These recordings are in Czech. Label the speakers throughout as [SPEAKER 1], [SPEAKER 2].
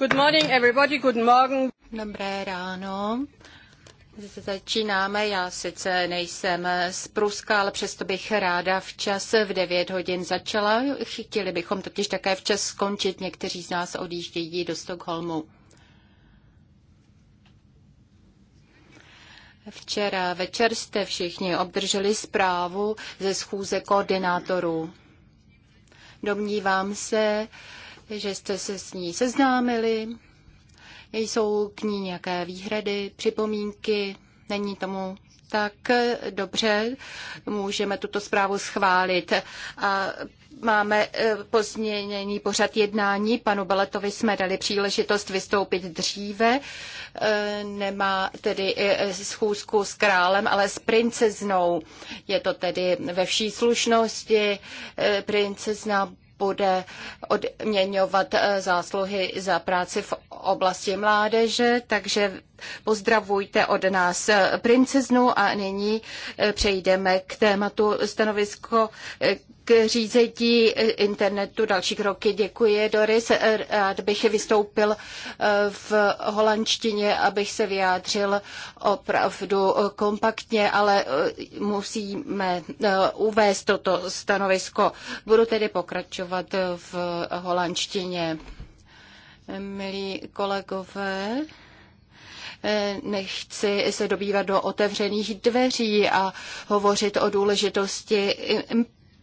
[SPEAKER 1] Good morning everybody, good morning. Dobré ráno. Začínáme, já sice nejsem z Pruska, ale přesto bych ráda včas v 9 hodin začala. Chtěli bychom totiž také včas skončit, někteří z nás odjíždějí do Stockholmu. Včera večer jste všichni obdrželi zprávu ze schůze koordinátorů. Domnívám se, že jste se s ní seznámili. Jsou k ní nějaké výhrady, připomínky? Není tomu tak dobře, můžeme tuto zprávu schválit. A máme eh, pozměněný pořad jednání. Panu Baletovi jsme dali příležitost vystoupit dříve. Eh, nemá tedy eh, schůzku s králem, ale s princeznou. Je to tedy ve vší slušnosti. Princezna bude odměňovat eh, zásluhy za práci v oblasti mládeže, takže pozdravujte od nás eh, princeznu a nyní eh, přejdeme k tématu stanovisko řízení internetu další kroky. Děkuji, Doris. Rád bych vystoupil eh, v holandštině, abych se vyjádřil opravdu kompaktně, ale eh, musíme eh, uvést toto stanovisko. Budu tedy pokračovat v holandštině. Milí kolegové, nechci se dobývat do otevřených dveří a hovořit o důležitosti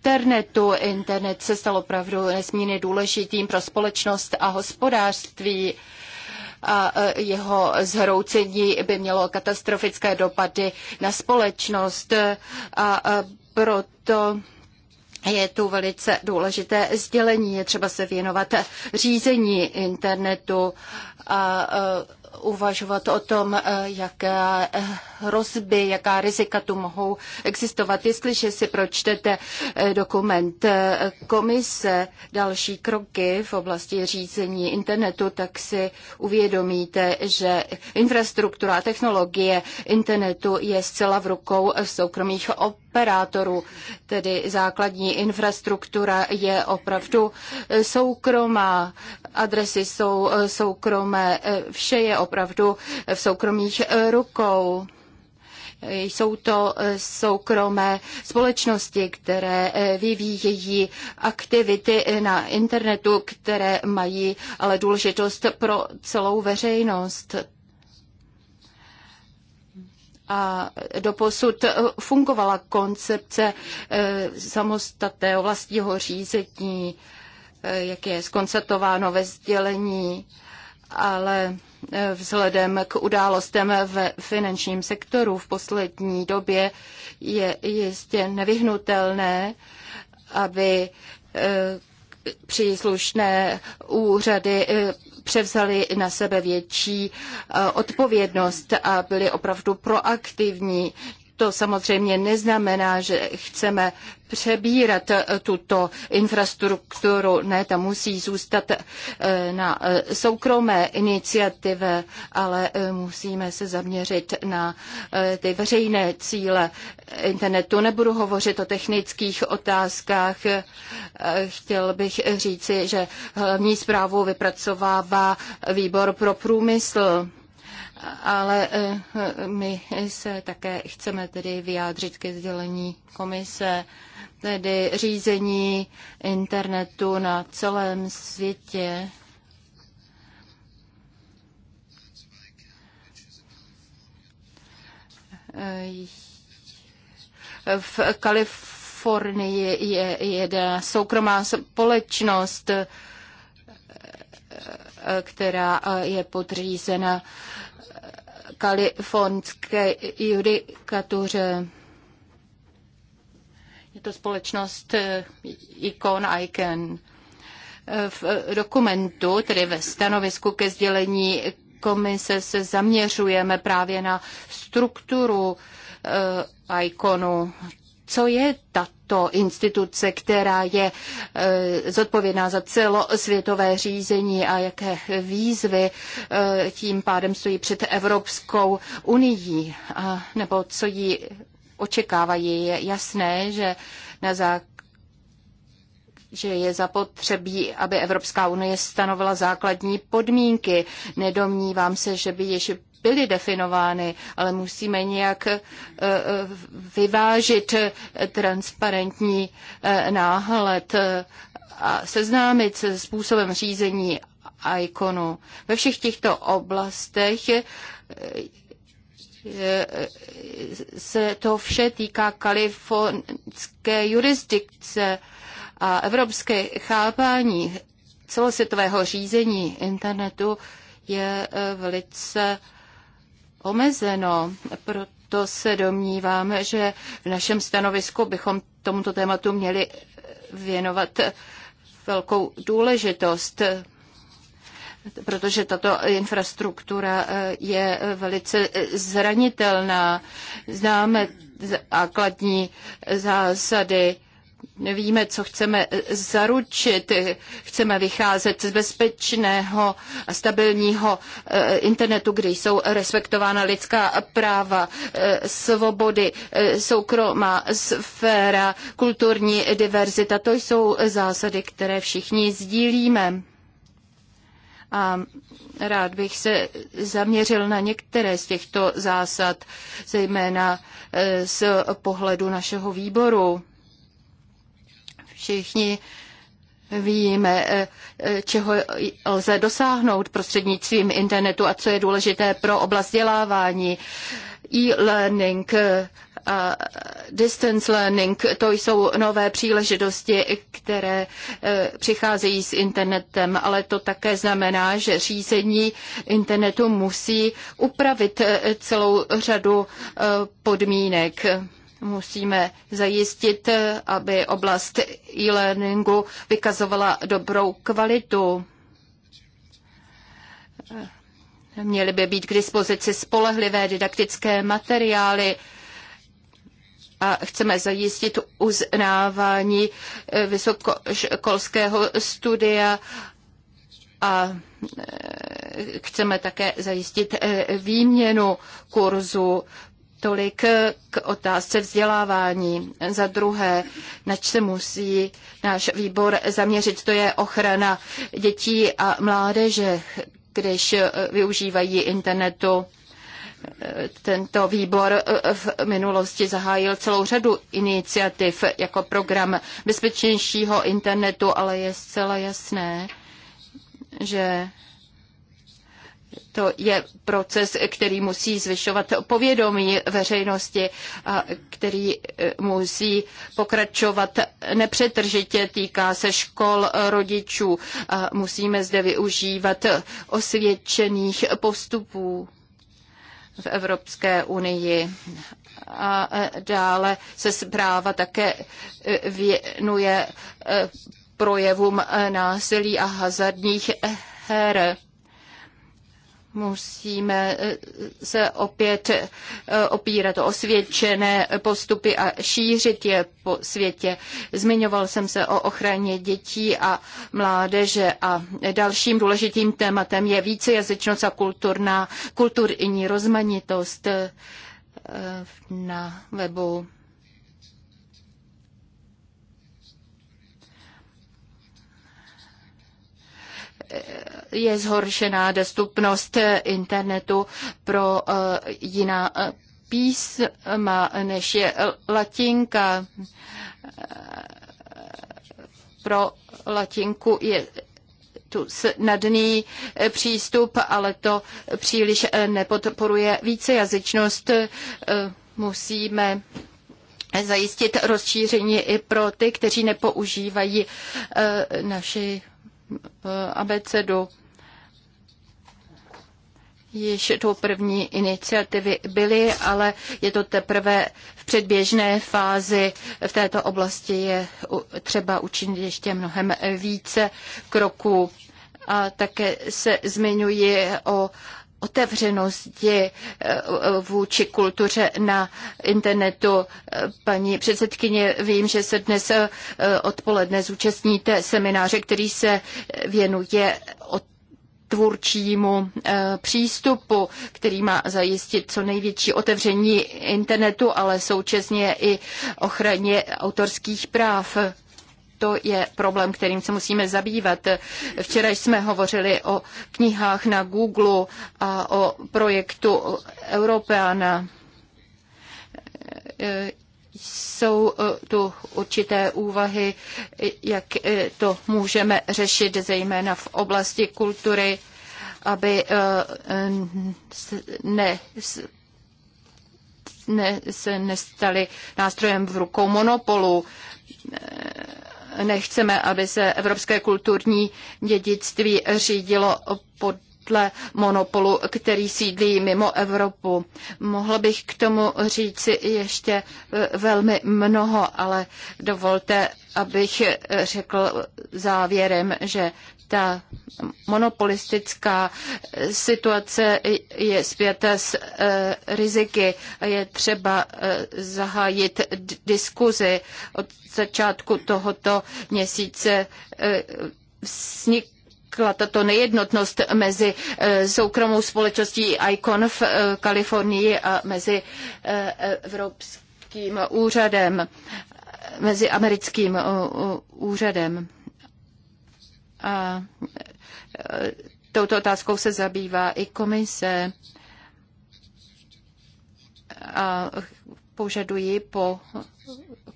[SPEAKER 1] internetu. Internet se stal opravdu nesmírně důležitým pro společnost a hospodářství a e, jeho zhroucení by mělo katastrofické dopady na společnost a proto je tu velice důležité sdělení. Je třeba se věnovat řízení internetu a e, uvažovat o tom, eh, jaké eh, hrozby, jaká rizika tu mohou existovat. Jestliže si pročtete eh, dokument komise další kroky v oblasti řízení internetu, tak si uvědomíte, že infrastruktura a technologie internetu je zcela v rukou soukromých operátorů. Tedy základní infrastruktura je opravdu soukromá adresy jsou eh, soukromé, eh, vše je opravdu v soukromých eh, rukou. Jsou to soukromé společnosti, které vyvíjejí aktivity na internetu, které mají ale důležitost pro celou veřejnost a doposud fungovala koncepce samostatného vlastního řízení jak je skoncertováno ve sdělení, ale vzhledem k událostem ve finančním sektoru v poslední době je jistě nevyhnutelné, aby eh, příslušné úřady eh, převzali na sebe větší eh, odpovědnost a byli opravdu proaktivní. To samozřejmě neznamená, že chceme přebírat eh, tuto infrastrukturu. Ne, ta musí zůstat eh, na eh, soukromé iniciativě, ale musíme se zaměřit na ty veřejné cíle internetu. Nebudu hovořit o technických otázkách. Chtěl bych říci, že hlavní zprávu vypracovává výbor pro průmysl ale eh, my se také chceme tedy vyjádřit ke sdělení komise, tedy řízení internetu na celém světě. Eh, v Kalifornii je jedna soukromá společnost, která eh, je podřízena kalifornské judikatuře. Je to společnost eh, Icon Icon. Eh, v dokumentu, tedy ve stanovisku ke sdělení komise, se zaměřujeme právě na strukturu ikonu co je tato instituce, která je e, zodpovědná za celosvětové řízení a jaké výzvy e, tím pádem stojí před Evropskou unii, a, nebo co ji očekávají. Je jasné, že na základě že je zapotřebí, aby Evropská unie stanovila základní podmínky. Nedomnívám se, že by již byly definovány, ale musíme nějak eh, eh, vyvážit eh, transparentní náhled a seznámit se způsobem řízení ikonu. Ve všech těchto oblastech se to vše týká kalifornské jurisdikce a evropské chápání celosvětového řízení internetu je velice omezeno, proto se domníváme, že v našem stanovisku bychom tomuto tématu měli věnovat velkou důležitost, protože tato infrastruktura eh, je eh, velice eh, zranitelná. Známe základní zásady Víme, co chceme zaručit. Chceme vycházet z bezpečného a stabilního eh, internetu, kde jsou respektována lidská práva, eh, svobody, eh, soukromá sféra, kulturní diverzita. To jsou zásady, které všichni sdílíme. A rád bych se zaměřil na některé z těchto zásad, zejména z pohledu našeho výboru. Všichni víme, eh, eh, čeho lze dosáhnout prostřednictvím internetu a co je důležité pro oblast vzdělávání. E-learning, eh, a distance learning, to jsou nové příležitosti, které přicházejí s internetem, ale to také znamená, že řízení internetu musí upravit celou řadu podmínek Musíme zajistit, aby oblast e-learningu vykazovala dobrou kvalitu. Měly by být k dispozici spolehlivé didaktické materiály a chceme zajistit uznávání vysokoškolského studia a e, chceme také zajistit e, výměnu kurzu Tolik k otázce vzdělávání. Za druhé, nač se musí náš výbor zaměřit, to je ochrana dětí a mládeže, když využívají internetu. Tento výbor v minulosti zahájil celou řadu iniciativ jako program bezpečnějšího internetu, ale je zcela jasné, že to je proces, který musí zvyšovat povědomí veřejnosti a který eh, musí pokračovat nepřetržitě. Týká se škol, rodičů a musíme zde využívat osvědčených postupů v Evropské unii. A eh, dále se zpráva také eh, věnuje projevům násilí a hazardních her. Musíme eh, se opět eh, opírat o osvědčené postupy a šířit je po světě. Zmiňoval jsem se o ochraně dětí a mládeže a dalším důležitým tématem je vícejazyčnost a kulturná, kulturní rozmanitost eh, na webu je zhoršená dostupnost internetu pro eh, jiná eh, písma, než je latinka. Eh, pro latinku je tu snadný přístup, ale to příliš nepodporuje vícejazyčnost. Musíme zajistit rozšíření i pro ty, kteří nepoužívají naši Eh, abecedu. Již tu první iniciativy byly, ale je to teprve v předběžné fázi. V této oblasti je třeba učinit ještě mnohem více kroků. A také se zmiňuji o otevřenosti eh, vůči kultuře na internetu. Paní předsedkyně, vím, že se dnes eh, odpoledne zúčastníte semináře, který se věnuje od tvůrčímu eh, přístupu, který má zajistit co největší otevření internetu, ale současně i ochraně autorských práv to je problém, kterým se musíme zabývat. Včera jsme hovořili o knihách na Google a o projektu Europeana. Jsou tu určité úvahy, jak to můžeme řešit, zejména v oblasti kultury, aby eh, ne ne, se nestali nástrojem v rukou monopolu. Eh, Nechceme, aby se evropské kulturní dědictví řídilo pod dle monopolu, který sídlí mimo Evropu. Mohla bych k tomu říci ještě e, velmi mnoho, ale dovolte, abych e, řekl závěrem, že ta monopolistická situace je zpěta s e, riziky a je třeba zahájit diskuzi od začátku tohoto měsíce vznik vznikla tato nejednotnost mezi eh, soukromou společností ICON v eh, Kalifornii a mezi eh, Evropským úřadem, mezi americkým úřadem. A touto otázkou se zabývá i komise. A požaduji po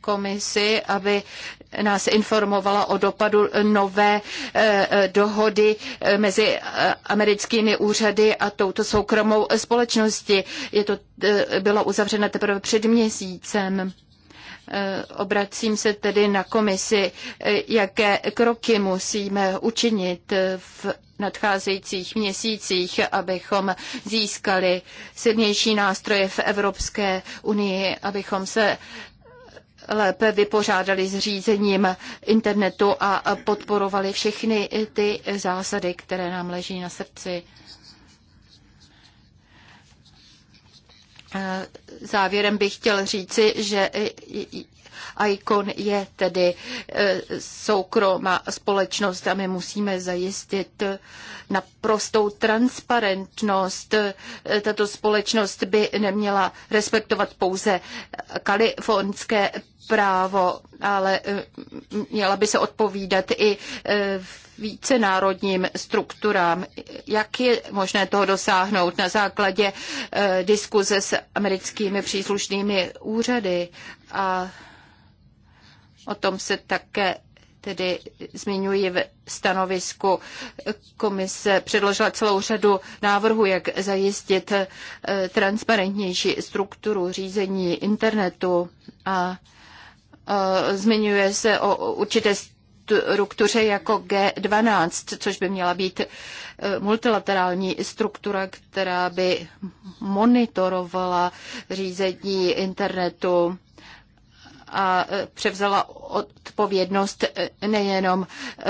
[SPEAKER 1] komisi, aby nás informovala o dopadu nové eh, dohody eh, mezi eh, americkými úřady a touto soukromou společností. Je to, bylo uzavřeno teprve před měsícem. Obracím se tedy na komisi, jaké kroky musíme učinit v nadcházejících měsících, abychom získali silnější nástroje v Evropské unii, abychom se lépe vypořádali s řízením internetu a podporovali všechny ty zásady, které nám leží na srdci. Závěrem bych chtěl říci, že ICON je tedy e, soukromá společnost a my musíme zajistit naprostou transparentnost. E, tato společnost by neměla respektovat pouze kalifornské právo, ale e, měla by se odpovídat i vícenárodním strukturám. Jak je možné toho dosáhnout na základě diskuze s americkými příslušnými úřady a O tom se také tedy zmiňuji v stanovisku. Komise předložila celou řadu návrhů, jak zajistit eh, transparentnější strukturu řízení internetu a eh, zmiňuje se o určité struktuře jako G12, což by měla být eh, multilaterální struktura, která by monitorovala řízení internetu a e, převzala odpovědnost e, nejenom e,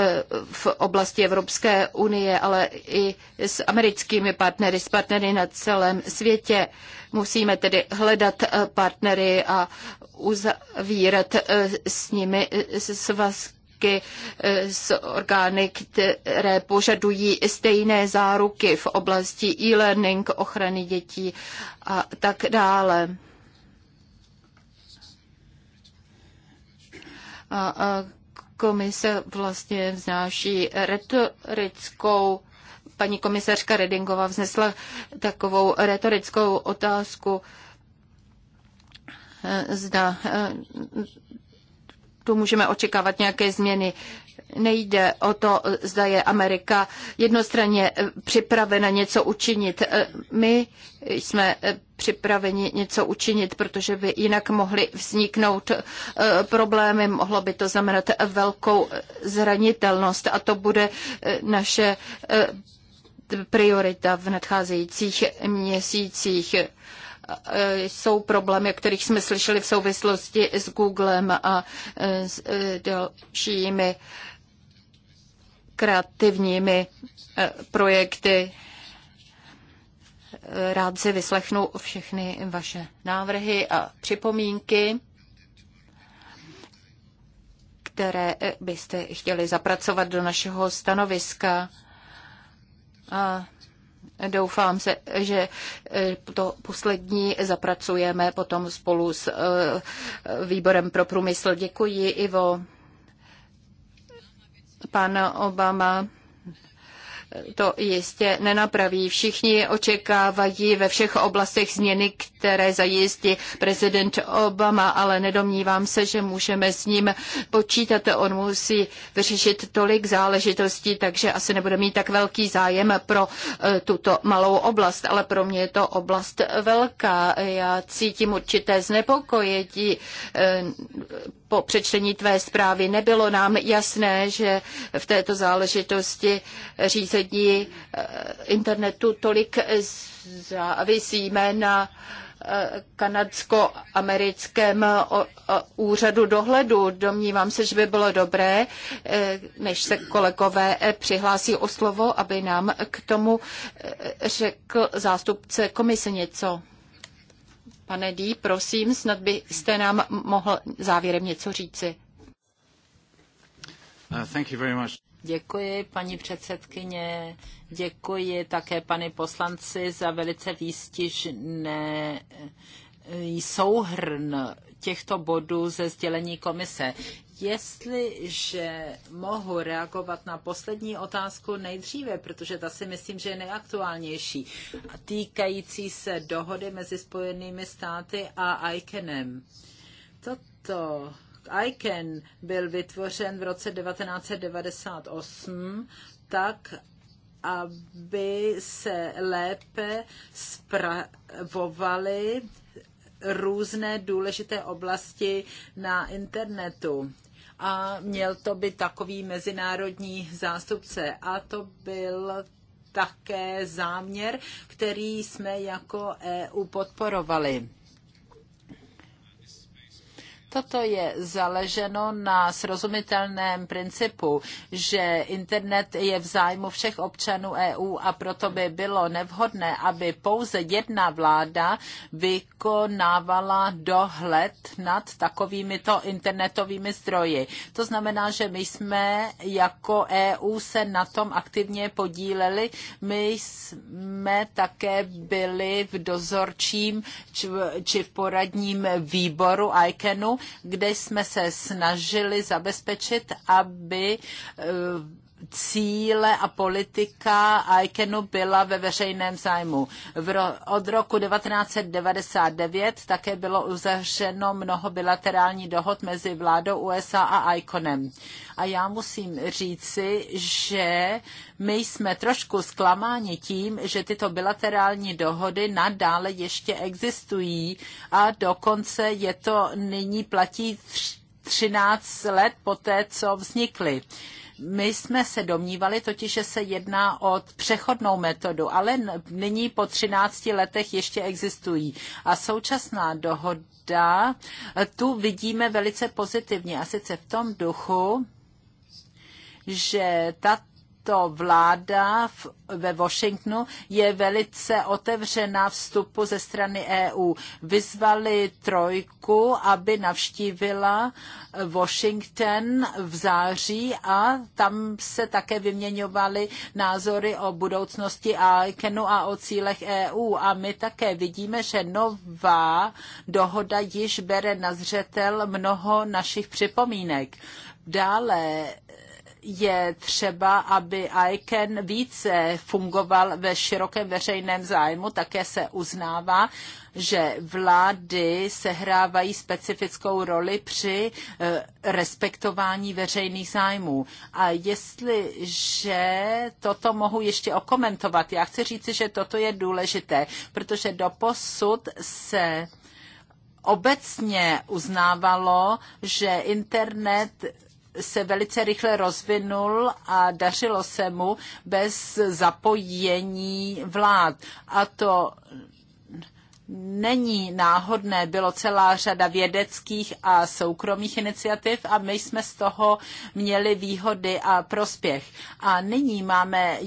[SPEAKER 1] v oblasti Evropské unie, ale i s americkými partnery, s partnery na celém světě. Musíme tedy hledat partnery a uzavírat s nimi svazky s orgány, které požadují stejné záruky v oblasti e-learning, ochrany dětí a tak dále. A komise vlastně vznáší retorickou paní komisařka Redingová vznesla takovou retorickou otázku, e, zda e, tu můžeme očekávat nějaké změny. Nejde o to, zda je Amerika jednostranně eh, připravena něco učinit. Eh, my jsme eh, připraveni něco učinit, protože by jinak mohly vzniknout problémy. Mohlo by to znamenat velkou zranitelnost a to bude naše priorita v nadcházejících měsících jsou problémy, o kterých jsme slyšeli v souvislosti s Googlem a s dalšími kreativními eh, projekty. Eh, rád si vyslechnu všechny vaše návrhy a připomínky, které eh, byste chtěli zapracovat do našeho stanoviska. A doufám, se, že to poslední zapracujeme potom spolu s výborem pro průmysl. Děkuji, Ivo pan Obama to jistě nenapraví. Všichni očekávají ve všech oblastech změny, které zajistí prezident Obama, ale nedomnívám se, že můžeme s ním počítat. On musí vyřešit tolik záležitostí, takže asi nebude mít tak velký zájem pro e, tuto malou oblast, ale pro mě je to oblast velká. Já cítím určité znepokojení e, po přečtení tvé zprávy. Nebylo nám jasné, že v této záležitosti řízení prostředí eh, internetu tolik závisíme na eh, kanadsko-americkém úřadu dohledu. Domnívám se, že by bylo dobré, eh, než se kolegové přihlásí o slovo, aby nám k tomu řekl zástupce komise něco. Pane Dí, prosím, snad byste nám mohl závěrem něco říci.
[SPEAKER 2] Uh, thank you very much.
[SPEAKER 1] Děkuji, paní předsedkyně. Děkuji
[SPEAKER 3] také pane poslanci za velice výstižné eh, souhrn těchto bodů ze sdělení komise. Jestliže mohu reagovat na poslední otázku nejdříve, protože ta si myslím, že je nejaktuálnější, týkající se dohody mezi Spojenými státy a ICANem. Toto ICANN byl vytvořen v roce 1998 tak, aby se lépe spravovaly různé důležité oblasti na internetu. A měl to být takový mezinárodní zástupce. A to byl také záměr, který jsme jako EU podporovali. Toto je zaleženo na srozumitelném principu, že internet je v zájmu všech občanů EU a proto by bylo nevhodné, aby pouze jedna vláda vykonávala dohled nad takovýmito internetovými zdroji. To znamená, že my jsme jako EU se na tom aktivně podíleli. My jsme také byli v dozorčím či v poradním výboru ICANNu kde jsme se snažili zabezpečit, aby eh, cíle a politika Aikenu byla ve veřejném zájmu. V ro, od roku 1999 také bylo uzavřeno mnoho bilaterální dohod mezi vládou USA a Aikonem. A já musím říci, že my jsme trošku zklamáni tím, že tyto bilaterální dohody nadále ještě existují a dokonce je to nyní platí 13 let poté, co vznikly. My jsme se domnívali totiž, že se jedná o přechodnou metodu, ale nyní po 13 letech ještě existují. A současná dohoda e, tu vidíme velice pozitivně. A sice v tom duchu, že tato to vláda v, ve Washingtonu je velice otevřená vstupu ze strany EU. Vyzvali trojku, aby navštívila Washington v září a tam se také vyměňovaly názory o budoucnosti ICANu a o cílech EU. A my také vidíme, že nová dohoda již bere na zřetel mnoho našich připomínek. Dále je třeba, aby ICANN více fungoval ve širokém veřejném zájmu. Také se uznává, že vlády sehrávají specifickou roli při eh, respektování veřejných zájmů. A jestliže toto mohu ještě okomentovat, já chci říci, že toto je důležité, protože do posud se obecně uznávalo, že internet se velice rychle rozvinul a dařilo se mu bez zapojení vlád. A to není náhodné, bylo celá řada vědeckých a soukromých iniciativ a my jsme z toho měli výhody a prospěch. A nyní máme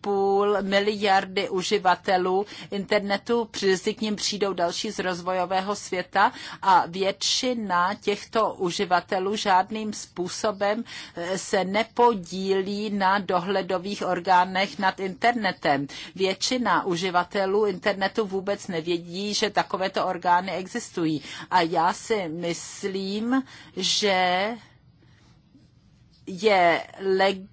[SPEAKER 3] půl miliardy uživatelů internetu, brzy k ním přijdou další z rozvojového světa a většina těchto uživatelů žádným způsobem eh, se nepodílí na dohledových orgánech nad internetem. Většina uživatelů internetu vůbec nevědí, že takovéto orgány existují. A já si myslím, že je legitimní,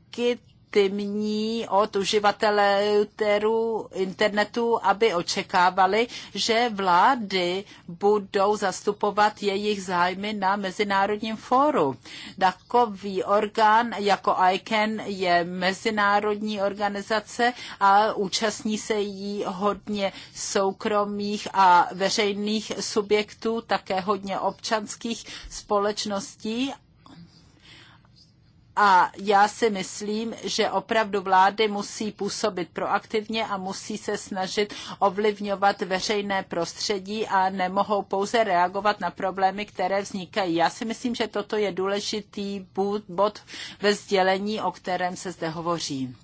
[SPEAKER 3] legitimní od uživatelů internetu, aby očekávali, že vlády budou zastupovat jejich zájmy na mezinárodním fóru. Takový orgán jako ICANN je mezinárodní organizace a účastní se jí hodně soukromých a veřejných subjektů, také hodně občanských společností a já si myslím, že opravdu vlády musí působit proaktivně a musí se snažit ovlivňovat veřejné prostředí a nemohou pouze reagovat na problémy, které vznikají. Já si myslím, že toto je důležitý bod ve sdělení, o kterém se zde hovoří.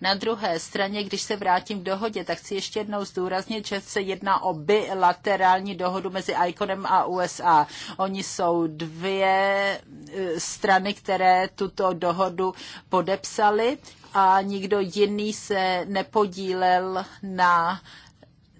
[SPEAKER 3] Na druhé straně, když se vrátím k dohodě, tak chci ještě jednou zdůraznit, že se jedná o bilaterální dohodu mezi ICONem a USA. Oni jsou dvě e, strany, které tuto dohodu podepsaly a nikdo jiný se nepodílel na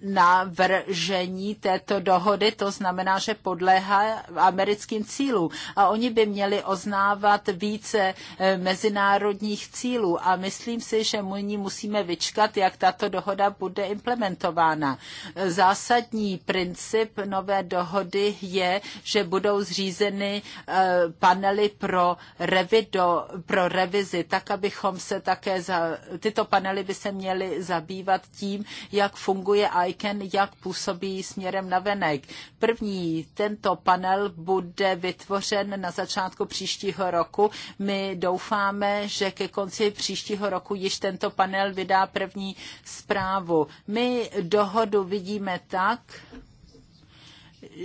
[SPEAKER 3] navržení této dohody, to znamená, že podléhá americkým cílům. A oni by měli oznávat více eh, mezinárodních cílů. A myslím si, že my ní musíme vyčkat, jak tato dohoda bude implementována. Zásadní princip nové dohody je, že budou zřízeny eh, panely pro, revido, pro revizi, tak abychom se také, za, tyto panely by se měly zabývat tím, jak funguje IT Heineken, jak působí směrem na venek. První tento panel bude vytvořen na začátku příštího roku. My doufáme, že ke konci příštího roku již tento panel vydá první zprávu. My dohodu vidíme tak,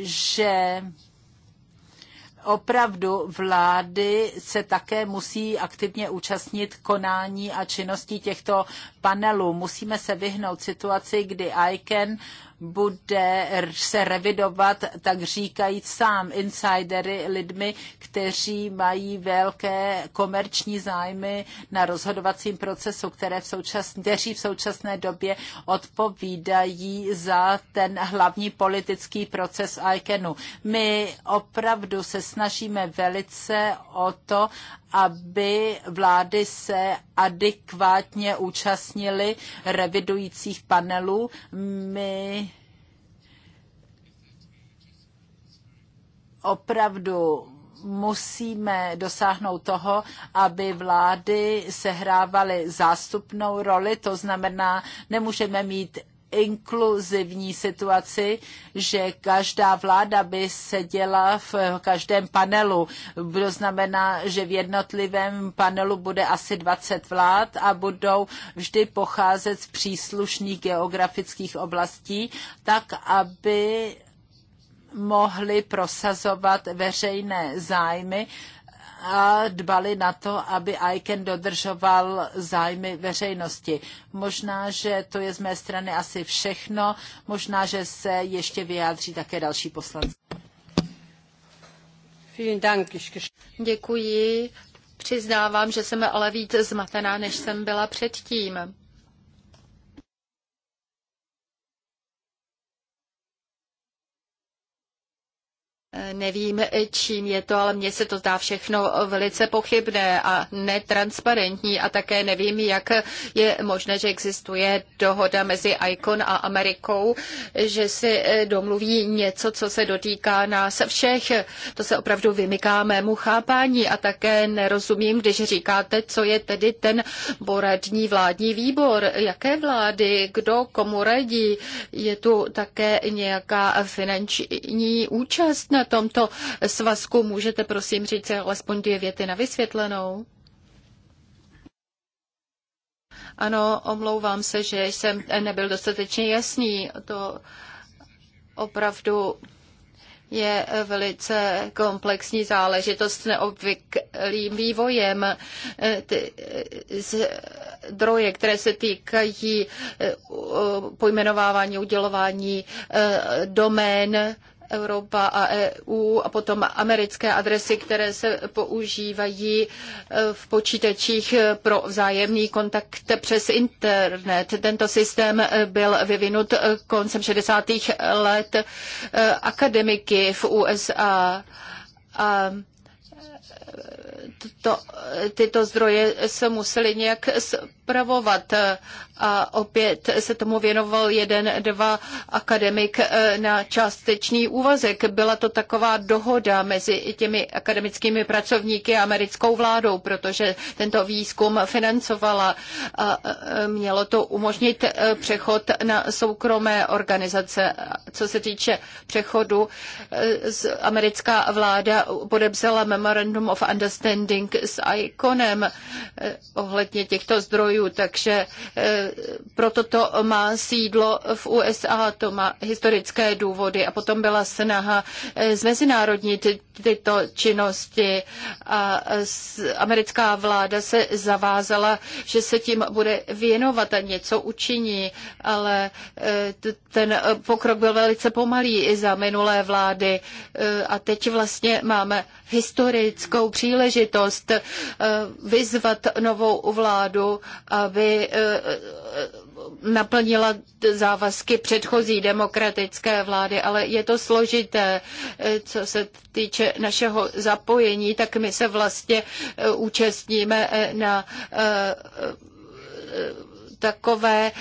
[SPEAKER 3] že opravdu vlády se také musí aktivně účastnit konání a činnosti těchto panelů. Musíme se vyhnout situaci, kdy ICANN bude se revidovat, tak říkají sám insidery lidmi, kteří mají velké komerční zájmy na rozhodovacím procesu, které v současné, kteří v současné době odpovídají za ten hlavní politický proces ICANu. My opravdu se snažíme velice o to, aby vlády se adekvátně účastnily revidujících panelů. My opravdu musíme dosáhnout toho, aby vlády sehrávaly zástupnou roli, to znamená, nemůžeme mít inkluzivní situaci, že každá vláda by seděla v každém panelu. To znamená, že v jednotlivém panelu bude asi 20 vlád a budou vždy pocházet z příslušných geografických oblastí, tak aby mohli prosazovat veřejné zájmy a dbali na to, aby ICAN dodržoval zájmy veřejnosti. Možná, že to je z mé strany asi všechno. Možná, že se ještě vyjádří také další poslanci.
[SPEAKER 1] Děkuji. Přiznávám, že jsem ale víc zmatená, než jsem byla předtím. Nevím, čím je to, ale mně se to zdá všechno velice pochybné a netransparentní a také nevím, jak je možné, že existuje dohoda mezi ICON a Amerikou, že si eh, domluví něco, co se dotýká nás všech. To se opravdu vymyká mému chápání a také nerozumím, když říkáte, co je tedy ten poradní vládní výbor, jaké vlády, kdo komu radí. Je tu také nějaká finanční účast na na tomto svazku? Můžete prosím říct alespoň dvě věty na vysvětlenou? Ano, omlouvám se, že jsem nebyl dostatečně jasný. To opravdu je velice komplexní záležitost s neobvyklým vývojem. Ty zdroje, které se týkají pojmenovávání, udělování eh, domén, Evropa a EU a potom americké adresy, které se používají eh, v počítačích eh, pro vzájemný kontakt přes internet. Tento systém eh, byl vyvinut koncem 60. let akademiky v USA. A to, tyto zdroje se musely nějak spravovat. A opět se tomu věnoval jeden, dva akademik na částečný úvazek. Byla to taková dohoda mezi těmi akademickými pracovníky a americkou vládou, protože tento výzkum financovala a e, mělo to umožnit e, přechod na soukromé organizace. Co se týče přechodu, e, americká vláda podepsala memorandum of Understanding s ICONem eh, ohledně těchto zdrojů, takže eh, proto to má sídlo v USA, to má historické důvody a potom byla snaha eh, zmezinárodnit tyto činnosti a americká vláda se zavázala, že se tím bude věnovat a něco učiní, ale ten pokrok byl velice pomalý i za minulé vlády a teď vlastně máme historickou příležitost eh, vyzvat novou vládu, aby eh, naplnila závazky předchozí demokratické vlády, ale je to složité. Eh, co se týče našeho zapojení, tak my se vlastně účastníme na takové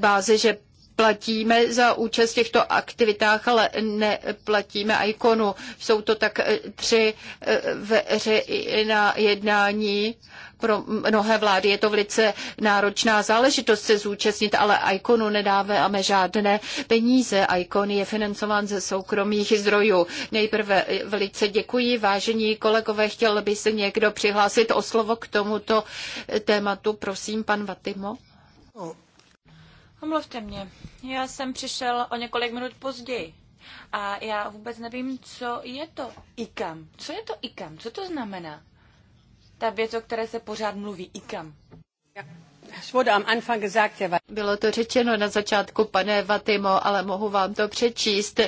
[SPEAKER 1] bázi, že platíme za účast v těchto aktivitách, ale neplatíme ikonu. Jsou to tak eh, tři eh, na jednání. Pro mnohé vlády je to velice náročná záležitost se zúčastnit, ale ikonu nedáváme žádné peníze. Icon je financován ze soukromých zdrojů. Nejprve eh, velice děkuji, vážení kolegové, chtěl by se někdo přihlásit o slovo k tomuto tématu. Prosím, pan Vatimo. No,
[SPEAKER 2] Omluvte mě, já jsem přišel o několik minut později a já vůbec nevím, co je to IKAM. Co je to IKAM? Co to znamená? Ta věc, o které se pořád mluví, IKAM.
[SPEAKER 1] Bylo to řečeno na začátku, pane Vatimo, ale mohu vám to přečíst.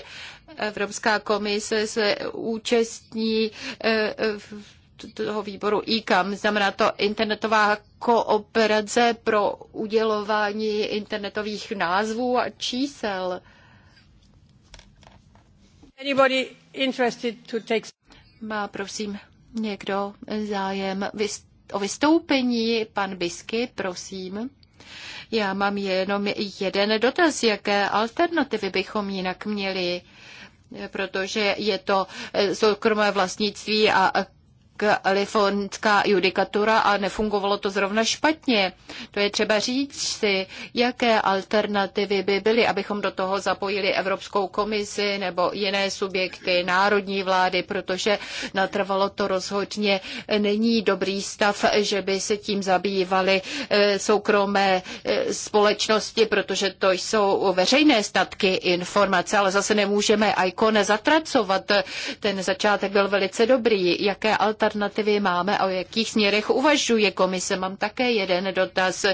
[SPEAKER 1] Evropská komise se účastní eh, v toho výboru ICAM, znamená to internetová kooperace pro udělování internetových názvů a čísel. Anybody interested to take... Má prosím někdo zájem o vystoupení? Pan Bisky, prosím. Já mám jenom jeden dotaz, jaké alternativy bychom jinak měli protože je to soukromé vlastnictví a kalifornská judikatura a nefungovalo to zrovna špatně. To je třeba říct si, jaké alternativy by byly, abychom do toho zapojili Evropskou komisi nebo jiné subjekty, národní vlády, protože natrvalo to rozhodně. Není dobrý stav, že by se tím zabývaly eh, soukromé eh, společnosti, protože to jsou veřejné statky informace, ale zase nemůžeme ikon zatracovat. Ten začátek byl velice dobrý. Jaké alternativy alternativy máme a o jakých směrech uvažuje komise. Mám také jeden dotaz,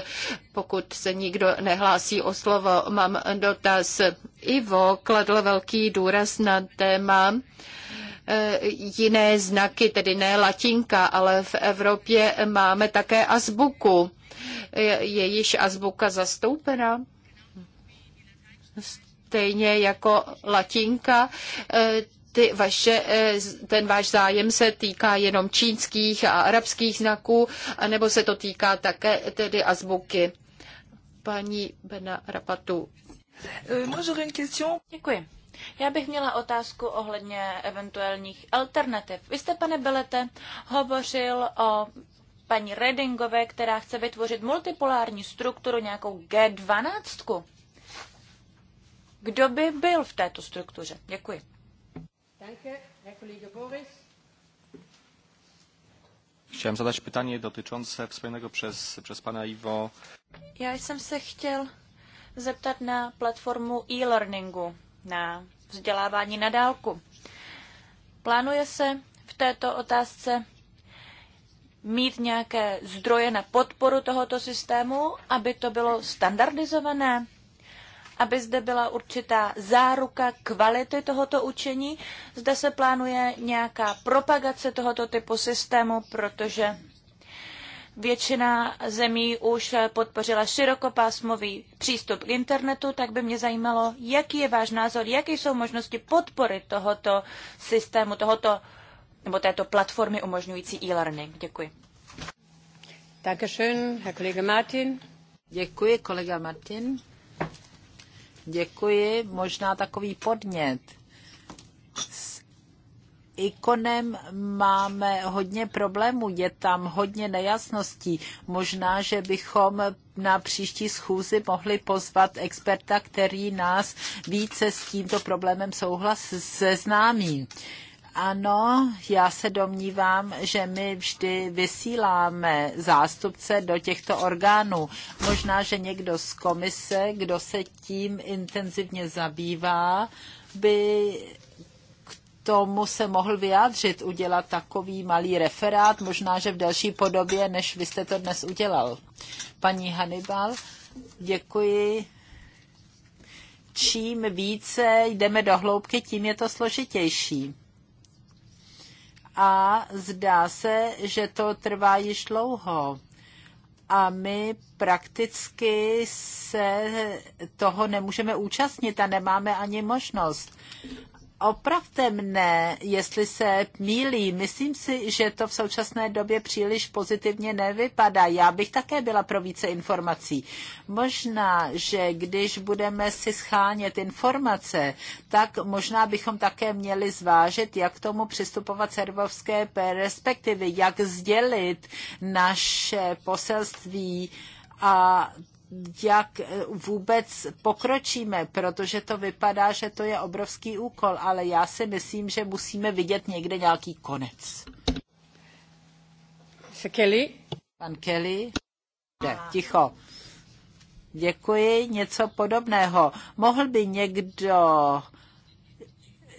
[SPEAKER 1] pokud se nikdo nehlásí o slovo. Mám dotaz. Ivo kladl velký důraz na téma eh, jiné znaky, tedy ne latinka, ale v Evropě máme také azbuku. Je již azbuka zastoupena? stejně jako latinka, eh, ty vaše, eh, ten váš zájem se týká jenom čínských a arabských znaků, anebo se to týká také tedy azbuky. Paní Bena Rapatu. Euh, Děkuji.
[SPEAKER 2] Já bych měla otázku ohledně eventuálních alternativ. Vy jste, pane Belete, hovořil o paní Redingové, která chce vytvořit multipolární strukturu, nějakou G12. Kdo by byl v této struktuře? Děkuji. Danke. Herr Kollege Boris.
[SPEAKER 1] Chciałem zadać pytanie dotyczące wspomnianego przez, przez pana Iwo.
[SPEAKER 2] Já jsem se chtěl zeptat na platformu e-learningu, na vzdělávání na dálku. Plánuje se v této otázce mít nějaké zdroje na podporu tohoto systému, aby to bylo standardizované? aby zde byla určitá záruka kvality tohoto učení. Zde se plánuje nějaká propagace tohoto typu systému, protože většina zemí už podpořila širokopásmový přístup k internetu, tak by mě zajímalo, jaký je váš názor, jaké jsou možnosti podpory tohoto systému, tohoto nebo této platformy umožňující e-learning. Děkuji.
[SPEAKER 3] Martin. Děkuji, kolega Martin. Děkuji. Možná takový podnět. S ikonem máme hodně problémů, je tam hodně nejasností. Možná, že bychom na příští schůzi mohli pozvat experta, který nás více s tímto problémem souhlas seznámí. Ano, já se domnívám, že my vždy vysíláme zástupce do těchto orgánů. Možná, že někdo z komise, kdo se tím intenzivně zabývá, by k tomu se mohl vyjádřit, udělat takový malý referát, možná, že v další podobě, než vy jste to dnes udělal. Paní Hannibal, děkuji. Čím více jdeme do hloubky, tím je to složitější a zdá se, že to trvá již dlouho. A my prakticky se toho nemůžeme účastnit a nemáme ani možnost opravte mne, jestli se mílí. Myslím si, že to v současné době příliš pozitivně nevypadá. Já bych také byla pro více informací. Možná, že když budeme si schánět informace, tak možná bychom také měli zvážit, jak k tomu přistupovat z perspektivy, jak sdělit naše poselství a jak eh, vůbec pokročíme, protože to vypadá, že to je obrovský úkol, ale já si myslím, že musíme vidět někde nějaký konec. Se Kelly? Pan Kelly? Ne, ticho. Děkuji, něco podobného. Mohl by někdo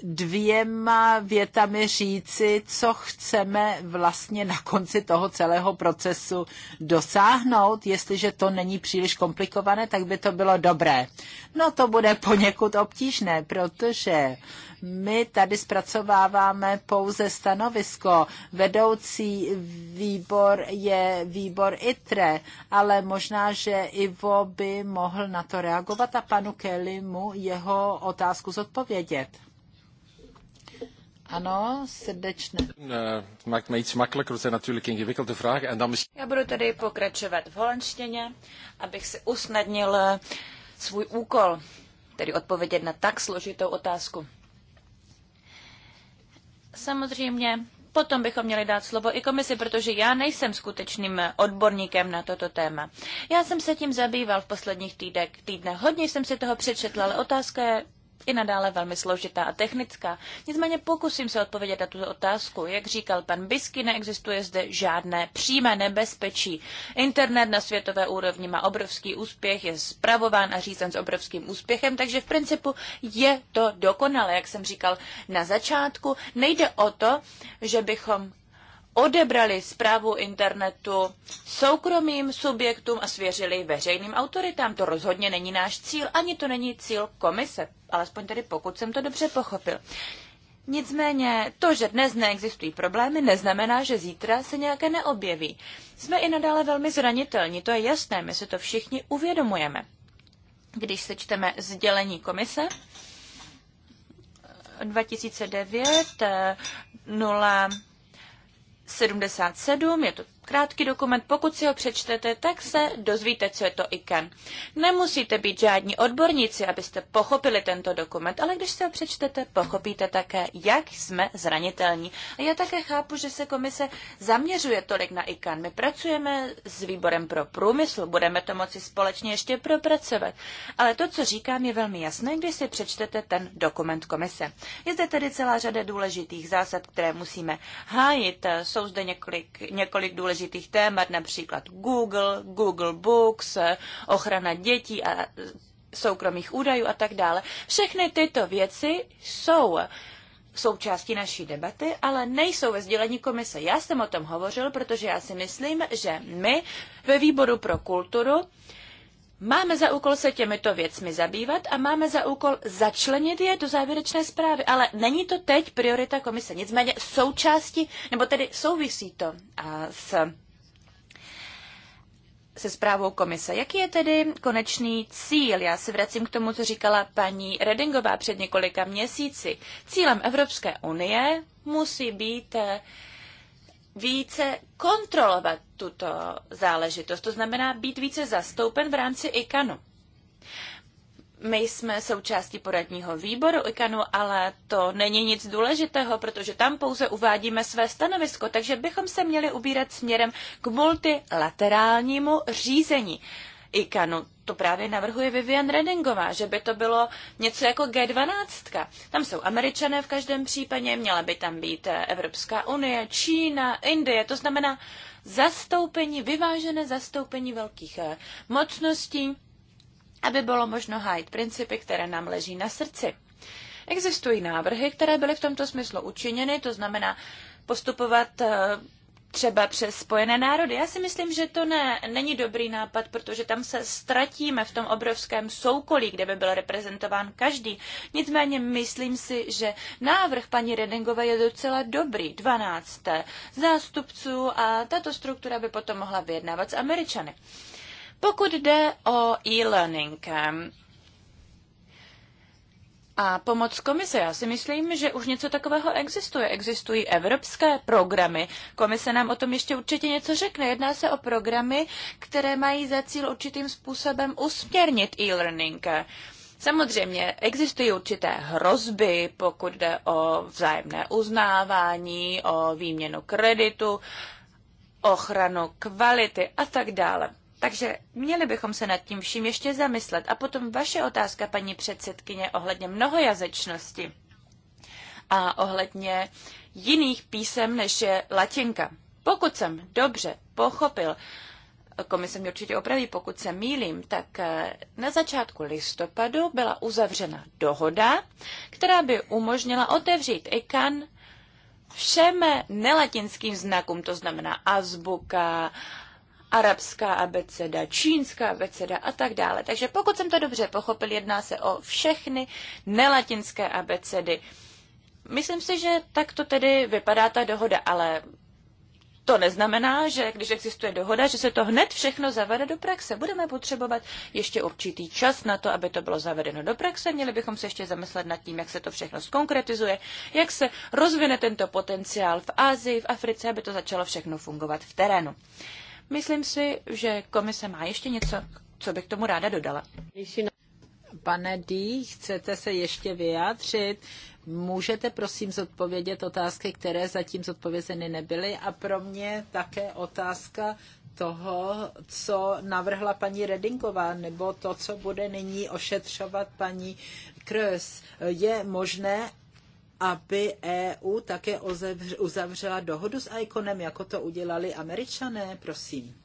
[SPEAKER 3] dvěma větami říci, co chceme vlastně na konci toho celého procesu dosáhnout. Jestliže to není příliš komplikované, tak by to bylo dobré. No to bude poněkud obtížné, protože my tady zpracováváme pouze stanovisko. Vedoucí výbor je výbor ITRE, ale možná, že Ivo by mohl na to reagovat a panu mu jeho otázku zodpovědět.
[SPEAKER 2] Ano, eh, Já budu tedy pokračovat v holandštině, abych si usnadnil eh, svůj úkol, tedy odpovědět na tak složitou otázku. Samozřejmě, potom bychom měli dát slovo i komisi, protože já nejsem skutečným odborníkem na toto téma. Já jsem se tím zabýval v posledních týdnech. týdnech. Hodně jsem si toho přečetla, ale otázka je, i nadále velmi složitá a technická. Nicméně pokusím se odpovědět na tuto otázku. Jak říkal pan Bisky, neexistuje zde žádné přímé nebezpečí. Internet na světové úrovni má obrovský úspěch, je zpravován a řízen s obrovským úspěchem, takže v principu je to dokonale, jak jsem říkal na začátku. Nejde o to, že bychom odebrali zprávu internetu soukromým subjektům a svěřili veřejným autoritám. To rozhodně není náš cíl, ani to není cíl komise, alespoň tedy pokud jsem to dobře pochopil. Nicméně to, že dnes neexistují problémy, neznamená, že zítra se nějaké neobjeví. Jsme i nadále velmi zranitelní, to je jasné, my si to všichni uvědomujeme. Když sečteme sdělení komise eh, 2009 0 eh, 77, je to krátký dokument, pokud si ho přečtete, tak se dozvíte, co je to ICAN. Nemusíte být žádní odborníci, abyste pochopili tento dokument, ale když se ho přečtete, pochopíte také, jak jsme zranitelní. A já také chápu, že se komise zaměřuje tolik na ICAN. My pracujeme s výborem pro průmysl, budeme to moci společně ještě propracovat. Ale to, co říkám, je velmi jasné, když si přečtete ten dokument komise. Je zde tedy celá řada důležitých zásad, které musíme hájit. Jsou zde několik, několik důležitých důležitých témat, například Google, Google Books, ochrana dětí a soukromých údajů a tak dále. Všechny tyto věci jsou součástí naší debaty, ale nejsou ve sdělení komise. Já jsem o tom hovořil, protože já si myslím, že my ve výboru pro kulturu Máme za úkol se těmito věcmi zabývat a máme za úkol začlenit je do závěrečné zprávy, ale není to teď priorita komise. Nicméně součástí, nebo tedy souvisí to s se zprávou komise. Jaký je tedy konečný cíl? Já se vracím k tomu, co říkala paní Redingová před několika měsíci. Cílem Evropské unie musí být eh, více kontrolovat tuto záležitost, to znamená být více zastoupen v rámci ICANu. My jsme součástí poradního výboru ICANu, ale to není nic důležitého, protože tam pouze uvádíme své stanovisko, takže bychom se měli ubírat směrem k multilaterálnímu řízení. ICANu. No, to právě navrhuje Vivian Redingová, že by to bylo něco jako G12. Tam jsou američané v každém případě, měla by tam být eh, Evropská unie, Čína, Indie, to znamená zastoupení, vyvážené zastoupení velkých eh, mocností, aby bylo možno hájit principy, které nám leží na srdci. Existují návrhy, které byly v tomto smyslu učiněny, to znamená postupovat eh, třeba přes Spojené národy. Já si myslím, že to ne, není dobrý nápad, protože tam se ztratíme v tom obrovském soukolí, kde by byl reprezentován každý. Nicméně myslím si, že návrh paní Redingové je docela dobrý, 12 zástupců a tato struktura by potom mohla vyjednávat s Američany. Pokud jde o e-learning, a pomoc komise. Já si myslím, že už něco takového existuje. Existují evropské programy. Komise nám o tom ještě určitě něco řekne. Jedná se o programy, které mají za cíl určitým způsobem usměrnit e-learning. Samozřejmě existují určité hrozby, pokud jde o vzájemné uznávání, o výměnu kreditu, ochranu kvality a tak dále. Takže měli bychom se nad tím vším ještě zamyslet. A potom vaše otázka, paní předsedkyně, ohledně mnohojazyčnosti a ohledně jiných písem, než je latinka. Pokud jsem dobře pochopil, komise mě určitě opraví, pokud se mýlím, tak eh, na začátku listopadu byla uzavřena dohoda, která by umožnila otevřít ICAN všem nelatinským znakům, to znamená azbuka, arabská abeceda, čínská abeceda a tak dále. Takže pokud jsem to dobře pochopil, jedná se o všechny nelatinské abecedy. Myslím si, že tak to tedy vypadá ta dohoda, ale to neznamená, že když existuje dohoda, že se to hned všechno zavede do praxe. Budeme potřebovat ještě určitý čas na to, aby to bylo zavedeno do praxe. Měli bychom se ještě zamyslet nad tím, jak se to všechno skonkretizuje, jak se rozvine tento potenciál v Asii, v Africe, aby to začalo všechno fungovat v terénu. Myslím si, že komise má ještě něco, co bych tomu ráda dodala. Pane D, chcete se ještě vyjádřit? Můžete
[SPEAKER 3] prosím zodpovědět otázky, které zatím zodpovězeny nebyly a pro mě také otázka toho, co navrhla paní Redinková, nebo to, co bude nyní ošetřovat paní Krös. Je možné, aby EU také uzavřela dohodu s ICONem, jako to udělali američané, prosím.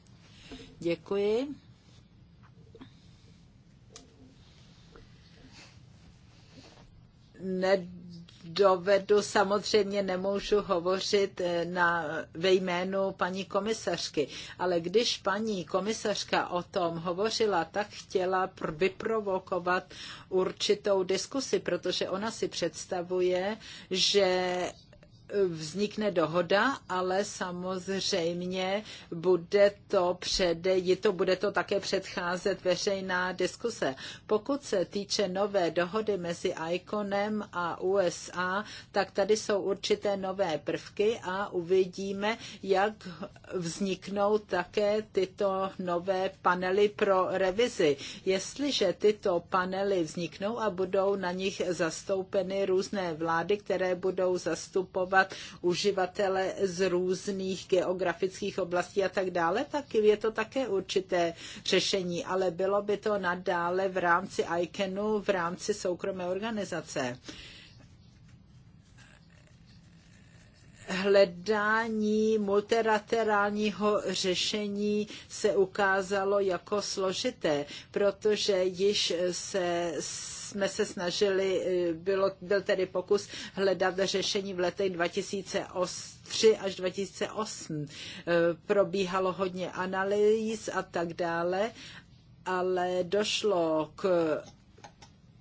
[SPEAKER 3] Děkuji. Ned dovedu, samozřejmě nemůžu hovořit eh, na, ve jménu paní komisařky, ale když paní komisařka o tom hovořila, tak chtěla vyprovokovat určitou diskusi, protože ona si představuje, že vznikne dohoda, ale samozřejmě bude to je to bude to také předcházet veřejná diskuse. Pokud se týče nové dohody mezi ICONem a USA, tak tady jsou určité nové prvky a uvidíme, jak vzniknou také tyto nové panely pro revizi. Jestliže tyto panely vzniknou a budou na nich zastoupeny různé vlády, které budou zastupovat zahrnovat uživatele z různých geografických oblastí a tak dále, tak je to také určité řešení, ale bylo by to nadále v rámci ICANu, v rámci soukromé organizace. hledání multilaterálního řešení se ukázalo jako složité, protože již se jsme se snažili, bylo, byl tedy pokus hledat řešení v letech 2003 až 2008. Probíhalo hodně analýz a tak dále, ale došlo k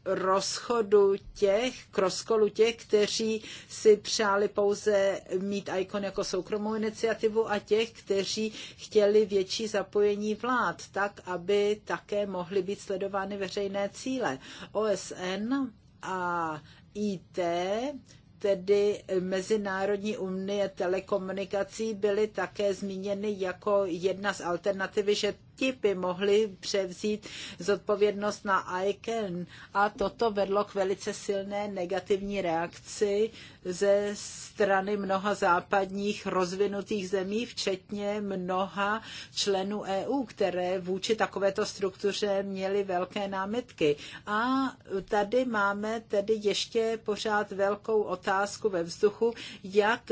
[SPEAKER 3] rozchodu těch, k rozkolu těch, kteří si přáli pouze mít ICON jako soukromou iniciativu a těch, kteří chtěli větší zapojení vlád, tak aby také mohly být sledovány veřejné cíle. OSN a IT tedy Mezinárodní unie telekomunikací byly také zmíněny jako jedna z alternativy, že ti by mohli převzít zodpovědnost na ICANN. A toto vedlo k velice silné negativní reakci ze strany mnoha západních rozvinutých zemí, včetně mnoha členů EU, které vůči takovéto struktuře měly velké námitky. A tady máme tedy ještě pořád velkou otázku ve vzduchu, jak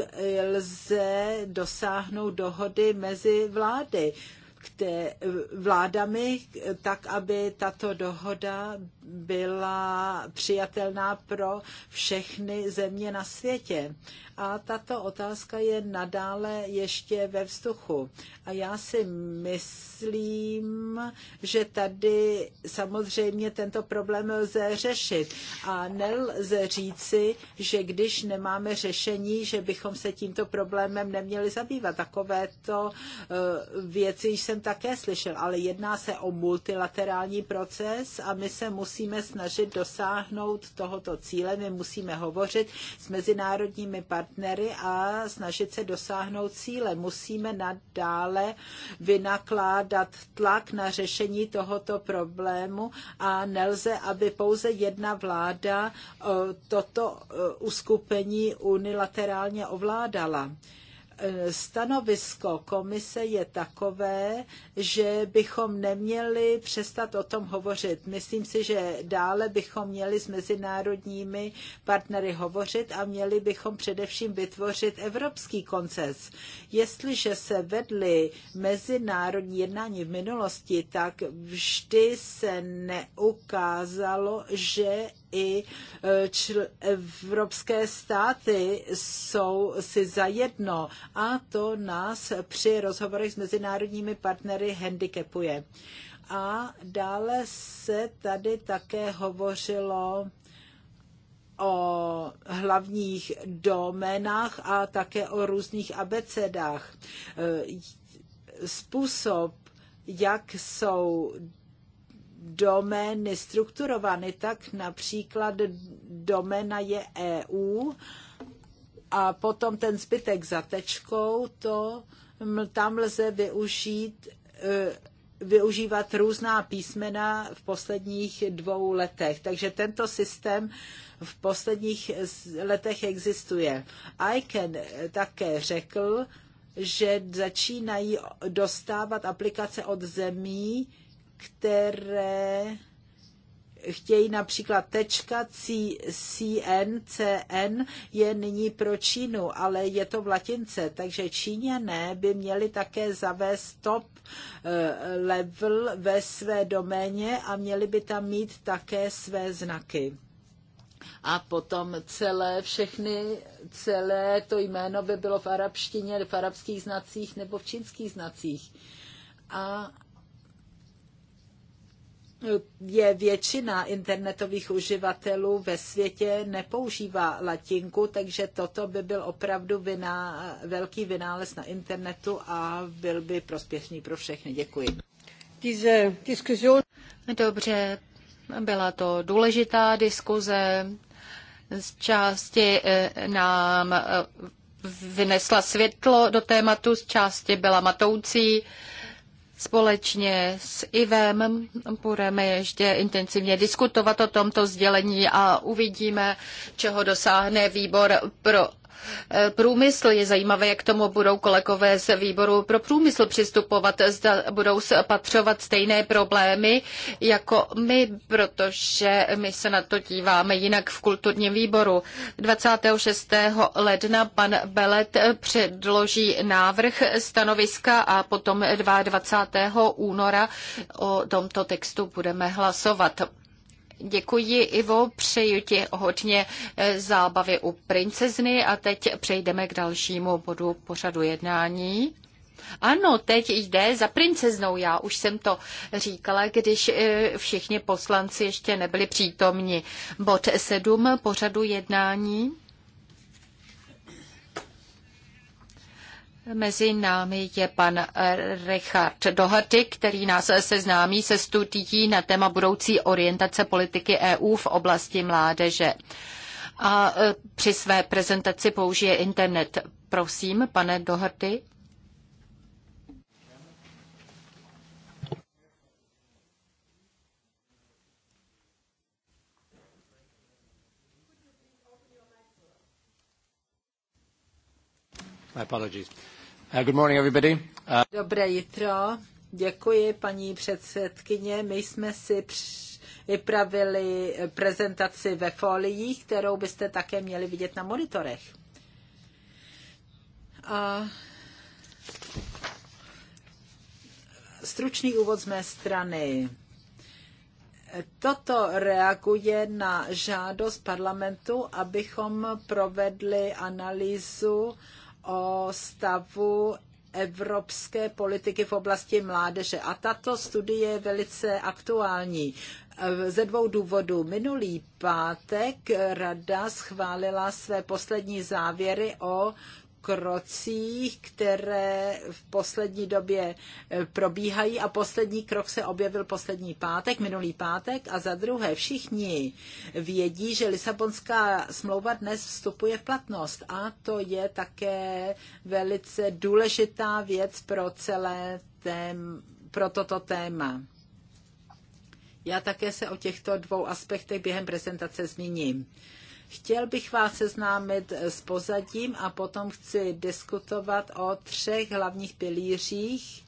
[SPEAKER 3] lze dosáhnout dohody mezi vlády kte, vládami, tak aby tato dohoda byla přijatelná pro všechny země na světě. A tato otázka je nadále ještě ve vzduchu. A já si myslím, že tady samozřejmě tento problém lze řešit. A nelze říci, že když nemáme řešení, že bychom se tímto problémem neměli zabývat. Takovéto eh, věci se jsem také slyšel, ale jedná se o multilaterální proces a my se musíme snažit dosáhnout tohoto cíle. My musíme hovořit s mezinárodními partnery a snažit se dosáhnout cíle. Musíme nadále vynakládat tlak na řešení tohoto problému a nelze, aby pouze jedna vláda eh, toto eh, uskupení unilaterálně ovládala. Eh, stanovisko komise je takové, že bychom neměli přestat o tom hovořit. Myslím si, že dále bychom měli s mezinárodními partnery hovořit a měli bychom především vytvořit evropský konces. Jestliže se vedly mezinárodní jednání v minulosti, tak vždy se neukázalo, že i eh, čl- evropské státy jsou si zajedno a to nás při rozhovorech s mezinárodními partnery handicapuje. A dále se tady také hovořilo o hlavních doménách a také o různých abecedách. Eh, způsob, jak jsou domény strukturovány, tak například doména je EU a potom ten zbytek za tečkou, to tam lze využít, e, využívat různá písmena v posledních dvou letech. Takže tento systém v posledních letech existuje. ICANN e, také řekl, že začínají dostávat aplikace od zemí, které chtějí například tečka C, c n je nyní pro Čínu, ale je to v latince, takže Číněné by měli také zavést top eh, level ve své doméně a měli by tam mít také své znaky. A potom celé, všechny, celé to jméno by bylo v arabštině, v arabských znacích nebo v čínských znacích. A je většina internetových uživatelů ve světě nepoužívá latinku, takže toto by byl opravdu vyná, velký vynález na internetu a byl by prospěšný pro všechny. Děkuji.
[SPEAKER 1] Dobře, byla to důležitá diskuze. Z části eh, nám eh, vynesla světlo do tématu, z části byla matoucí. Společně s Ivem budeme ještě intenzivně diskutovat o tomto sdělení a uvidíme, čeho dosáhne výbor pro Eh, průmysl. Je zajímavé, jak tomu budou kolegové z výboru pro průmysl přistupovat. Zda budou spatřovat stejné problémy jako my, protože my se na to díváme jinak v kulturním výboru. 26. ledna pan Belet předloží návrh stanoviska a potom 22. února o tomto textu budeme hlasovat. Děkuji, Ivo, přeju ti hodně eh, zábavy u princezny a teď přejdeme k dalšímu bodu pořadu jednání. Ano, teď jde za princeznou. Já už jsem to říkala, když eh, všichni poslanci ještě nebyli přítomni. Bod 7 pořadu jednání. Mezi námi je pan Richard Doherty, který nás seznámí se studií na téma budoucí orientace politiky EU v oblasti mládeže. A e, při své prezentaci použije internet. Prosím, pane Doherty.
[SPEAKER 2] My apologies. Uh, good morning, everybody. Uh,
[SPEAKER 3] Dobré jitro. Děkuji, paní předsedkyně. My jsme si vypravili prezentaci ve foliích, kterou byste také měli vidět na monitorech. A stručný úvod z mé strany. Toto reaguje na žádost parlamentu, abychom provedli analýzu o stavu evropské politiky v oblasti mládeže. A tato studie je velice aktuální. Ze dvou důvodů. Minulý pátek rada schválila své poslední závěry o krocích, které v poslední době e, probíhají a poslední krok se objevil poslední pátek, minulý pátek a za druhé všichni vědí, že Lisabonská smlouva dnes vstupuje v platnost a to je také velice důležitá věc pro celé tém, pro toto téma. Já také se o těchto dvou aspektech během prezentace zmíním. Chtěl bych vás seznámit eh, s pozadím a potom chci diskutovat o třech hlavních pilířích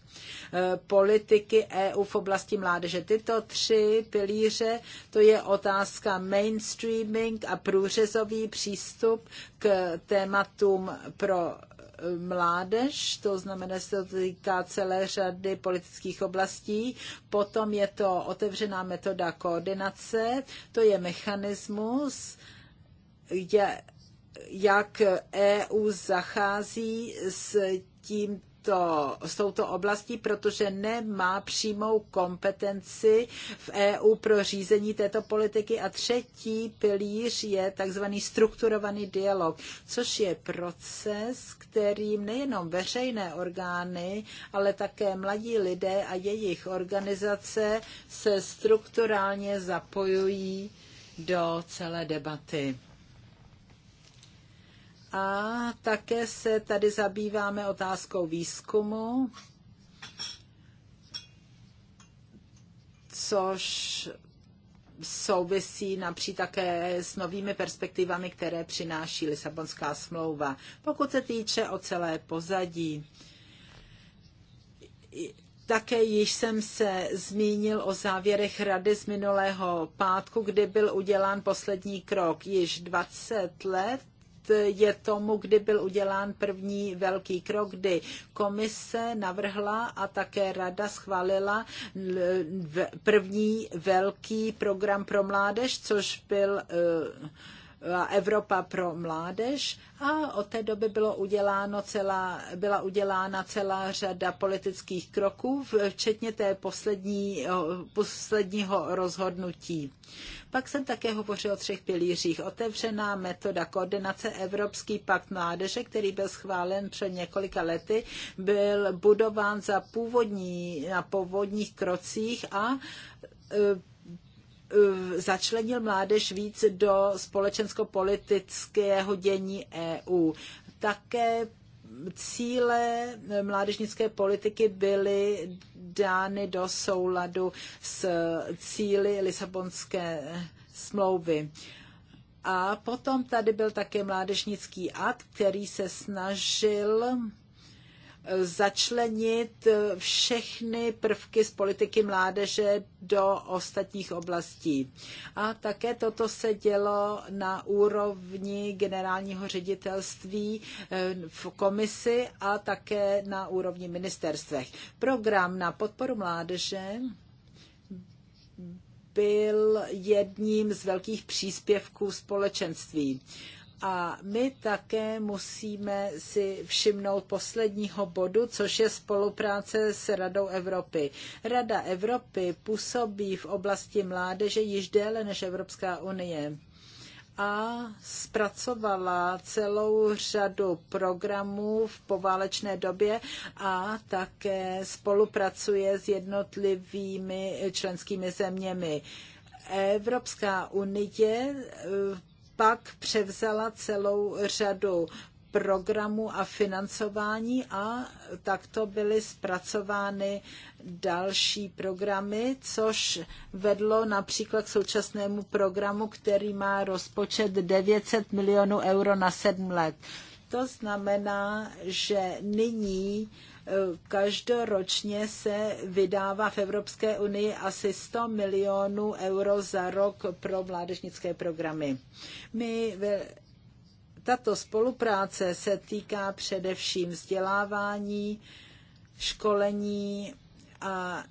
[SPEAKER 3] eh, politiky EU v oblasti mládeže. Tyto tři pilíře, to je otázka mainstreaming a průřezový přístup k tématům pro eh, mládež, to znamená, že se to týká celé řady politických oblastí. Potom je to otevřená metoda koordinace, to je mechanismus, je, jak EU zachází s tím to, s touto oblastí, protože nemá přímou kompetenci v EU pro řízení této politiky. A třetí pilíř je takzvaný strukturovaný dialog, což je proces, kterým nejenom veřejné orgány, ale také mladí lidé a jejich organizace se strukturálně zapojují do celé debaty. A také se tady zabýváme otázkou výzkumu, což souvisí například také s novými perspektivami, které přináší Lisabonská smlouva. Pokud se týče o celé pozadí, také již jsem se zmínil o závěrech rady z minulého pátku, kdy byl udělán poslední krok. Již 20 let je tomu, kdy byl udělán první velký krok, kdy komise navrhla a také rada schválila první velký program pro mládež, což byl eh, Evropa pro mládež a od té doby bylo uděláno celá, byla udělána celá řada politických kroků, včetně té poslední, posledního rozhodnutí. Pak jsem také hovořil o třech pilířích. Otevřená metoda koordinace Evropský pakt mládeže, který byl schválen před několika lety, byl budován za původní, na původních krocích a e, začlenil mládež víc do společensko-politického dění EU. Také cíle mládežnické politiky byly dány do souladu s cíly Lisabonské smlouvy. A potom tady byl také mládežnický akt, který se snažil začlenit všechny prvky z politiky mládeže do ostatních oblastí. A také toto se dělo na úrovni generálního ředitelství eh, v komisi a také na úrovni ministerstvech. Program na podporu mládeže byl jedním z velkých příspěvků společenství. A my také musíme si všimnout posledního bodu, což je spolupráce s Radou Evropy. Rada Evropy působí v oblasti mládeže již déle než Evropská unie a zpracovala celou řadu programů v poválečné době a také spolupracuje s jednotlivými členskými zeměmi. Evropská unie pak převzala celou řadu programu a financování a takto byly zpracovány další programy, což vedlo například k současnému programu, který má rozpočet 900 milionů euro na sedm let. To znamená, že nyní Každoročně se vydává v Evropské unii asi 100 milionů euro za rok pro mládežnické programy. My tato spolupráce se týká především vzdělávání, školení a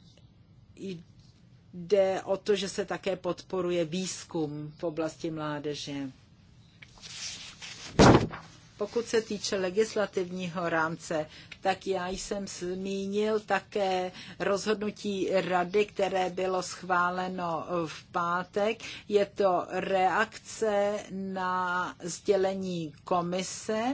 [SPEAKER 3] jde o to, že se také podporuje výzkum v oblasti mládeže. Pokud se týče legislativního rámce, tak já jsem zmínil také rozhodnutí rady, které bylo schváleno v pátek. Je to reakce na sdělení komise,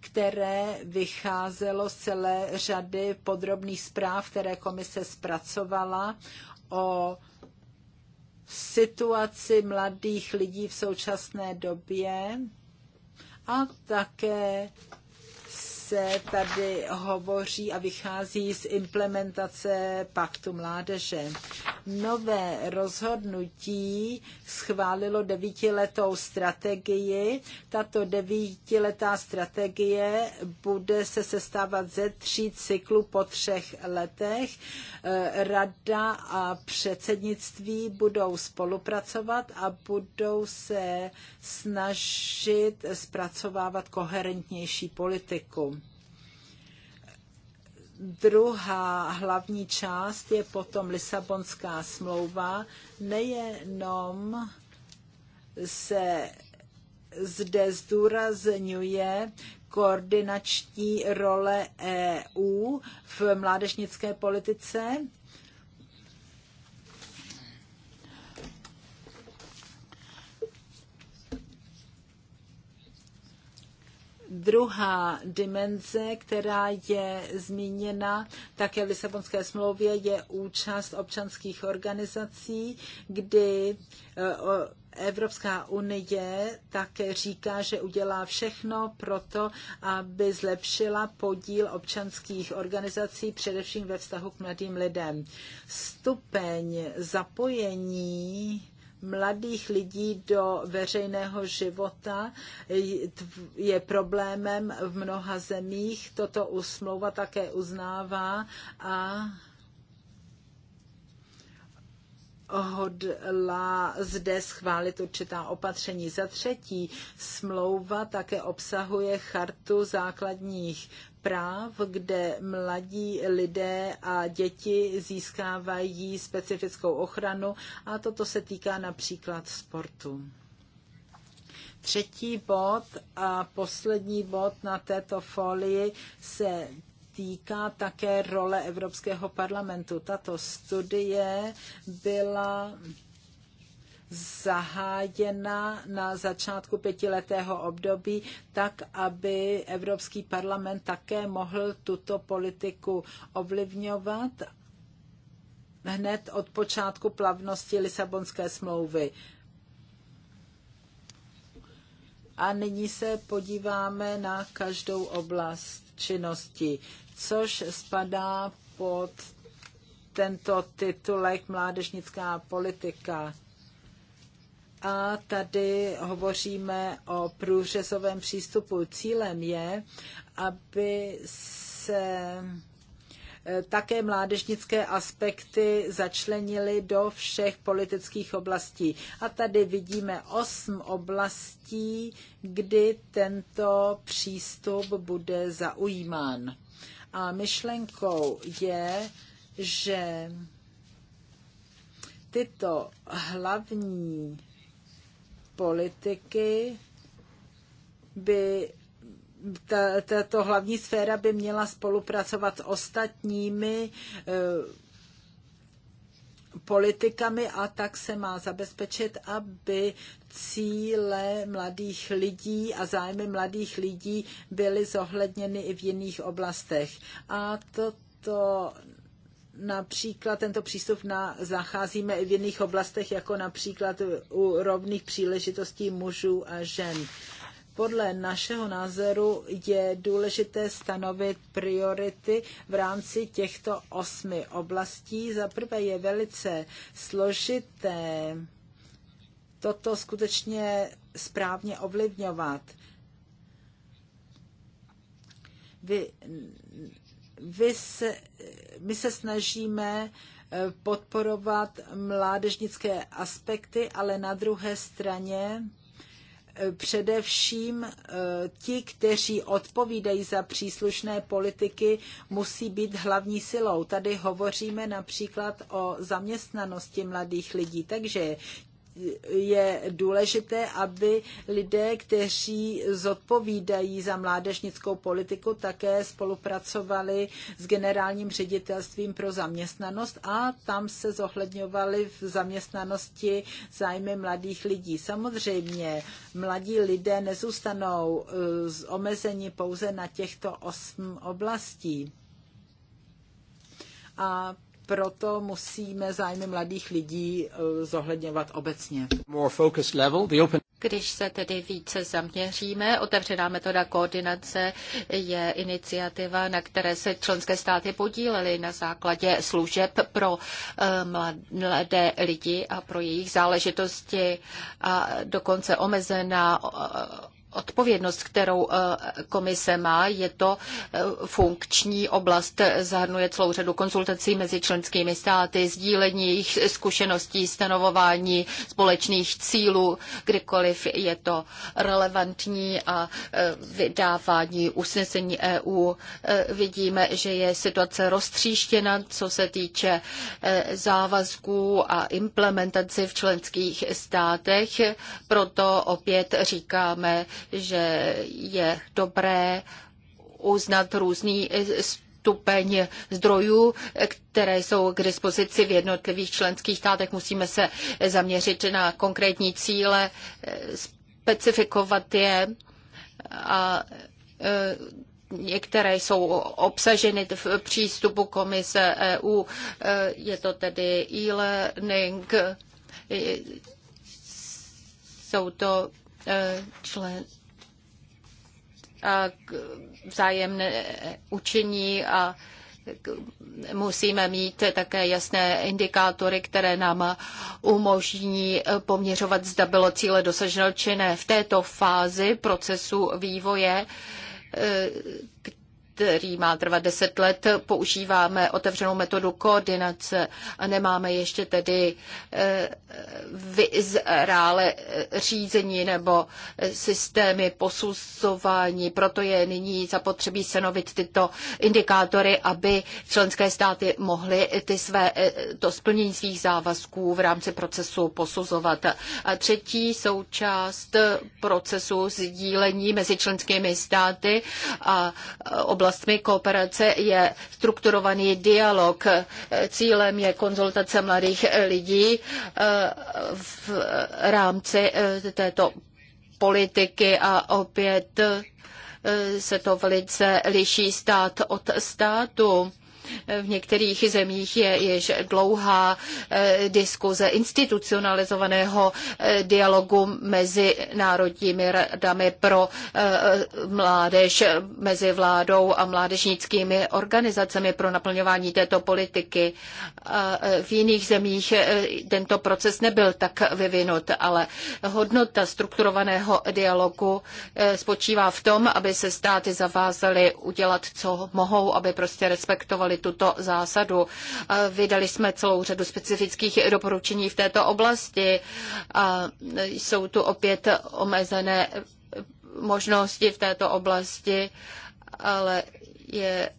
[SPEAKER 3] které vycházelo z celé řady podrobných zpráv, které komise zpracovala o situaci mladých lidí v současné době a také se tady hovoří a vychází z implementace Paktu mládeže. Nové rozhodnutí schválilo devítiletou strategii. Tato devítiletá strategie bude se sestávat ze tří cyklů po třech letech. Rada a předsednictví budou spolupracovat a budou se snažit zpracovávat koherentnější politiku. Druhá hlavní část je potom Lisabonská smlouva. Nejenom se zde zdůrazňuje koordinační role EU v mládežnické politice, Druhá dimenze, která je zmíněna také v Lisabonské smlouvě, je účast občanských organizací, kdy eh, Evropská unie také říká, že udělá všechno proto, aby zlepšila podíl občanských organizací, především ve vztahu k mladým lidem. Stupeň zapojení mladých lidí do veřejného života je problémem v mnoha zemích. Toto usmlouva také uznává a hodlá zde schválit určitá opatření. Za třetí, smlouva také obsahuje chartu základních práv, kde mladí lidé a děti získávají specifickou ochranu a toto se týká například sportu. Třetí bod a poslední bod na této folii se týká také role Evropského parlamentu. Tato studie byla zahájena na začátku pětiletého období, tak aby Evropský parlament také mohl tuto politiku ovlivňovat hned od počátku plavnosti Lisabonské smlouvy. A nyní se podíváme na každou oblast činnosti což spadá pod tento titulek Mládežnická politika. A tady hovoříme o průřezovém přístupu. Cílem je, aby se eh, také mládežnické aspekty začlenily do všech politických oblastí. A tady vidíme osm oblastí, kdy tento přístup bude zaujímán. A myšlenkou je, že tyto hlavní politiky by tato hlavní sféra by měla spolupracovat s ostatními eh, politikami a tak se má zabezpečit, aby cíle mladých lidí a zájmy mladých lidí byly zohledněny i v jiných oblastech. A toto například tento přístup na, zacházíme i v jiných oblastech, jako například u rovných příležitostí mužů a žen. Podle našeho názoru je důležité stanovit priority v rámci těchto osmi oblastí. Za prvé je velice složité toto skutečně správně ovlivňovat. Vy, vy se, my se snažíme eh, podporovat mládežnické aspekty, ale na druhé straně především eh, ti, kteří odpovídají za příslušné politiky, musí být hlavní silou. Tady hovoříme například o zaměstnanosti mladých lidí, takže je důležité, aby lidé, kteří zodpovídají za mládežnickou politiku, také spolupracovali s generálním ředitelstvím pro zaměstnanost a tam se zohledňovaly v zaměstnanosti zájmy mladých lidí. Samozřejmě mladí lidé nezůstanou eh, omezeni pouze na těchto osm oblastí. A proto musíme zájmy mladých lidí eh, zohledňovat obecně.
[SPEAKER 1] Když se tedy více zaměříme, otevřená metoda koordinace je iniciativa, na které se členské státy podílely na základě služeb pro eh, mladé lidi a pro jejich záležitosti a dokonce omezená eh, odpovědnost, kterou eh, komise má. Je to eh, funkční oblast, zahrnuje celou řadu konzultací mezi členskými státy, sdílení jejich zkušeností, stanovování společných cílů, kdykoliv je to relevantní a eh, vydávání usnesení EU. Vidíme, že je situace roztříštěna, co se týče závazků a implementaci v členských státech. Proto opět říkáme, že je dobré uznat různý stupeň zdrojů, které jsou k dispozici v jednotlivých členských státech. Musíme se zaměřit na konkrétní cíle, specifikovat je a e, některé jsou obsaženy v přístupu komise EU. E, je to tedy e-learning, e, jsou to Eh, člen a vzájemné učení a musíme mít také jasné indikátory, které nám umožní poměřovat, zda bylo cíle dosaženo či ne. V této fázi procesu vývoje eh, který má trvat deset let, používáme otevřenou metodu koordinace a nemáme ještě tedy eh, vyzrále eh, řízení nebo eh, systémy posuzování. Proto je nyní zapotřebí senovit tyto indikátory, aby členské státy mohly ty své, to splnění svých závazků v rámci procesu posuzovat. A třetí součást procesu sdílení mezi členskými státy a oblastí oblastmi kooperace je strukturovaný dialog. Cílem je konzultace mladých lidí eh, v rámci eh, této politiky a opět eh, se to velice liší stát od státu. V některých zemích je již dlouhá eh, diskuze institucionalizovaného eh, dialogu mezi národními radami pro eh, mládež, mezi vládou a mládežnickými organizacemi pro naplňování této politiky. V jiných zemích tento proces nebyl tak vyvinut, ale hodnota strukturovaného dialogu spočívá v tom, aby se státy zavázaly udělat, co mohou, aby prostě respektovali uplatňovali tuto zásadu. Vydali jsme celou řadu specifických doporučení v této oblasti jsou tu opět omezené možnosti v této oblasti, ale je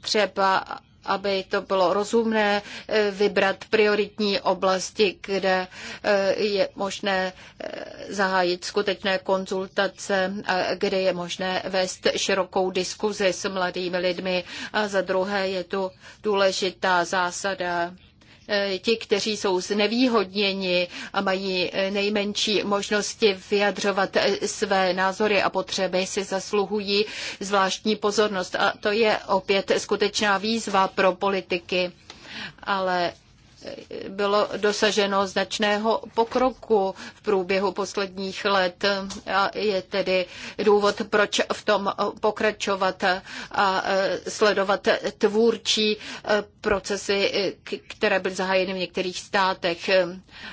[SPEAKER 1] třeba, aby to bylo rozumné eh, vybrat prioritní oblasti, kde eh, je možné eh, zahájit skutečné konzultace, kde je možné vést širokou diskuzi s mladými lidmi. A za druhé je tu důležitá zásada E, ti, kteří jsou znevýhodněni a mají e, nejmenší možnosti vyjadřovat e, své názory a potřeby, si zasluhují zvláštní pozornost. A to je opět skutečná výzva pro politiky. Ale bylo dosaženo značného pokroku v průběhu posledních let a je tedy důvod, proč v tom pokračovat a sledovat tvůrčí procesy, které byly zahájeny v některých státech.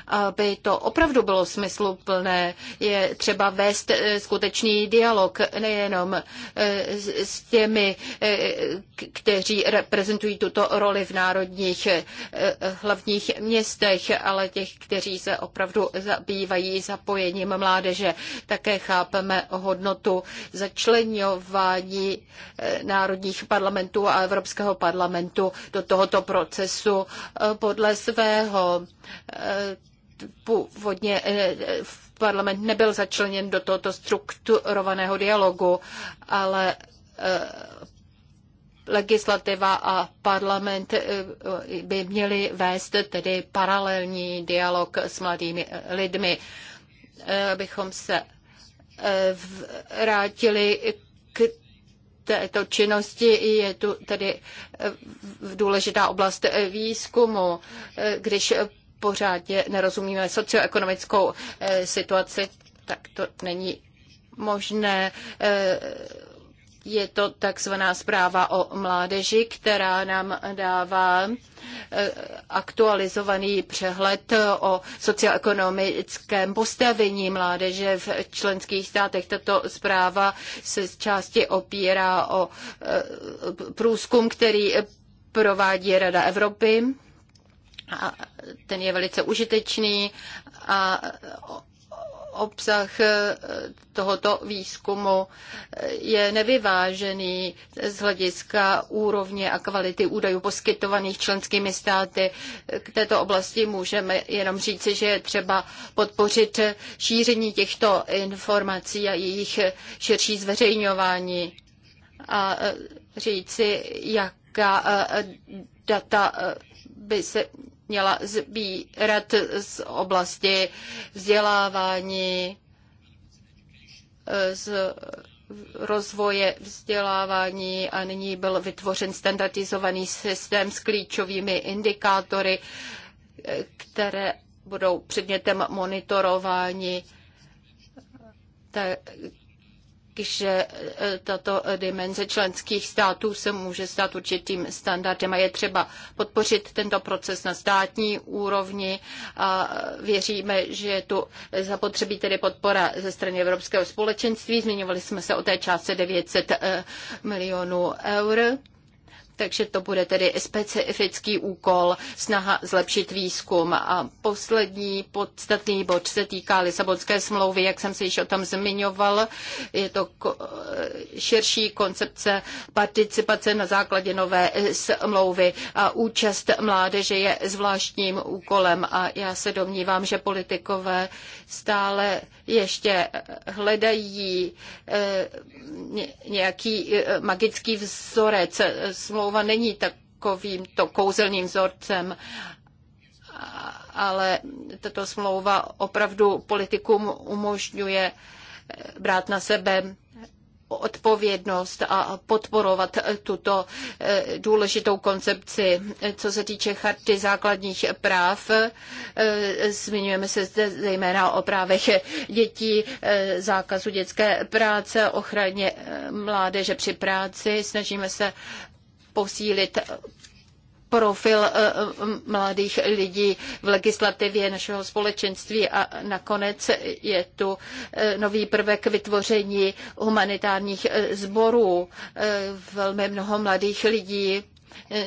[SPEAKER 1] Aby to opravdu bylo smysluplné, je třeba vést skutečný dialog nejenom s těmi, kteří reprezentují tuto roli v národních hlavních hlavních městech, ale těch, kteří se opravdu zabývají zapojením mládeže. Také chápeme hodnotu začlenování eh, národních parlamentů a Evropského parlamentu do tohoto procesu eh, podle svého eh, původně parlament nebyl začleněn do tohoto strukturovaného dialogu, ale legislativa a parlament eh, by měli vést tedy paralelní dialog s mladými eh, lidmi, eh, abychom se vrátili k této činnosti je tu tedy důležitá oblast výzkumu. Když pořádně nerozumíme socioekonomickou situaci, tak to není možné je to takzvaná zpráva o mládeži, která nám dává eh, aktualizovaný přehled o socioekonomickém postavení mládeže v členských státech. Tato zpráva se z části opírá o eh, průzkum, který provádí Rada Evropy. A ten je velice užitečný a obsah eh, tohoto výzkumu eh, je nevyvážený z hlediska úrovně a kvality údajů poskytovaných členskými státy. K této oblasti můžeme jenom říci, že je třeba podpořit šíření těchto informací a jejich širší zveřejňování a eh, říci, jaká data by se měla sbírat z oblasti vzdělávání, z rozvoje vzdělávání a nyní byl vytvořen standardizovaný systém s klíčovými indikátory, které budou předmětem monitorování že e, tato dimenze členských států se může stát určitým standardem a je třeba podpořit tento proces na státní úrovni a věříme, že je tu zapotřebí tedy podpora ze strany Evropského společenství. Zmiňovali jsme se o té částce 900 e, milionů eur. Takže to bude tedy specifický úkol, snaha zlepšit výzkum. A poslední podstatný bod se týká Lisabonské smlouvy, jak jsem se již o tom zmiňoval. Je to širší koncepce participace na základě nové smlouvy. A účast mládeže je zvláštním úkolem a já se domnívám, že politikové stále ještě hledají eh, nějaký eh, magický vzorec smlouvy smlouva není takovým to kouzelným vzorcem, ale tato smlouva opravdu politikům umožňuje brát na sebe odpovědnost a podporovat tuto eh, důležitou koncepci. Co se týče charty základních práv, eh, zmiňujeme se zde zejména o právech dětí, eh, zákazu dětské práce, ochraně mládeže při práci. Snažíme se posílit profil eh, eh, mladých lidí v legislativě našeho společenství a nakonec je tu eh, nový prvek vytvoření humanitárních sborů. Velmi mnoho mladých lidí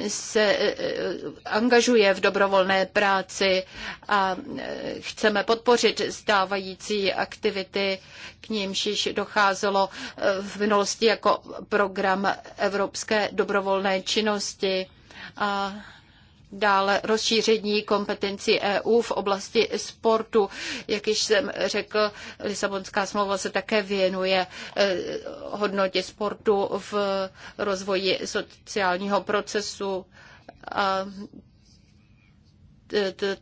[SPEAKER 1] se eh, eh, angažuje v dobrovolné práci a eh, chceme podpořit stávající aktivity, k nímž již docházelo v minulosti jako program Evropské dobrovolné činnosti. A Dále rozšíření kompetencí EU v oblasti sportu. Jak již jsem řekl, Lisabonská smlouva se také věnuje e, hodnotě sportu v rozvoji sociálního procesu. A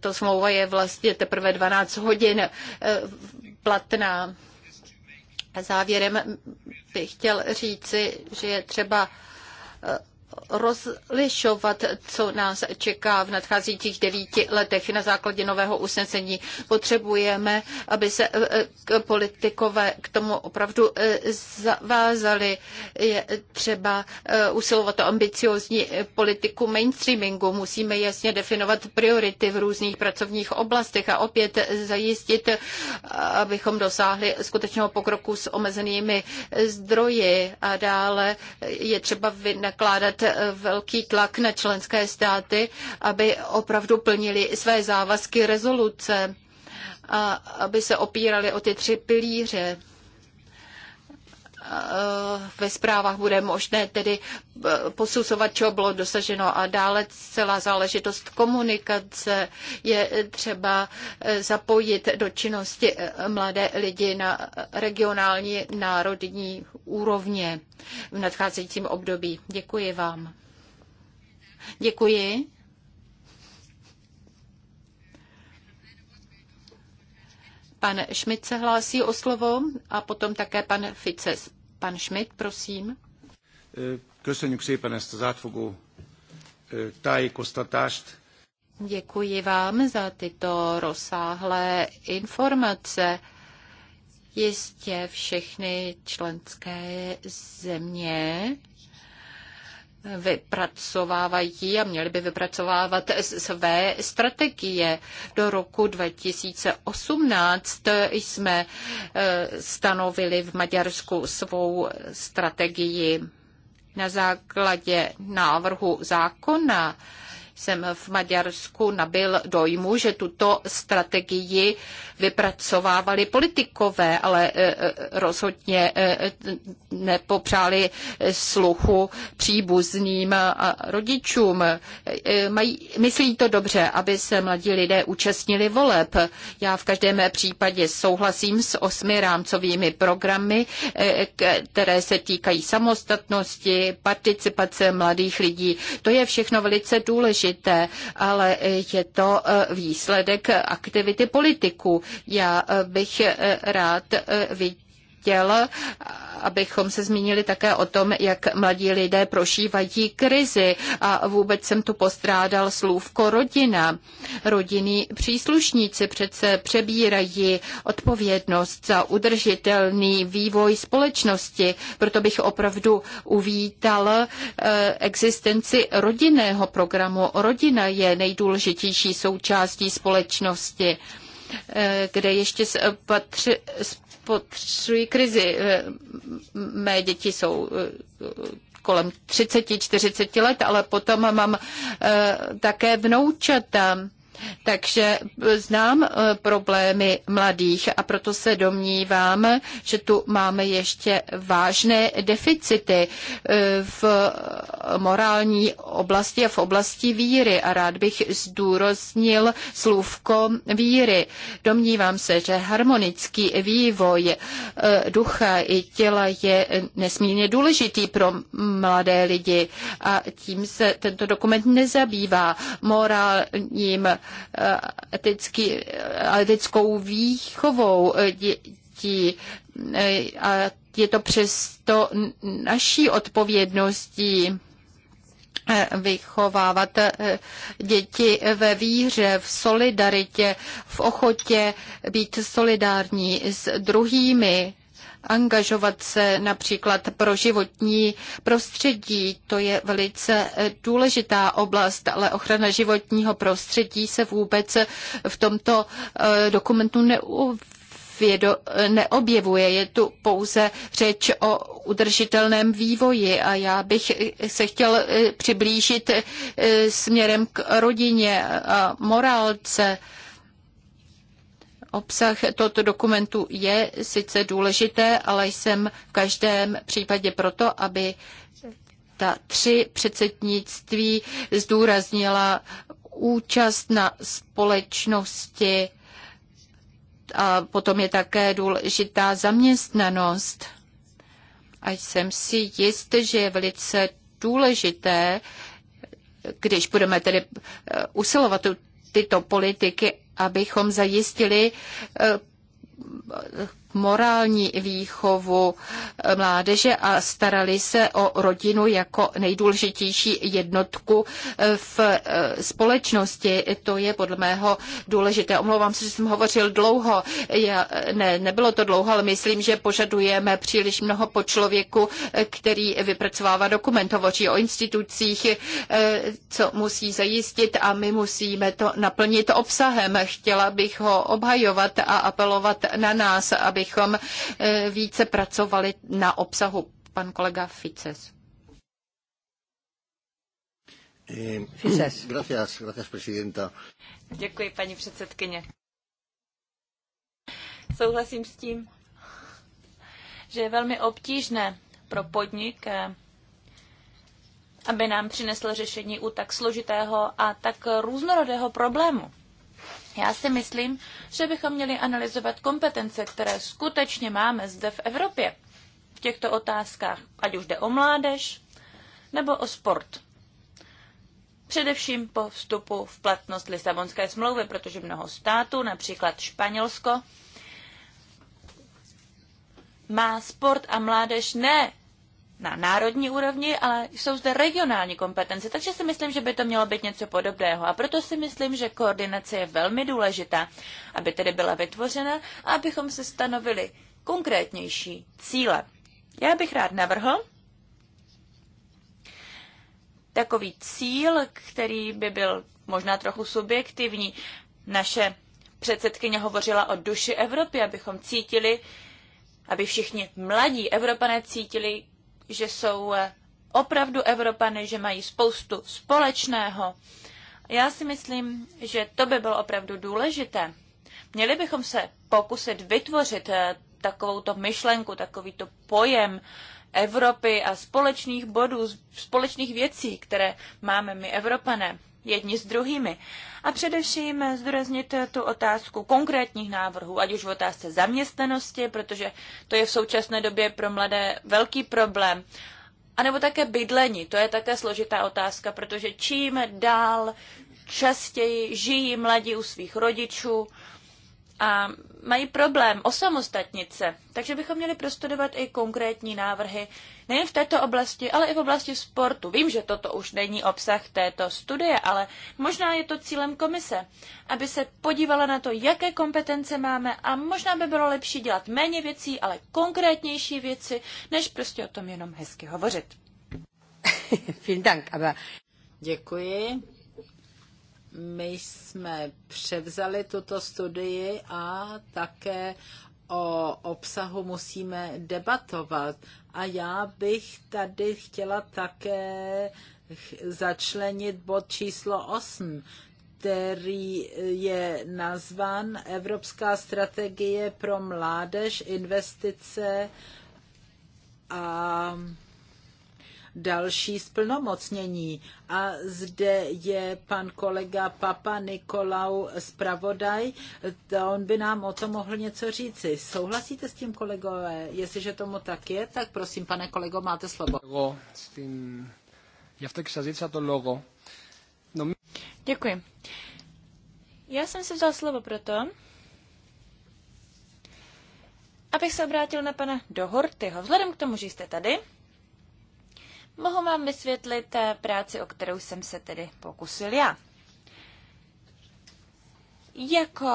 [SPEAKER 1] to smlouva je vlastně teprve 12 hodin e, platná. Závěrem bych chtěl říci, že je třeba e, rozlišovat, co nás čeká v nadcházejících devíti letech. Na základě nového usnesení potřebujeme, aby se eh, politikové k tomu opravdu eh, zavázali. Je třeba eh, usilovat o ambiciozní politiku mainstreamingu. Musíme jasně definovat priority v různých pracovních oblastech a opět zajistit, abychom dosáhli skutečného pokroku s omezenými zdroji. A dále je třeba vynakládat velký tlak na členské státy, aby opravdu plnili své závazky rezoluce a aby se opírali o ty tři pilíře ve zprávách bude možné tedy eh, posuzovat, čeho bylo dosaženo. A dále celá záležitost komunikace je eh, třeba eh, zapojit do činnosti mladé lidi na regionální, národní úrovně v nadcházejícím období. Děkuji vám. Děkuji. Pan Šmit se hlásí o slovo a potom také pan Fices. Pan Schmidt, prosím.
[SPEAKER 2] Köszönjük szépen ezt az átfogó tájékoztatást.
[SPEAKER 1] Děkuji vám za tyto rozsáhlé informace. Jistě všechny členské země vypracovávají a měli by vypracovávat své strategie. Do roku 2018 jsme e, stanovili v Maďarsku svou strategii na základě návrhu zákona jsem v Maďarsku nabil dojmu, že tuto strategii vypracovávali politikové, ale e, e, rozhodně e, nepopřáli sluchu příbuzným a rodičům. Mají, myslí to dobře, aby se mladí lidé účastnili voleb. Já v každém případě souhlasím s osmi rámcovými programy, které se týkají samostatnosti, participace mladých lidí. To je všechno velice důležité důležité, ale je to eh, výsledek aktivity politiků. Já eh, bych eh, rád viděl, chtěl, abychom se zmínili také o tom, jak mladí lidé prožívají krizi a vůbec jsem tu postrádal slůvko rodina. Rodinní příslušníci přece přebírají odpovědnost za udržitelný vývoj společnosti, proto bych opravdu uvítal eh, existenci rodinného programu. Rodina je nejdůležitější součástí společnosti eh, kde ještě spatři, potřebují krizi. Eh, mé děti jsou eh, kolem 30-40 let, ale potom mám eh, také vnoučata takže znám eh, problémy mladých a proto se domnívám, že tu máme ještě vážné deficity eh, v morální oblasti a v oblasti víry. A rád bych zdůraznil slůvko víry. Domnívám se, že harmonický vývoj eh, ducha i těla je nesmírně důležitý pro mladé lidi a tím se tento dokument nezabývá morálním Eh, etický, eh, etickou výchovou dětí. Eh, a je to přesto naší odpovědností vychovávat děti ve víře, v solidaritě, v ochotě být solidární s druhými angažovat se například pro životní prostředí. To je velice důležitá oblast, ale ochrana životního prostředí se vůbec v tomto eh, dokumentu neuvědomuje vědo, neobjevuje. Je tu pouze řeč o udržitelném vývoji a já bych se chtěl eh, přiblížit eh, směrem k rodině a morálce. Obsah tohoto dokumentu je sice důležité, ale jsem v každém případě proto, aby ta tři předsednictví zdůraznila účast na společnosti a potom je také důležitá zaměstnanost. A jsem si jist, že je velice důležité, když budeme tedy eh, usilovat tyto politiky, abychom zajistili eh, morální výchovu mládeže a starali se o rodinu jako nejdůležitější jednotku v eh, společnosti. To je podle mého důležité. Omlouvám se, že jsem hovořil dlouho. Já, ne, nebylo to dlouho, ale myslím, že požadujeme příliš mnoho po člověku, který vypracovává dokument. Hovoří o institucích, eh, co musí zajistit a my musíme to naplnit obsahem. Chtěla bych ho obhajovat a apelovat na nás, aby abychom eh, více pracovali na obsahu. Pan kolega Fices. Eh, Fices. Gracias, gracias, presidenta.
[SPEAKER 2] Děkuji, paní předsedkyně. Souhlasím s tím, že je velmi obtížné pro podnik, eh, aby nám přinesl řešení u tak složitého a tak různorodého problému. Já si myslím, že bychom měli analyzovat kompetence, které skutečně máme zde v Evropě v těchto otázkách, ať už jde o mládež nebo o sport. Především po vstupu v platnost Lisabonské smlouvy, protože mnoho států, například Španělsko, má sport a mládež ne na národní úrovni, ale jsou zde regionální kompetence, takže si myslím, že by to mělo být něco podobného. A proto si myslím, že koordinace je velmi důležitá, aby tedy byla vytvořena a abychom se stanovili konkrétnější cíle. Já bych rád navrhl takový cíl, který by byl možná trochu subjektivní. Naše předsedkyně hovořila o duši Evropy, abychom cítili, aby všichni mladí Evropané cítili, že jsou eh, opravdu Evropany, že mají spoustu společného. Já si myslím, že to by bylo opravdu důležité. Měli bychom se pokusit vytvořit eh, takovouto myšlenku, takovýto pojem Evropy a společných bodů, společných věcí, které máme my Evropané jedni s druhými. A především zdůraznit tu otázku konkrétních návrhů, ať už v otázce zaměstnanosti, protože to je v současné době pro mladé velký problém, a nebo také bydlení, to je také složitá otázka, protože čím dál častěji žijí mladí u svých rodičů, a mají problém osamostatnit se. Takže bychom měli prostudovat i konkrétní návrhy nejen v této oblasti, ale i v oblasti sportu. Vím, že toto už není obsah této studie, ale možná je to cílem komise, aby se podívala na to, jaké kompetence máme a možná by bylo lepší dělat méně věcí, ale konkrétnější věci, než prostě o tom jenom hezky hovořit.
[SPEAKER 1] Vielen Dank, aber...
[SPEAKER 2] Děkuji.
[SPEAKER 3] My jsme převzali tuto studii a také o obsahu musíme debatovat. A já bych tady chtěla také začlenit bod číslo 8, který je nazvan Evropská strategie pro mládež, investice a další splnomocnění. A zde je pan kolega Papa Nikolau zpravodaj, on by nám o tom mohl něco říci. Souhlasíte s tím, kolegové? Jestliže tomu tak je, tak prosím, pane kolego, máte slovo.
[SPEAKER 2] No Děkuji. Já jsem si vzal slovo proto, abych se obrátil na pana Dohortyho. Vzhledem k tomu, že jste tady, mohu vám vysvětlit eh, práci, o kterou jsem se tedy pokusil já. Jako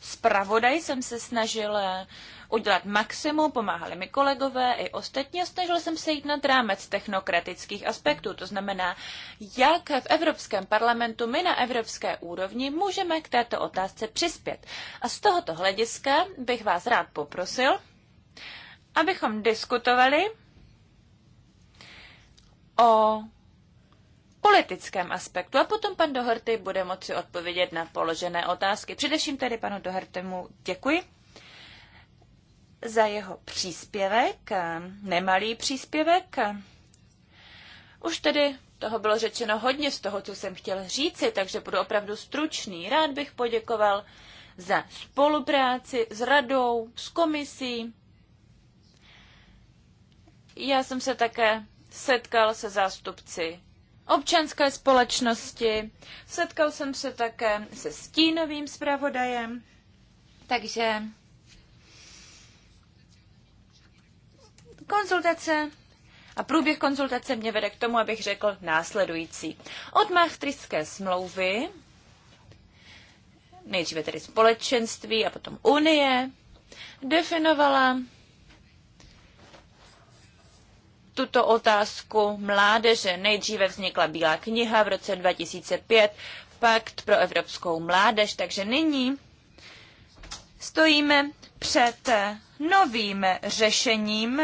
[SPEAKER 2] zpravodaj jsem se snažil eh, udělat maximum, pomáhali mi kolegové i ostatní a snažil jsem se jít nad rámec technokratických aspektů. To znamená, jak v Evropském parlamentu my na evropské úrovni můžeme k této otázce přispět. A z tohoto hlediska bych vás rád poprosil, abychom diskutovali o politickém aspektu a potom pan Doherty bude moci odpovědět na položené otázky. Především tedy panu Dohertemu děkuji za jeho příspěvek, nemalý příspěvek. Už tedy toho bylo řečeno hodně z toho, co jsem chtěl říci, takže budu opravdu stručný. Rád bych poděkoval za spolupráci s radou, s komisí. Já jsem se také setkal se zástupci občanské společnosti, setkal jsem se také se stínovým zpravodajem, takže konzultace a průběh konzultace mě vede k tomu, abych řekl následující. Od Maastrichtské smlouvy, nejdříve tedy společenství a potom Unie, definovala tuto otázku mládeže. Nejdříve vznikla Bílá kniha v roce 2005, Pakt pro evropskou mládež, takže nyní stojíme před novým řešením,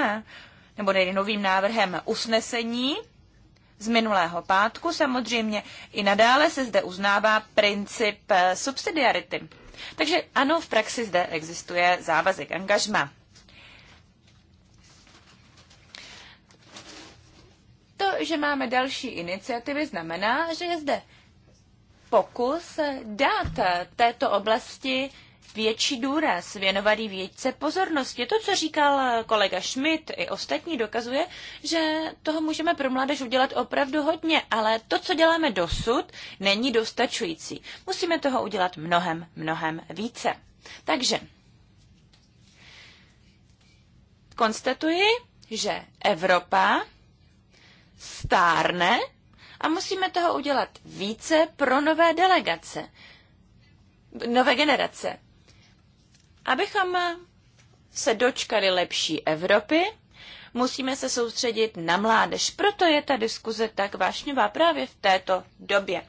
[SPEAKER 2] nebo tedy novým návrhem usnesení z minulého pátku. Samozřejmě i nadále se zde uznává princip subsidiarity. Takže ano, v praxi zde existuje závazek angažma. To, že máme další iniciativy, znamená, že je zde pokus dát této oblasti větší důraz, věnovat jí více pozornosti. To, co říkal kolega Schmidt i ostatní, dokazuje, že toho můžeme pro mládež udělat opravdu hodně, ale to, co děláme dosud, není dostačující. Musíme toho udělat mnohem, mnohem více. Takže konstatuji, že Evropa stárne a musíme toho udělat více pro nové delegace, nové generace. Abychom se dočkali lepší Evropy, musíme se soustředit na mládež. Proto je ta diskuze tak vášňová právě v této době.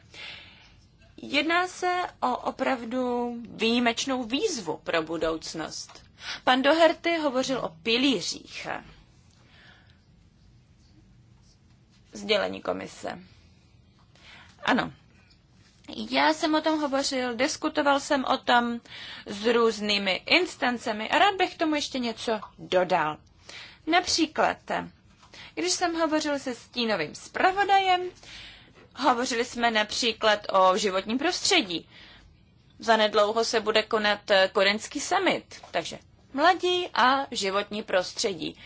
[SPEAKER 2] Jedná se o opravdu výjimečnou výzvu pro budoucnost. Pan Doherty hovořil o pilířích. sdělení komise. Ano. Já jsem o tom hovořil, diskutoval jsem o tom s různými instancemi a rád bych tomu ještě něco dodal. Například, když jsem hovořil se stínovým zpravodajem, hovořili jsme například o životním prostředí. Zanedlouho se bude konat korenský summit, takže mladí a životní prostředí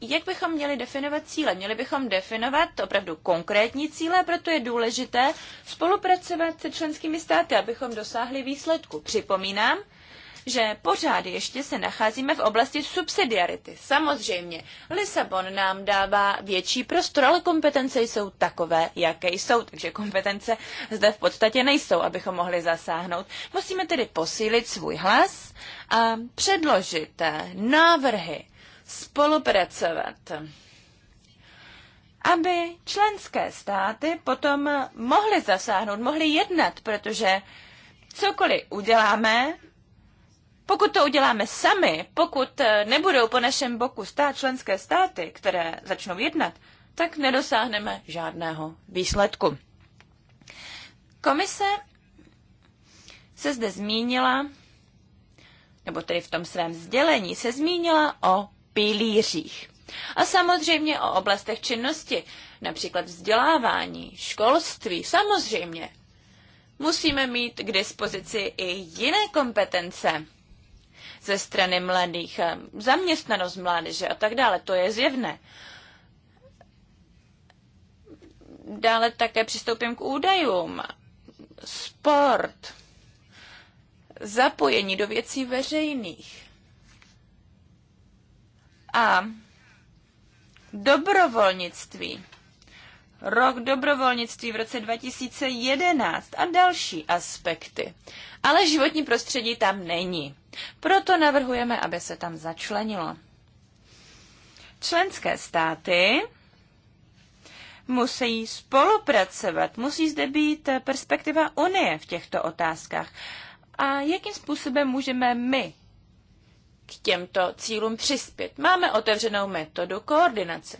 [SPEAKER 2] jak bychom měli definovat cíle? Měli bychom definovat opravdu konkrétní cíle, proto je důležité spolupracovat se členskými státy, abychom dosáhli výsledku. Připomínám, že pořád ještě se nacházíme v oblasti subsidiarity. Samozřejmě, Lisabon nám dává větší prostor, ale kompetence jsou takové, jaké jsou, takže kompetence zde v podstatě nejsou, abychom mohli zasáhnout. Musíme tedy posílit svůj hlas a předložit eh, návrhy spolupracovat, aby členské státy potom mohly zasáhnout, mohly jednat, protože cokoliv uděláme, pokud to uděláme sami, pokud eh, nebudou po našem boku stát členské státy, které začnou jednat, tak nedosáhneme žádného výsledku. Komise se zde zmínila, nebo tedy v tom svém sdělení se zmínila o pilířích. A samozřejmě o oblastech činnosti, například vzdělávání, školství, samozřejmě. Musíme mít k dispozici i jiné kompetence ze strany mladých, eh, zaměstnanost mládeže a tak dále. To je zjevné. Dále také přistoupím k údajům. Sport, zapojení do věcí veřejných, a dobrovolnictví. Rok dobrovolnictví v roce 2011 a další aspekty. Ale životní prostředí tam není. Proto navrhujeme, aby se tam začlenilo. Členské státy musí spolupracovat, musí zde být perspektiva Unie v těchto otázkách. A jakým způsobem můžeme my k těmto cílům přispět. Máme otevřenou metodu koordinace.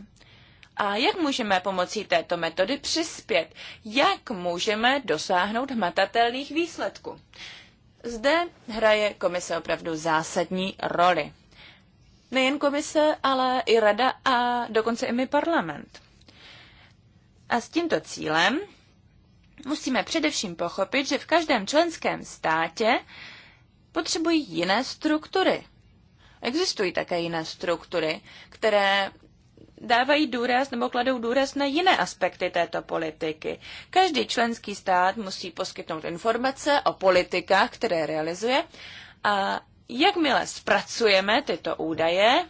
[SPEAKER 2] A jak můžeme pomocí této metody přispět? Jak můžeme dosáhnout hmatatelných výsledků? Zde hraje komise opravdu zásadní roli. Nejen komise, ale i rada a dokonce i my parlament. A s tímto cílem musíme především pochopit, že v každém členském státě potřebují jiné struktury Existují také jiné struktury, které dávají důraz nebo kladou důraz na jiné aspekty této politiky. Každý členský stát musí poskytnout informace o politikách, které realizuje a jakmile zpracujeme tyto údaje,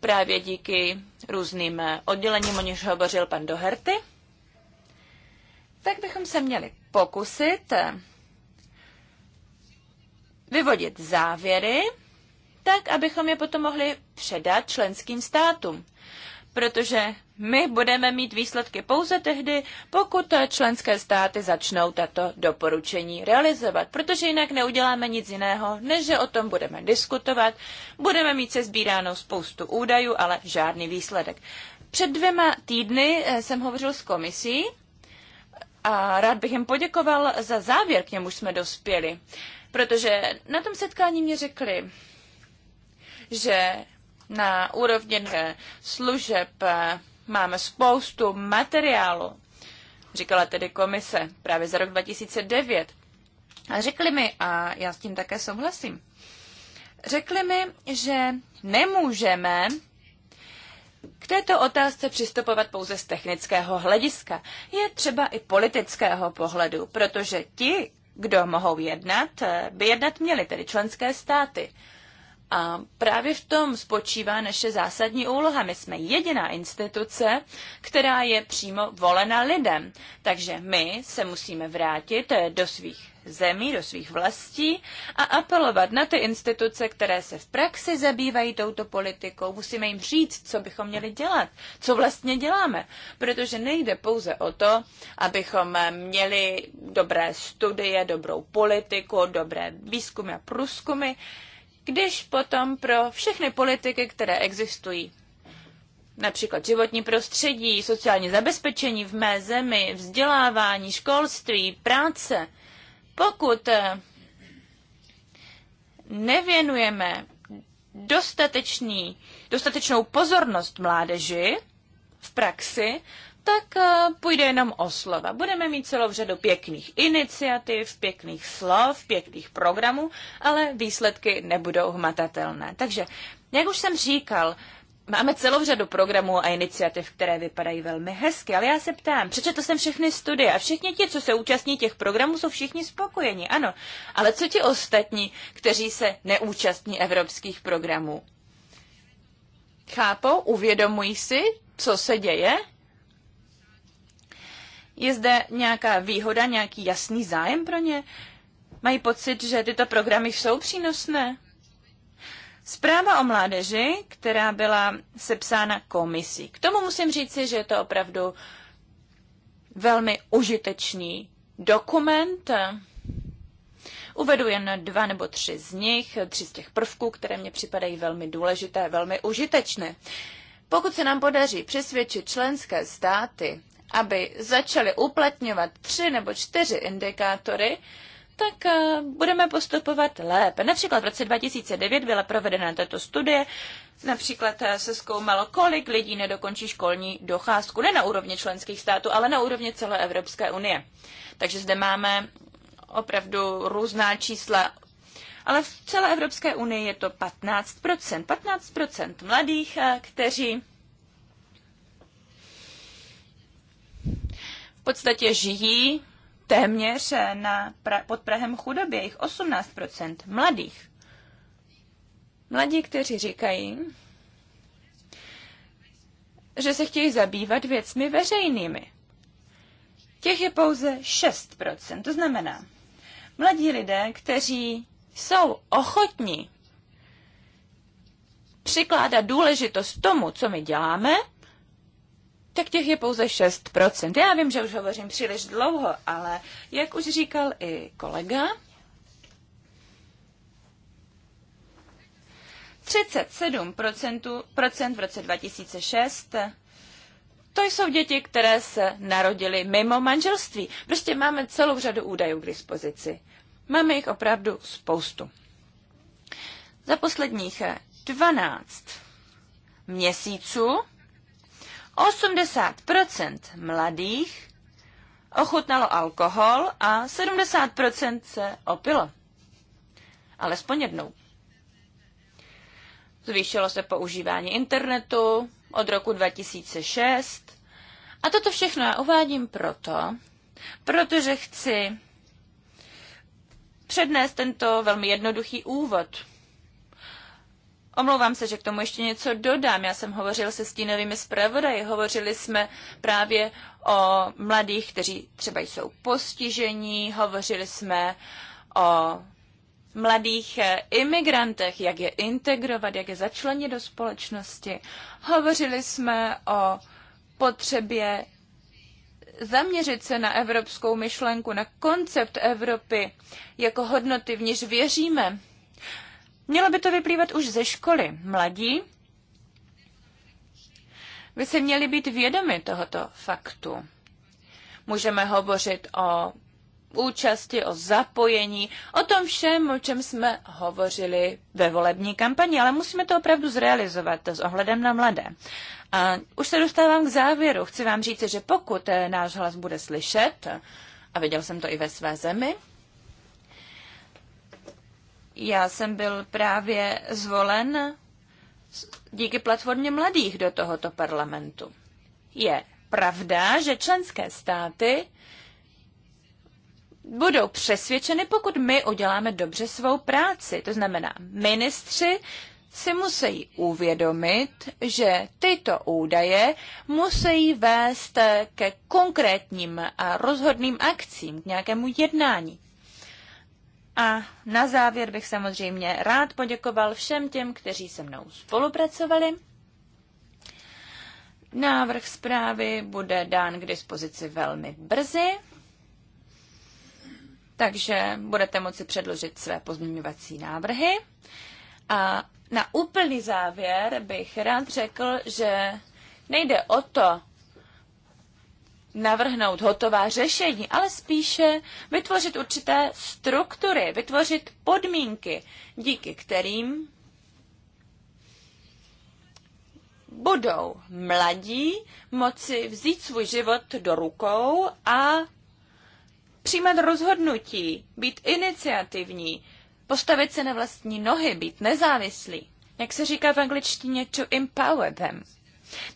[SPEAKER 2] právě díky různým oddělením, o nichž hovořil pan Doherty, tak bychom se měli pokusit vyvodit závěry tak abychom je potom mohli předat členským státům. Protože my budeme mít výsledky pouze tehdy, pokud členské státy začnou tato doporučení realizovat, protože jinak neuděláme nic jiného, než že o tom budeme diskutovat, budeme mít se sbíránou spoustu údajů, ale žádný výsledek. Před dvěma týdny eh, jsem hovořil s komisí a rád bych jim poděkoval za závěr, k němuž jsme dospěli, protože na tom setkání mě řekli, že na úrovni služeb eh, máme spoustu materiálu, říkala tedy komise právě za rok 2009. A řekli mi, a já s tím také souhlasím, řekli mi, že nemůžeme k této otázce přistupovat pouze z technického hlediska. Je třeba i politického pohledu, protože ti, kdo mohou jednat, eh, by jednat měli, tedy členské státy. A právě v tom spočívá naše zásadní úloha. My jsme jediná instituce, která je přímo volena lidem. Takže my se musíme vrátit do svých zemí, do svých vlastí a apelovat na ty instituce, které se v praxi zabývají touto politikou. Musíme jim říct, co bychom měli dělat, co vlastně děláme. Protože nejde pouze o to, abychom měli dobré studie, dobrou politiku, dobré výzkumy a průzkumy když potom pro všechny politiky, které existují, například životní prostředí, sociální zabezpečení v mé zemi, vzdělávání, školství, práce, pokud eh, nevěnujeme dostatečný, dostatečnou pozornost mládeži v praxi, tak eh, půjde jenom o slova. Budeme mít celou řadu pěkných iniciativ, pěkných slov, pěkných programů, ale výsledky nebudou hmatatelné. Takže, jak už jsem říkal, Máme celou řadu programů a iniciativ, které vypadají velmi hezky, ale já se ptám, přečetl jsem všechny studie a všichni ti, co se účastní těch programů, jsou všichni spokojeni, ano. Ale co ti ostatní, kteří se neúčastní evropských programů? Chápou, uvědomují si, co se děje, je zde nějaká výhoda, nějaký jasný zájem pro ně? Mají pocit, že tyto programy jsou přínosné? Zpráva o mládeži, která byla sepsána komisí. K tomu musím říci, že je to opravdu velmi užitečný dokument. Uvedu jen dva nebo tři z nich, tři z těch prvků, které mě připadají velmi důležité, velmi užitečné. Pokud se nám podaří přesvědčit členské státy, aby začaly uplatňovat tři nebo čtyři indikátory, tak eh, budeme postupovat lépe. Například v roce 2009 byla provedena tato studie, například eh, se zkoumalo, kolik lidí nedokončí školní docházku, ne na úrovni členských států, ale na úrovni celé Evropské unie. Takže zde máme opravdu různá čísla, ale v celé Evropské unii je to 15%. 15% mladých, eh, kteří podstatě žijí téměř na, pra, pod Prahem chudoby, jich 18% mladých. Mladí, kteří říkají, že se chtějí zabývat věcmi veřejnými. Těch je pouze 6%, to znamená, mladí lidé, kteří jsou ochotní přikládat důležitost tomu, co my děláme, tak těch je pouze 6%. Já vím, že už hovořím příliš dlouho, ale jak už říkal i kolega, 37% procent v roce 2006 to jsou děti, které se narodily mimo manželství. Prostě máme celou řadu údajů k dispozici. Máme jich opravdu spoustu. Za posledních 12 měsíců 80% mladých ochutnalo alkohol a 70% se opilo. Alespoň jednou. Zvýšilo se používání internetu od roku 2006. A toto všechno já uvádím proto, protože chci přednést tento velmi jednoduchý úvod Omlouvám se, že k tomu ještě něco dodám. Já jsem hovořil se stínovými zpravodaji, hovořili jsme právě o mladých, kteří třeba jsou postižení, hovořili jsme o mladých eh, imigrantech, jak je integrovat, jak je začlenit do společnosti. Hovořili jsme o potřebě zaměřit se na evropskou myšlenku, na koncept Evropy jako hodnoty, v níž věříme. Mělo by to vyplývat už ze školy. Mladí vy se měli být vědomi tohoto faktu. Můžeme hovořit o účasti, o zapojení, o tom všem, o čem jsme hovořili ve volební kampani, ale musíme to opravdu zrealizovat s ohledem na mladé. A už se dostávám k závěru. Chci vám říct, že pokud eh, náš hlas bude slyšet, a viděl jsem to i ve své zemi, já jsem byl právě zvolen díky platformě mladých do tohoto parlamentu. Je pravda, že členské státy budou přesvědčeny, pokud my uděláme dobře svou práci. To znamená, ministři si musí uvědomit, že tyto údaje musí vést ke konkrétním a rozhodným akcím, k nějakému jednání. A na závěr bych samozřejmě rád poděkoval všem těm, kteří se mnou spolupracovali. Návrh zprávy bude dán k dispozici velmi brzy, takže budete moci předložit své pozměňovací návrhy. A na úplný závěr bych rád řekl, že nejde o to, navrhnout hotová řešení, ale spíše vytvořit určité struktury, vytvořit podmínky, díky kterým budou mladí moci vzít svůj život do rukou a přijímat rozhodnutí, být iniciativní, postavit se na vlastní nohy, být nezávislí. Jak se říká v angličtině, to empower them.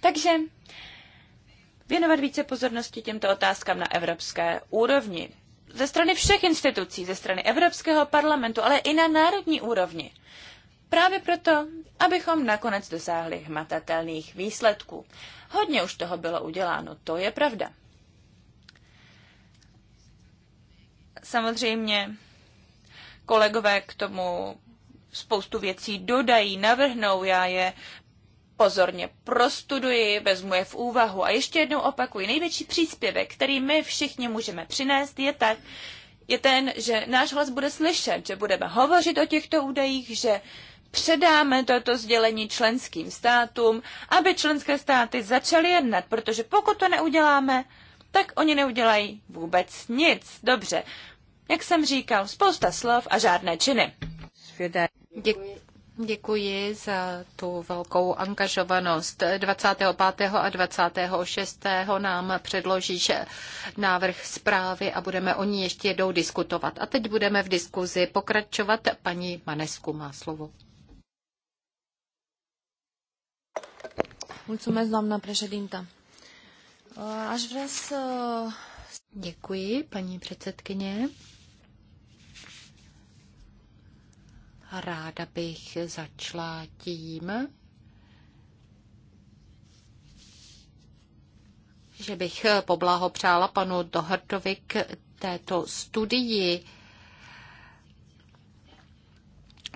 [SPEAKER 2] Takže věnovat více pozornosti těmto otázkám na evropské úrovni. Ze strany všech institucí, ze strany Evropského parlamentu, ale i na národní úrovni. Právě proto, abychom nakonec dosáhli hmatatelných výsledků. Hodně už toho bylo uděláno, to je pravda. Samozřejmě kolegové k tomu spoustu věcí dodají, navrhnou, já je pozorně prostuduji, vezmu je v úvahu. A ještě jednou opakuji, největší příspěvek, který my všichni můžeme přinést, je tak, je ten, že náš hlas bude slyšet, že budeme hovořit o těchto údajích, že předáme toto sdělení členským státům, aby členské státy začaly jednat, protože pokud to neuděláme, tak oni neudělají vůbec nic. Dobře, jak jsem říkal, spousta slov a žádné činy.
[SPEAKER 1] Děkuji. Děkuji za tu velkou angažovanost. 25. a 26. nám předložíš návrh zprávy a budeme o ní ještě jednou diskutovat. A teď budeme v diskuzi pokračovat. Paní Manesku má slovo. Děkuji, paní předsedkyně. Ráda bych začala tím, že bych poblahopřála panu Dohrdovi k této studii,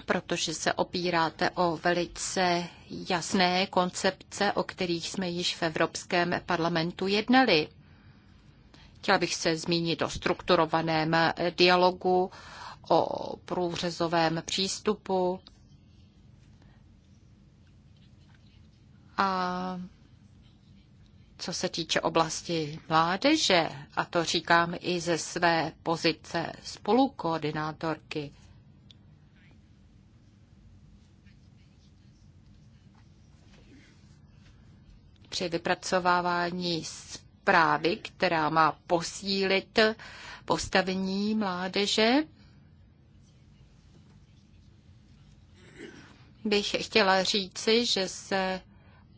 [SPEAKER 1] protože se opíráte o velice jasné koncepce, o kterých jsme již v Evropském parlamentu jednali. Chtěla bych se zmínit o strukturovaném dialogu, o průřezovém přístupu a co se týče oblasti mládeže, a to říkám i ze své pozice spolukoordinátorky, při vypracovávání zprávy, která má posílit postavení mládeže, bych chtěla říci, že se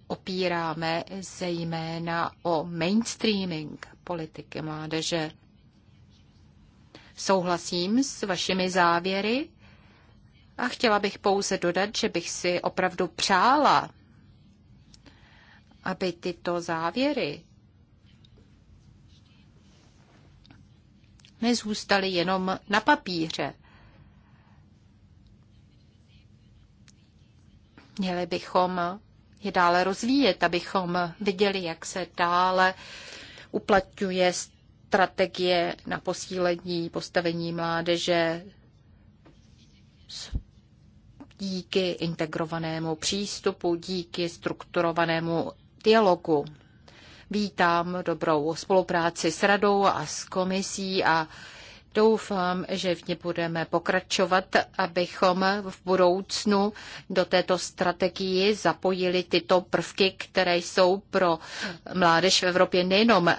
[SPEAKER 1] opíráme zejména o mainstreaming politiky mládeže. Souhlasím s vašimi závěry a chtěla bych pouze dodat, že bych si opravdu přála, aby tyto závěry nezůstaly jenom na papíře, Měli bychom je dále rozvíjet, abychom viděli, jak se dále uplatňuje strategie na posílení postavení mládeže díky integrovanému přístupu, díky strukturovanému dialogu. Vítám dobrou spolupráci s radou a s komisí a Doufám, že v ně budeme pokračovat, abychom v budoucnu do této strategii zapojili tyto prvky, které jsou pro mládež v Evropě nejenom eh,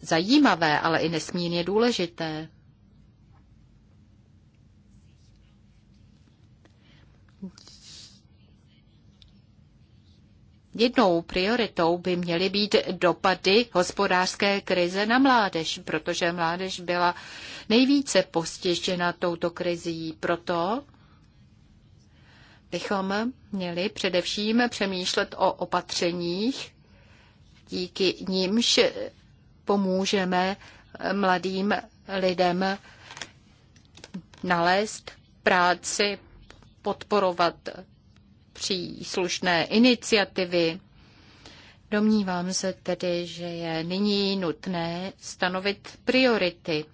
[SPEAKER 1] zajímavé, ale i nesmírně důležité. Jednou prioritou by měly být dopady hospodářské krize na mládež, protože mládež byla nejvíce postižena touto krizí. Proto bychom měli především přemýšlet o opatřeních, díky nímž pomůžeme mladým lidem nalézt práci, podporovat příslušné iniciativy. Domnívám se tedy, že je nyní nutné stanovit priority.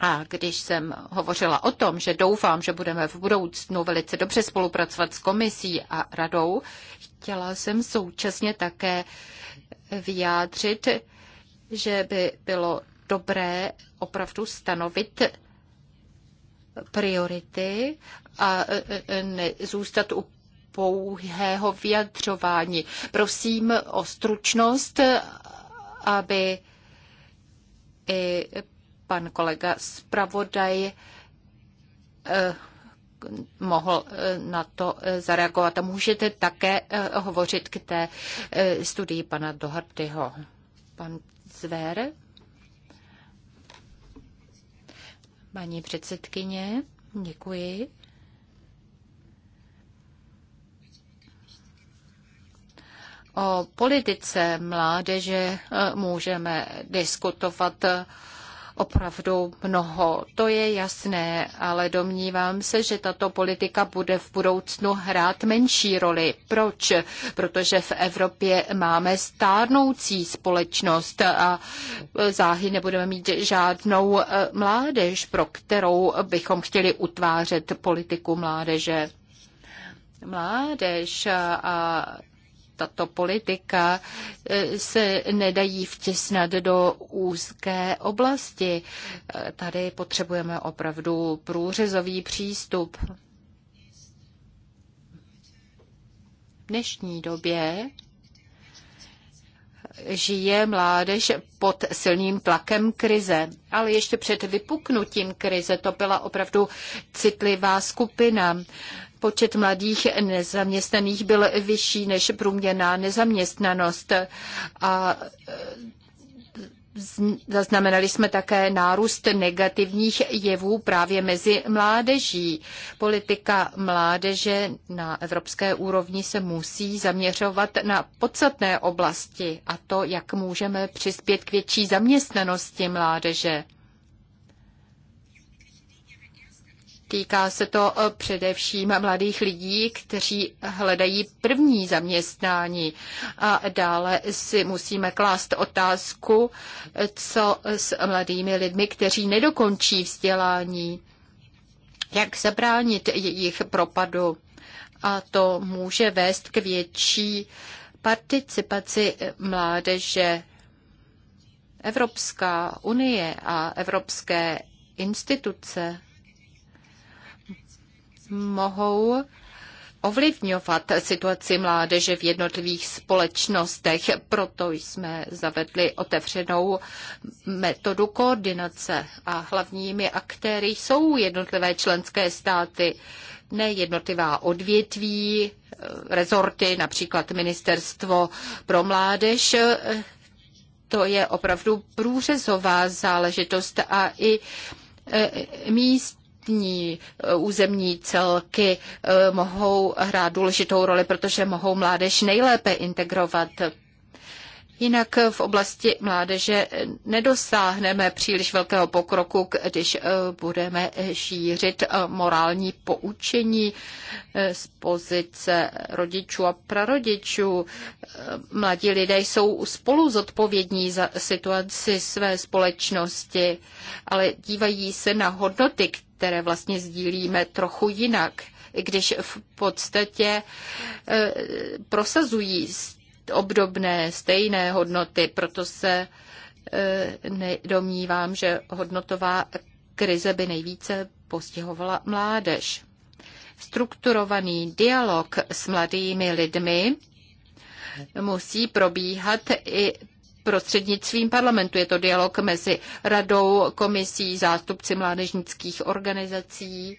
[SPEAKER 1] A když jsem hovořila o tom, že doufám, že budeme v budoucnu velice dobře spolupracovat s komisí a radou, chtěla jsem současně také vyjádřit, že by bylo dobré opravdu stanovit priority a e, e, e, nezůstat u pouhého vyjadřování. Prosím o stručnost, aby i pan kolega zpravodaj mohl na to zareagovat. A můžete také hovořit k té studii pana Dohartyho. Pan Zver. Paní předsedkyně, děkuji. O politice mládeže eh, můžeme diskutovat eh, opravdu mnoho. To je jasné, ale domnívám se, že tato politika bude v budoucnu hrát menší roli. Proč? Protože v Evropě máme stárnoucí společnost a záhy nebudeme mít žádnou eh, mládež, pro kterou bychom chtěli utvářet politiku mládeže mládež a tato politika e, se nedají vtěsnat do úzké oblasti. E, tady potřebujeme opravdu průřezový přístup. V dnešní době žije mládež pod silným tlakem krize. Ale ještě před vypuknutím krize to byla opravdu citlivá skupina počet mladých nezaměstnaných byl vyšší než průměrná nezaměstnanost. A e, Zaznamenali jsme také nárůst negativních jevů právě mezi mládeží. Politika mládeže na evropské úrovni se musí zaměřovat na podstatné oblasti a to, jak můžeme přispět k větší zaměstnanosti mládeže. Týká se to eh, především mladých lidí, kteří hledají první zaměstnání. A dále si musíme klást otázku, eh, co s mladými lidmi, kteří nedokončí vzdělání, jak zabránit jejich propadu. A to může vést k větší participaci mládeže. Evropská unie a evropské instituce mohou ovlivňovat situaci mládeže v jednotlivých společnostech. Proto jsme zavedli otevřenou metodu koordinace a hlavními aktéry jsou jednotlivé členské státy, ne jednotlivá odvětví, rezorty, například Ministerstvo pro mládež, to je opravdu průřezová záležitost a i míst ostatní eh, územní celky eh, mohou hrát důležitou roli, protože mohou mládež nejlépe integrovat Jinak v oblasti mládeže nedosáhneme příliš velkého pokroku, když eh, budeme šířit eh, morální poučení eh, z pozice rodičů a prarodičů. Mladí lidé jsou spolu zodpovědní za situaci své společnosti, ale dívají se na hodnoty, které vlastně sdílíme trochu jinak, i když v podstatě prosazují obdobné, stejné hodnoty, proto se e, domnívám, že hodnotová krize by nejvíce postihovala mládež. Strukturovaný dialog s mladými lidmi musí probíhat i prostřednictvím parlamentu. Je to dialog mezi radou, komisí, zástupci mládežnických organizací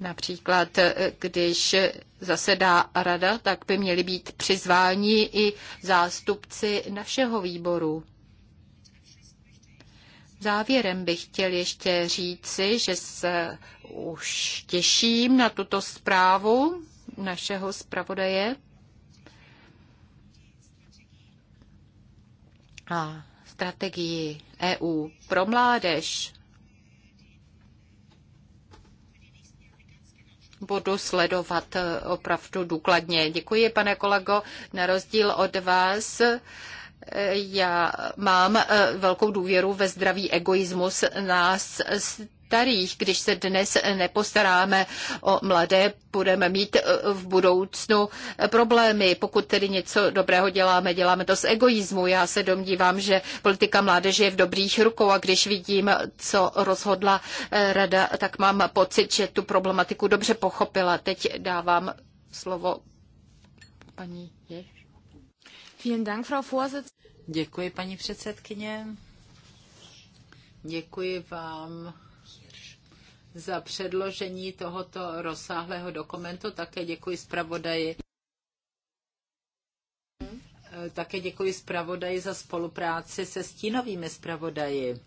[SPEAKER 1] Například, eh, když zasedá rada, tak by měli být přizváni i zástupci našeho výboru. Závěrem bych chtěl ještě říci, že se už těším na tuto zprávu našeho zpravodaje. A strategii EU pro mládež. budu sledovat eh, opravdu důkladně. Děkuji, pane kolego, na rozdíl od vás. Eh, já mám eh, velkou důvěru ve zdravý egoismus nás starých. Když se dnes nepostaráme o mladé, budeme mít e, v budoucnu e, problémy. Pokud tedy něco dobrého děláme, děláme to z egoismu. Já se domnívám, že politika mládeže je v dobrých rukou a když vidím, co rozhodla e, rada, tak mám pocit, že tu problematiku dobře pochopila. Teď dávám slovo paní Jež. Děkuji, paní předsedkyně.
[SPEAKER 3] Děkuji vám za předložení tohoto rozsáhlého dokumentu. Také děkuji zpravodaji. Také děkuji zpravodaji za spolupráci se stínovými zpravodaji.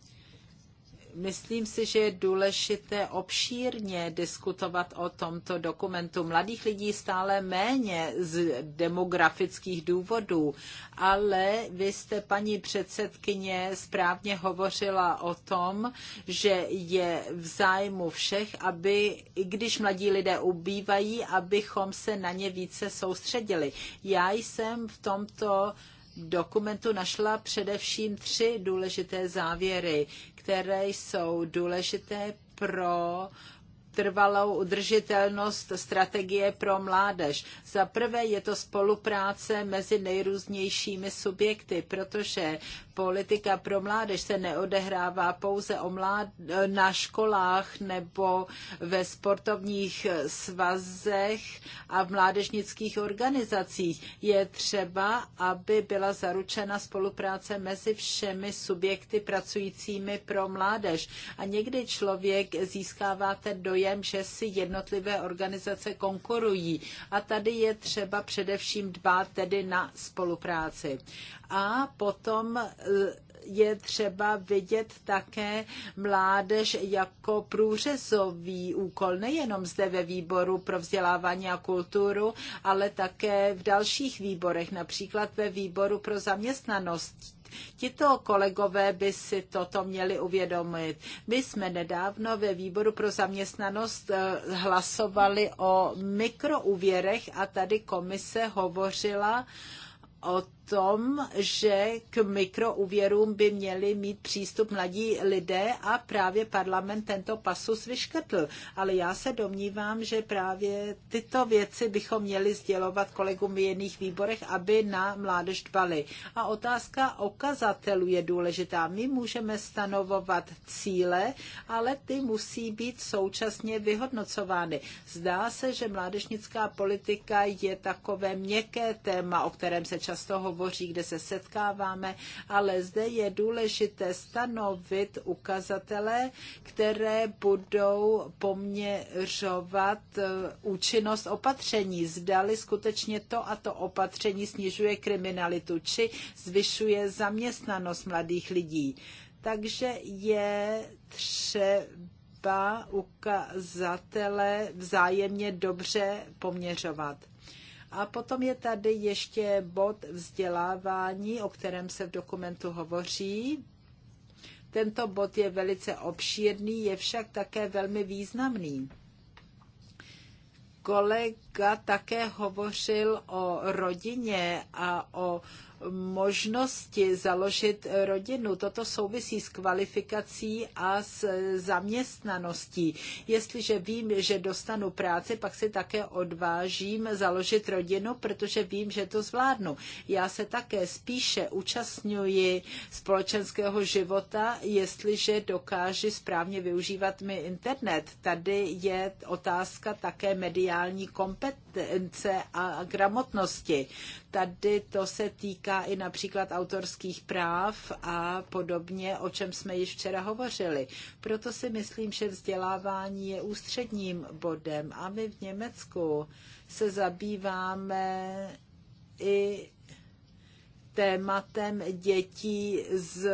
[SPEAKER 3] Myslím si, že je důležité obšírně diskutovat o tomto dokumentu. Mladých lidí stále méně z demografických důvodů, ale vy jste, paní předsedkyně, správně hovořila o tom, že je v zájmu všech, aby, i když mladí lidé ubývají, abychom se na ně více soustředili. Já jsem v tomto dokumentu našla především tři důležité závěry které jsou důležité pro trvalou udržitelnost strategie pro mládež. Za prvé je to spolupráce mezi nejrůznějšími subjekty, protože politika pro mládež se neodehrává pouze o mlád- na školách nebo ve sportovních svazech a v mládežnických organizacích. Je třeba, aby byla zaručena spolupráce mezi všemi subjekty pracujícími pro mládež. A někdy člověk získává ten dojem, dojem, že si jednotlivé organizace konkurují. A tady je třeba především dbát tedy na spolupráci. A potom eh, je třeba vidět také mládež jako průřezový úkol, nejenom zde ve výboru pro vzdělávání a kulturu, ale také v dalších výborech, například ve výboru pro zaměstnanost Tito kolegové by si toto měli uvědomit. My jsme nedávno ve výboru pro zaměstnanost eh, hlasovali o mikrouvěrech a tady komise hovořila o tom, že k mikroúvěrům by měli mít přístup mladí lidé a právě parlament tento pasus vyškrtl. Ale já se domnívám, že právě tyto věci bychom měli sdělovat kolegům v jiných výborech, aby na mládež dbali. A otázka okazatelů je důležitá. My můžeme stanovovat cíle, ale ty musí být současně vyhodnocovány. Zdá se, že mládežnická politika je takové měkké téma, o kterém se často hovoří hovoří, kde se setkáváme, ale zde je důležité stanovit ukazatele, které budou poměřovat eh, účinnost opatření. Zdali skutečně to a to opatření snižuje kriminalitu či zvyšuje zaměstnanost mladých lidí. Takže je třeba ukazatele vzájemně dobře poměřovat. A potom je tady ještě bod vzdělávání, o kterém se v dokumentu hovoří. Tento bod je velice obšírný, je však také velmi významný. Kolega také hovořil o rodině a o možnosti založit rodinu. Toto souvisí s kvalifikací a s zaměstnaností. Jestliže vím, že dostanu práci, pak si také odvážím založit rodinu, protože vím, že to zvládnu. Já se také spíše účastňuji společenského života, jestliže dokáži správně využívat mi internet. Tady je otázka také mediální kompetence a gramotnosti. Tady to se týká týká i například autorských práv a podobně, o čem jsme již včera hovořili. Proto si myslím, že vzdělávání je ústředním bodem a my v Německu se zabýváme i tématem dětí z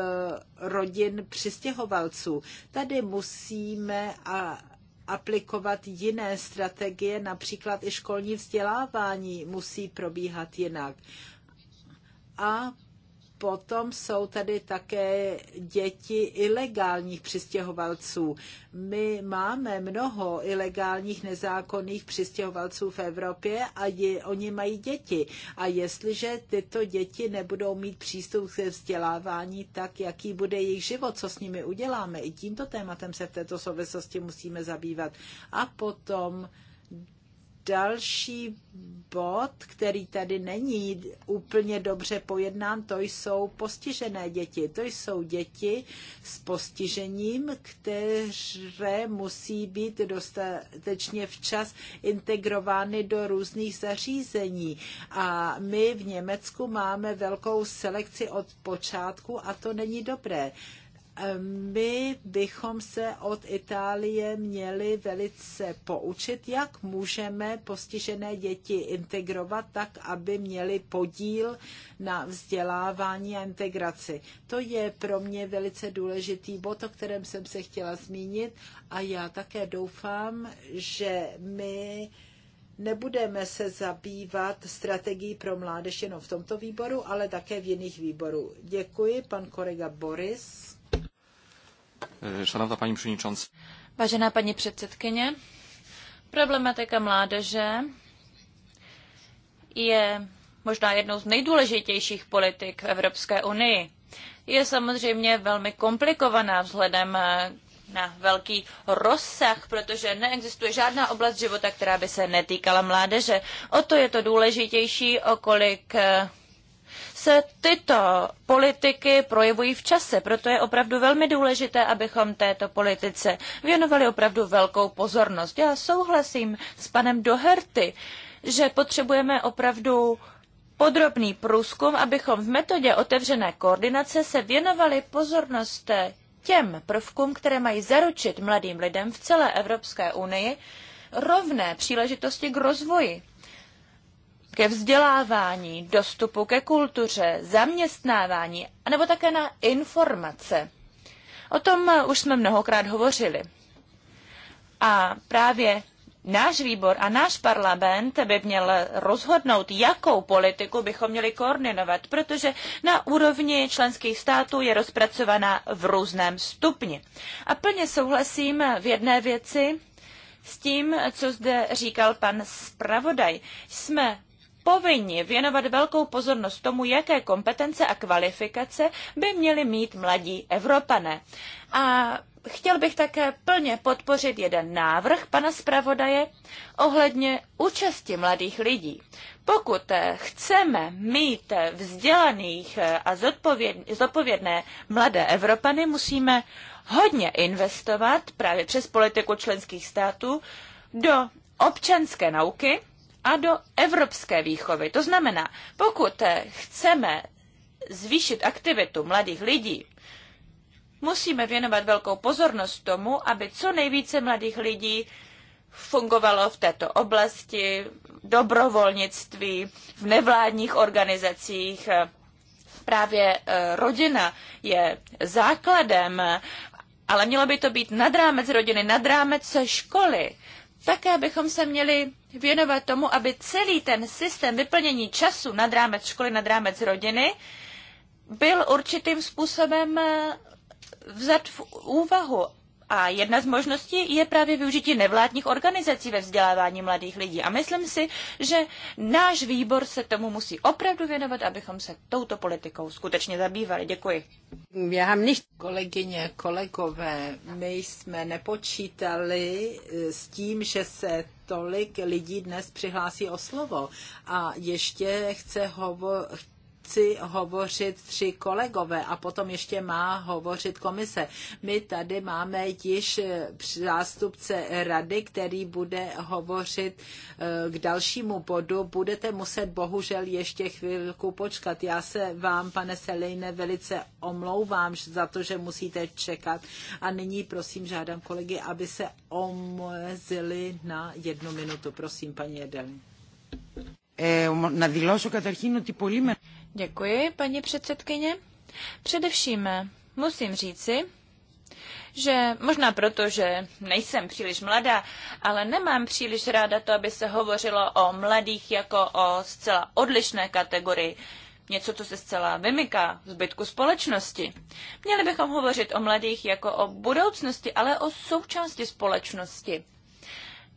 [SPEAKER 3] rodin přistěhovalců. Tady musíme a aplikovat jiné strategie, například i školní vzdělávání musí probíhat jinak. A potom jsou tady také děti ilegálních přistěhovalců. My máme mnoho ilegálních nezákonných přistěhovalců v Evropě a je, oni mají děti. A jestliže tyto děti nebudou mít přístup ke vzdělávání, tak jaký bude jejich život, co s nimi uděláme. I tímto tématem se v této souvislosti musíme zabývat. A potom Další bod, který tady není úplně dobře pojednán, to jsou postižené děti. To jsou děti s postižením, které musí být dostatečně včas integrovány do různých zařízení. A my v Německu máme velkou selekci od počátku a to není dobré my bychom se od Itálie měli velice poučit, jak můžeme postižené děti integrovat tak, aby měli podíl na vzdělávání a integraci. To je pro mě velice důležitý bod, o kterém jsem se chtěla zmínit a já také doufám, že my nebudeme se zabývat strategií pro mládež jenom v tomto výboru, ale také v jiných výborů. Děkuji, pan kolega Boris.
[SPEAKER 1] Šanovná paní předsedkyně.
[SPEAKER 2] Vážená paní předsedkyně, problematika mládeže je možná jednou z nejdůležitějších politik v Evropské unii. Je samozřejmě velmi komplikovaná vzhledem eh, na velký rozsah, protože neexistuje žádná oblast života, která by se netýkala mládeže. O to je to důležitější, o kolik eh, se tyto politiky projevují v čase, proto je opravdu velmi důležité, abychom této politice věnovali opravdu velkou pozornost. Já souhlasím s panem Doherty, že potřebujeme opravdu podrobný průzkum, abychom v metodě otevřené koordinace se věnovali pozornost těm prvkům, které mají zaručit mladým lidem v celé Evropské unii rovné příležitosti k rozvoji ke vzdělávání, dostupu ke kultuře, zaměstnávání, anebo také na informace. O tom eh, už jsme mnohokrát hovořili. A právě náš výbor a náš parlament by měl rozhodnout, jakou politiku bychom měli koordinovat, protože na úrovni členských států je rozpracovaná v různém stupni. A plně souhlasím v jedné věci s tím, co zde říkal pan zpravodaj. Jsme povinni věnovat velkou pozornost tomu, jaké kompetence a kvalifikace by měli mít mladí Evropané. A chtěl bych také plně podpořit jeden návrh pana zpravodaje ohledně účasti mladých lidí. Pokud eh, chceme mít vzdělaných eh, a zodpovědné mladé Evropany, musíme hodně investovat právě přes politiku členských států do občanské nauky, a do evropské výchovy. To znamená, pokud chceme zvýšit aktivitu mladých lidí, musíme věnovat velkou pozornost tomu, aby co nejvíce mladých lidí fungovalo v této oblasti, dobrovolnictví, v nevládních organizacích. Právě eh, rodina je základem, ale mělo by to být nad rámec rodiny, nad rámec školy. Také bychom se měli věnovat tomu, aby celý ten systém vyplnění času nad rámec školy, nad rámec rodiny byl určitým způsobem eh, vzat v úvahu a jedna z možností je právě využití nevládních organizací ve vzdělávání mladých lidí. A myslím si, že náš výbor se tomu musí opravdu věnovat, abychom se touto politikou skutečně zabývali. Děkuji.
[SPEAKER 3] Já mám nicht... Kolegyně, kolegové, my jsme nepočítali eh, s tím, že se tolik lidí dnes přihlásí o slovo. A ještě chce hovořit chci hovořit tři kolegové a potom ještě má hovořit komise. My tady máme již eh, zástupce rady, který bude hovořit eh, k dalšímu bodu. Budete muset bohužel ještě chvilku počkat. Já se vám, pane Selejne, velice omlouvám za to, že musíte čekat. A nyní prosím žádám kolegy, aby se omezili na jednu minutu. Prosím,
[SPEAKER 2] paní Jedelní. Ε, να δηλώσω καταρχήν ότι πολύ με... Děkuji, paní předsedkyně. Především musím říci, že možná proto, že nejsem příliš mladá, ale nemám příliš ráda to, aby se hovořilo o mladých jako o zcela odlišné kategorii, něco, co se zcela vymyká zbytku společnosti. Měli bychom hovořit o mladých jako o budoucnosti, ale o součásti společnosti.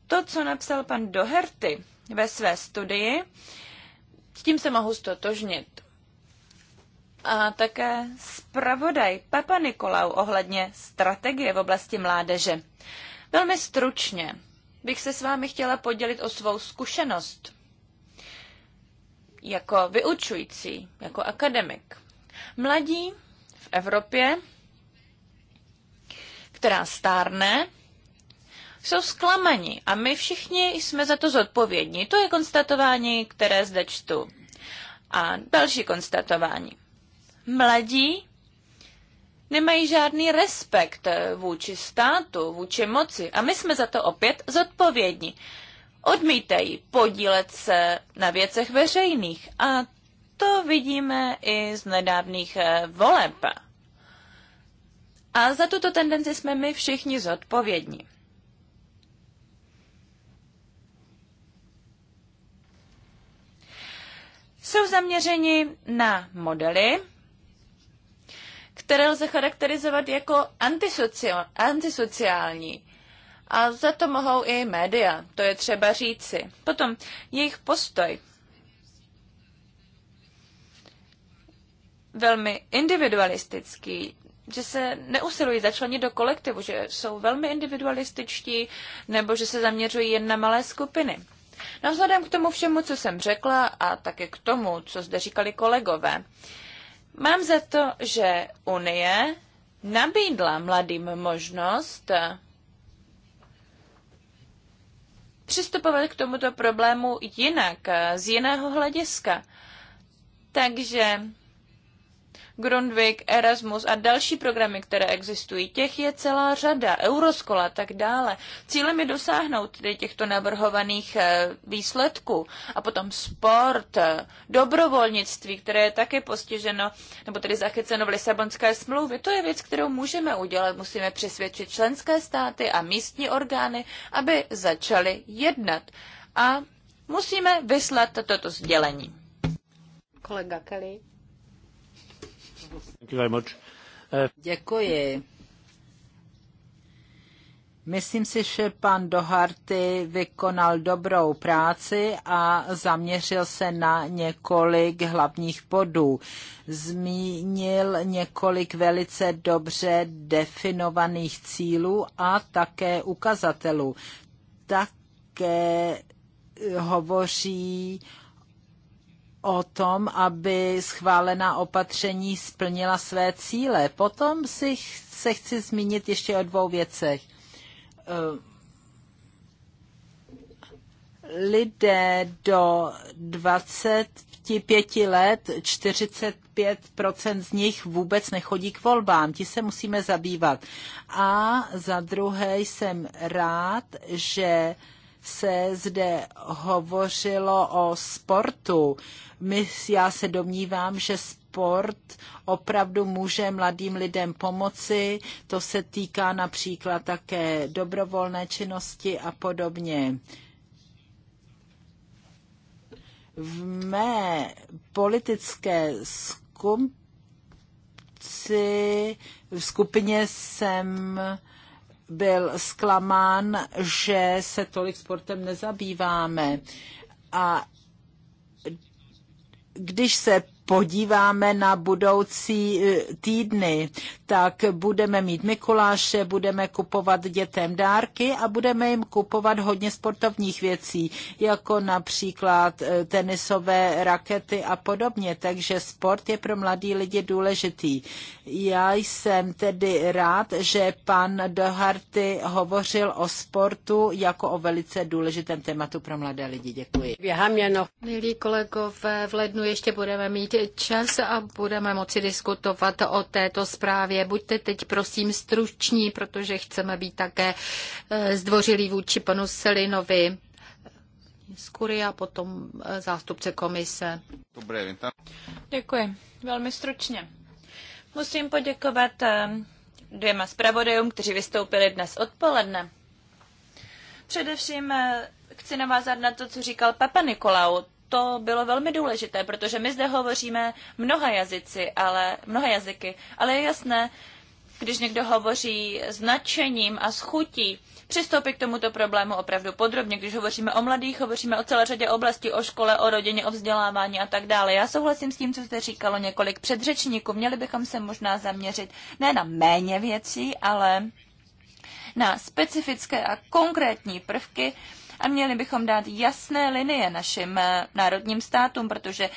[SPEAKER 2] To, co napsal pan Doherty ve své studii, s tím se mohu stotožnit a také zpravodaj Papa Nikolau ohledně strategie v oblasti mládeže. Velmi stručně bych se s vámi chtěla podělit o svou zkušenost jako vyučující, jako akademik. Mladí v Evropě, která stárne, jsou zklamaní a my všichni jsme za to zodpovědní. To je konstatování, které zde čtu. A další konstatování mladí nemají žádný respekt vůči státu, vůči moci a my jsme za to opět zodpovědní. Odmítají podílet se na věcech veřejných a to vidíme i z nedávných eh, voleb. A za tuto tendenci jsme my všichni zodpovědní. Jsou zaměřeni na modely, které lze charakterizovat jako antisociální. A za to mohou i média, to je třeba říci. Potom jejich postoj velmi individualistický, že se neusilují začlenit do kolektivu, že jsou velmi individualističtí nebo že se zaměřují jen na malé skupiny. Navzhledem no k tomu všemu, co jsem řekla a také k tomu, co zde říkali kolegové, uh, Mám za to, že Unie nabídla mladým možnost eh, přistupovat k tomuto problému jinak, eh, z jiného hlediska. Takže Grundvik, Erasmus a další programy, které existují. Těch je celá řada, Euroskola a tak dále. Cílem je dosáhnout tedy těchto navrhovaných eh, výsledků. A potom sport, eh, dobrovolnictví, které je také postiženo, nebo tedy zachyceno v Lisabonské smlouvě. To je věc, kterou můžeme udělat. Musíme přesvědčit členské státy a místní orgány, aby začaly jednat. A musíme vyslat toto sdělení.
[SPEAKER 1] Kolega Kelly.
[SPEAKER 2] Eh, Děkuji.
[SPEAKER 3] Myslím si, že pan Doharty vykonal dobrou práci a zaměřil se na několik hlavních bodů. Zmínil několik velice dobře definovaných cílů a také ukazatelů. Také hovoří o tom, aby schválená opatření splnila své cíle. Potom si se chci zmínit ještě o dvou věcech. Eh, lidé do 25 let, 45 z nich vůbec nechodí k volbám. Ti se musíme zabývat. A za druhé jsem rád, že se zde hovořilo o sportu. My, já se domnívám, že sport opravdu může mladým lidem pomoci. To se týká například také dobrovolné činnosti a podobně. V mé politické skupci, v skupině jsem byl zklamán, že se tolik sportem nezabýváme. A když se podíváme na budoucí e, týdny, tak budeme mít Mikuláše, budeme kupovat dětem dárky a budeme jim kupovat hodně sportovních věcí, jako například eh, tenisové rakety a podobně. Takže sport je pro mladí lidi důležitý. Já jsem tedy rád, že pan Doharty hovořil o sportu jako o velice důležitém tématu pro mladé lidi. Děkuji.
[SPEAKER 1] Milí kolegové, v lednu ještě budeme mít čas a budeme moci diskutovat o této zprávě Marie, Buďte teď prosím struční, protože chceme být také eh, zdvořilí vůči panu Selinovi. z a potom eh, zástupce komise. Dobré, Děkuji.
[SPEAKER 2] Velmi stručně. Musím poděkovat eh, dvěma zpravodajům, kteří vystoupili dnes odpoledne. Především chci navázat na to, co říkal Papa Nikolaou to bylo velmi důležité, protože my zde hovoříme mnoha jazyci, ale mnoha jazyky, ale je jasné, když někdo hovoří s nadšením a s chutí, přistoupit k tomuto problému opravdu podrobně. Když hovoříme o mladých, hovoříme o celé řadě oblastí, o škole, o rodině, o vzdělávání a tak dále. Já souhlasím s tím, co jste říkalo několik předřečníků. Měli bychom se možná zaměřit ne na méně věcí, ale na specifické a konkrétní prvky, a měli bychom dát jasné linie našim eh, národním státům, protože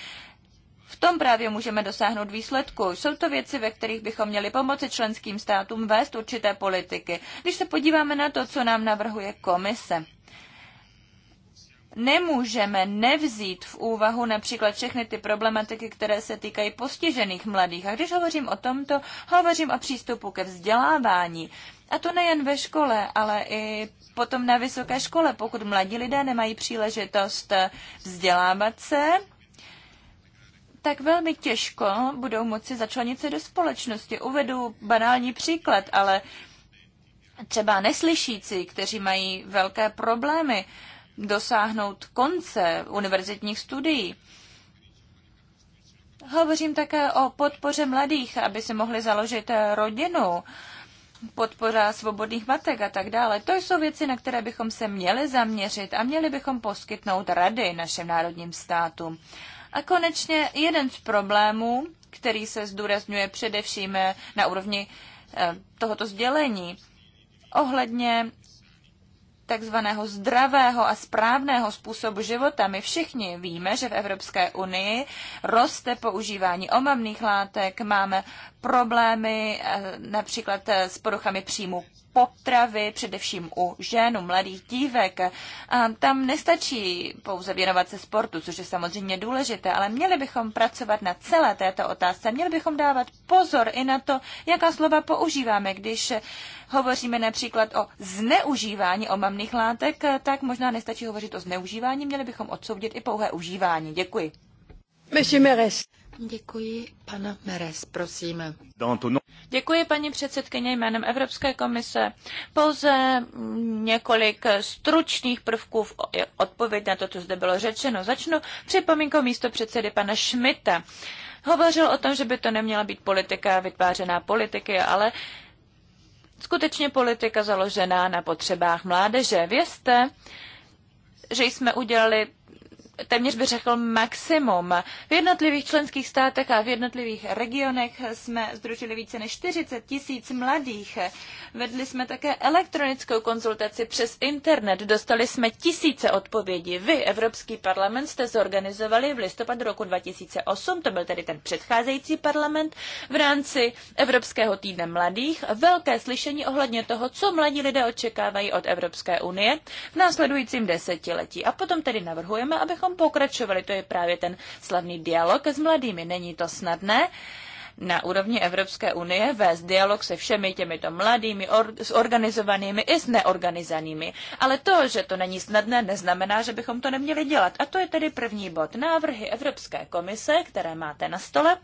[SPEAKER 2] v tom právě můžeme dosáhnout výsledku. Jsou to věci, ve kterých bychom měli pomoci členským státům vést určité politiky. Když se podíváme na to, co nám navrhuje komise, nemůžeme nevzít v úvahu například všechny ty problematiky, které se týkají postižených mladých. A když hovořím o tomto, hovořím o přístupu ke vzdělávání. A to nejen ve škole, ale i potom na vysoké škole, pokud mladí lidé nemají příležitost vzdělávat se, tak velmi těžko budou moci začlenit se do společnosti. Uvedu banální příklad, ale třeba neslyšící, kteří mají velké problémy dosáhnout konce univerzitních studií. Hovořím také o podpoře mladých, aby si mohli založit rodinu, podpora svobodných matek a tak dále. To jsou věci, na které bychom se měli zaměřit a měli bychom poskytnout rady našim národním státům. A konečně jeden z problémů, který se zdůrazňuje především na úrovni eh, tohoto sdělení ohledně takzvaného zdravého a správného způsobu života. My všichni víme, že v Evropské unii roste používání omamných látek, máme problémy eh, například s poruchami příjmu potravy, především u žen, u mladých dívek. A tam nestačí pouze věnovat se sportu, což je samozřejmě důležité, ale měli bychom pracovat na celé této otázce. Měli bychom dávat pozor i na to, jaká slova používáme. Když hovoříme například o zneužívání omamných látek, tak možná nestačí hovořit o zneužívání, měli bychom odsoudit i pouhé užívání. Děkuji.
[SPEAKER 1] Monsieur Meres. Děkuji,
[SPEAKER 2] pana Meres, prosím. Děkuji, paní předsedkyně, jménem Evropské komise. Pouze několik stručných prvků v odpověď na to, co zde bylo řečeno. Začnu připomínkou místo předsedy pana Šmita. Hovořil o tom, že by to neměla být politika vytvářená politiky, ale skutečně politika založená na potřebách mládeže. Vězte, že jsme udělali téměř bych řekl maximum. V jednotlivých členských státech a v jednotlivých regionech jsme združili více než 40 tisíc mladých. Vedli jsme také elektronickou konzultaci přes internet. Dostali jsme tisíce odpovědí. Vy, Evropský parlament, jste zorganizovali v listopadu roku 2008, to byl tedy ten předcházející parlament, v rámci Evropského týdne mladých velké slyšení ohledně toho, co mladí lidé očekávají od Evropské unie v následujícím desetiletí. A potom tedy navrhujeme, abychom abychom pokračovali. To je právě ten slavný dialog s mladými. Není to snadné na úrovni Evropské unie vést dialog se všemi těmito mladými, or, s organizovanými i s neorganizovanými. Ale to, že to není snadné, neznamená, že bychom to neměli dělat. A to je tedy první bod. Návrhy Evropské komise, které máte na stole,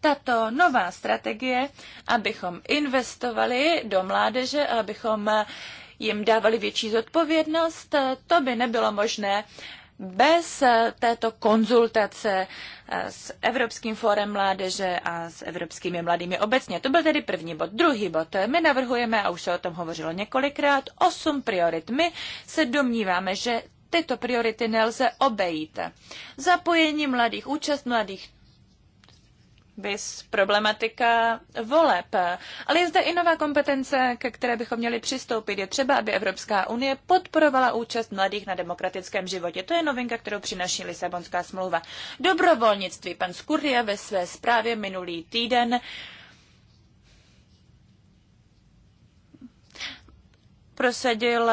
[SPEAKER 2] tato nová strategie, abychom investovali do mládeže, abychom jim dávali větší zodpovědnost, to by nebylo možné bez eh, této konzultace eh, s Evropským fórem mládeže a s evropskými mladými obecně. To byl tedy první bod. Druhý bod. My navrhujeme, a už se o tom hovořilo několikrát, osm priorit. My se domníváme, že tyto priority nelze obejít. Zapojení mladých, účast mladých, vys problematika voleb. Ale je zde i nová kompetence, ke které bychom měli přistoupit. Je třeba, aby Evropská unie podporovala účast mladých na demokratickém životě. To je novinka, kterou přinaší Lisabonská smlouva. Dobrovolnictví. Pan Skurria ve své zprávě minulý týden prosadil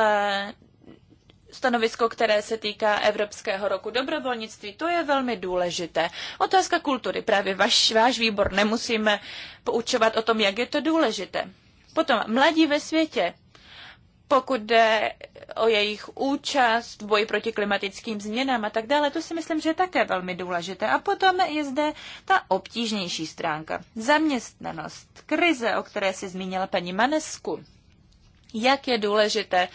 [SPEAKER 2] stanovisko, které se týká Evropského roku dobrovolnictví, to je velmi důležité. Otázka kultury, právě vaš, váš výbor, nemusíme poučovat o tom, jak je to důležité. Potom mladí ve světě, pokud jde o jejich účast v boji proti klimatickým změnám a tak dále, to si myslím, že je také velmi důležité. A potom je zde ta obtížnější stránka. Zaměstnanost, krize, o které si zmínila paní Manesku. Jak je důležité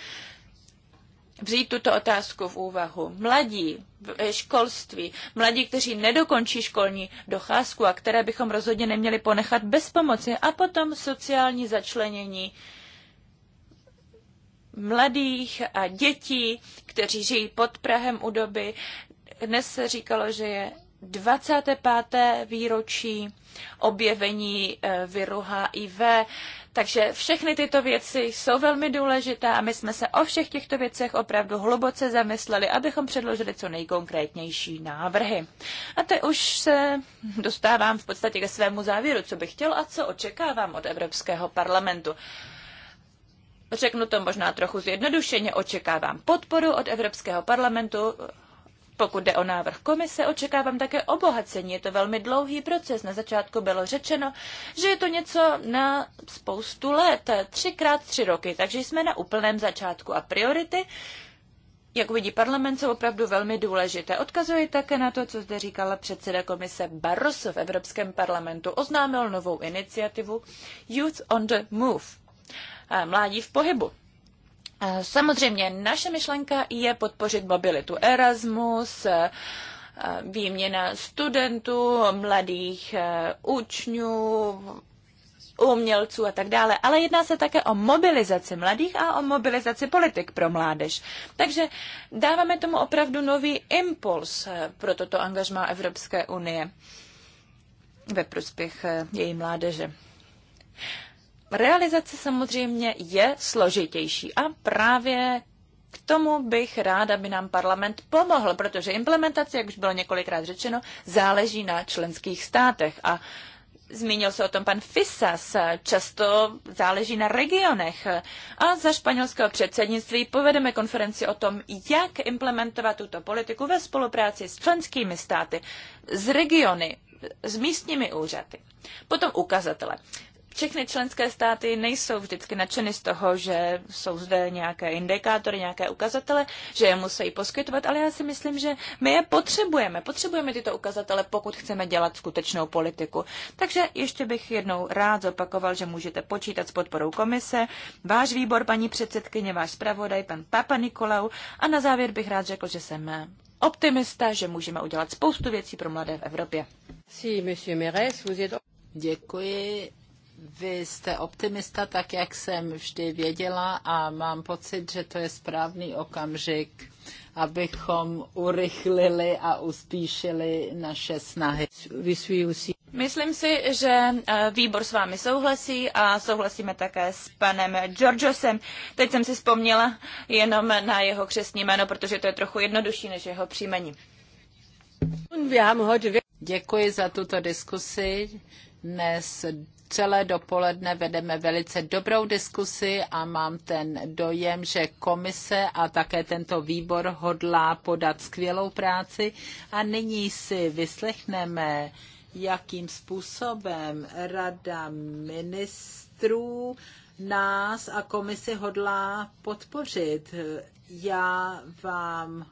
[SPEAKER 2] vzít tuto otázku v úvahu. Mladí v eh, školství, mladí, kteří nedokončí školní docházku a které bychom rozhodně neměli ponechat bez pomoci a potom sociální začlenění mladých a dětí, kteří žijí pod Prahem u doby. Dnes se říkalo, že je 25. výročí objevení eh, viru HIV. Takže všechny tyto věci jsou velmi důležité a my jsme se o všech těchto věcech opravdu hluboce zamysleli, abychom předložili co nejkonkrétnější návrhy. A teď už se dostávám v podstatě ke svému závěru, co bych chtěl a co očekávám od Evropského parlamentu. Řeknu to možná trochu zjednodušeně, očekávám podporu od Evropského parlamentu pokud jde o návrh komise, očekávám také obohacení. Je to velmi dlouhý proces. Na začátku bylo řečeno, že je to něco na spoustu let, třikrát tři roky, takže jsme na úplném začátku a priority jak vidí parlament, jsou opravdu velmi důležité. Odkazuji také na to, co zde říkala předseda komise Barroso v Evropském parlamentu. Oznámil novou iniciativu Youth on the Move. Mládí v pohybu. Samozřejmě naše myšlenka je podpořit mobilitu Erasmus, e, e, výměna studentů, mladých e, učňů, umělců a tak dále, ale jedná se také o mobilizaci mladých a o mobilizaci politik pro mládež. Takže dáváme tomu opravdu nový impuls pro toto angažmá Evropské unie ve prospěch její mládeže realizace samozřejmě je složitější a právě k tomu bych rád, aby nám parlament pomohl, protože implementace, jak už bylo několikrát řečeno, záleží na členských státech a Zmínil se o tom pan Fisas, často záleží na regionech. A za španělského předsednictví povedeme konferenci o tom, jak implementovat tuto politiku ve spolupráci s členskými státy, s regiony, s místními úřady. Potom ukazatele všechny členské státy nejsou vždycky nadšeny z toho, že jsou zde nějaké indikátory, nějaké ukazatele, že je musí poskytovat, ale já si myslím, že my je potřebujeme. Potřebujeme tyto ukazatele, pokud chceme dělat skutečnou politiku. Takže ještě bych jednou rád zopakoval, že můžete počítat s podporou komise, váš výbor, paní předsedkyně, váš zpravodaj, pan Papa Nikolau a na závěr bych rád řekl, že jsem optimista, že můžeme udělat spoustu věcí pro mladé v Evropě. Děkuji vy jste optimista, tak jak jsem vždy
[SPEAKER 3] věděla a mám pocit, že to je správný okamžik, abychom urychlili a uspíšili naše snahy.
[SPEAKER 2] Myslím si, že eh, výbor s vámi souhlasí a souhlasíme také s panem Georgiosem. Teď jsem si vzpomněla jenom na jeho křesní jméno, protože to je trochu jednodušší než jeho příjmení.
[SPEAKER 3] Děkuji za tuto diskusi. Dnes celé dopoledne vedeme velice dobrou diskusi a mám ten dojem, že komise a také tento výbor hodlá podat skvělou práci a nyní si vyslechneme, jakým způsobem Rada ministrů nás a komisi hodlá podpořit. Já vám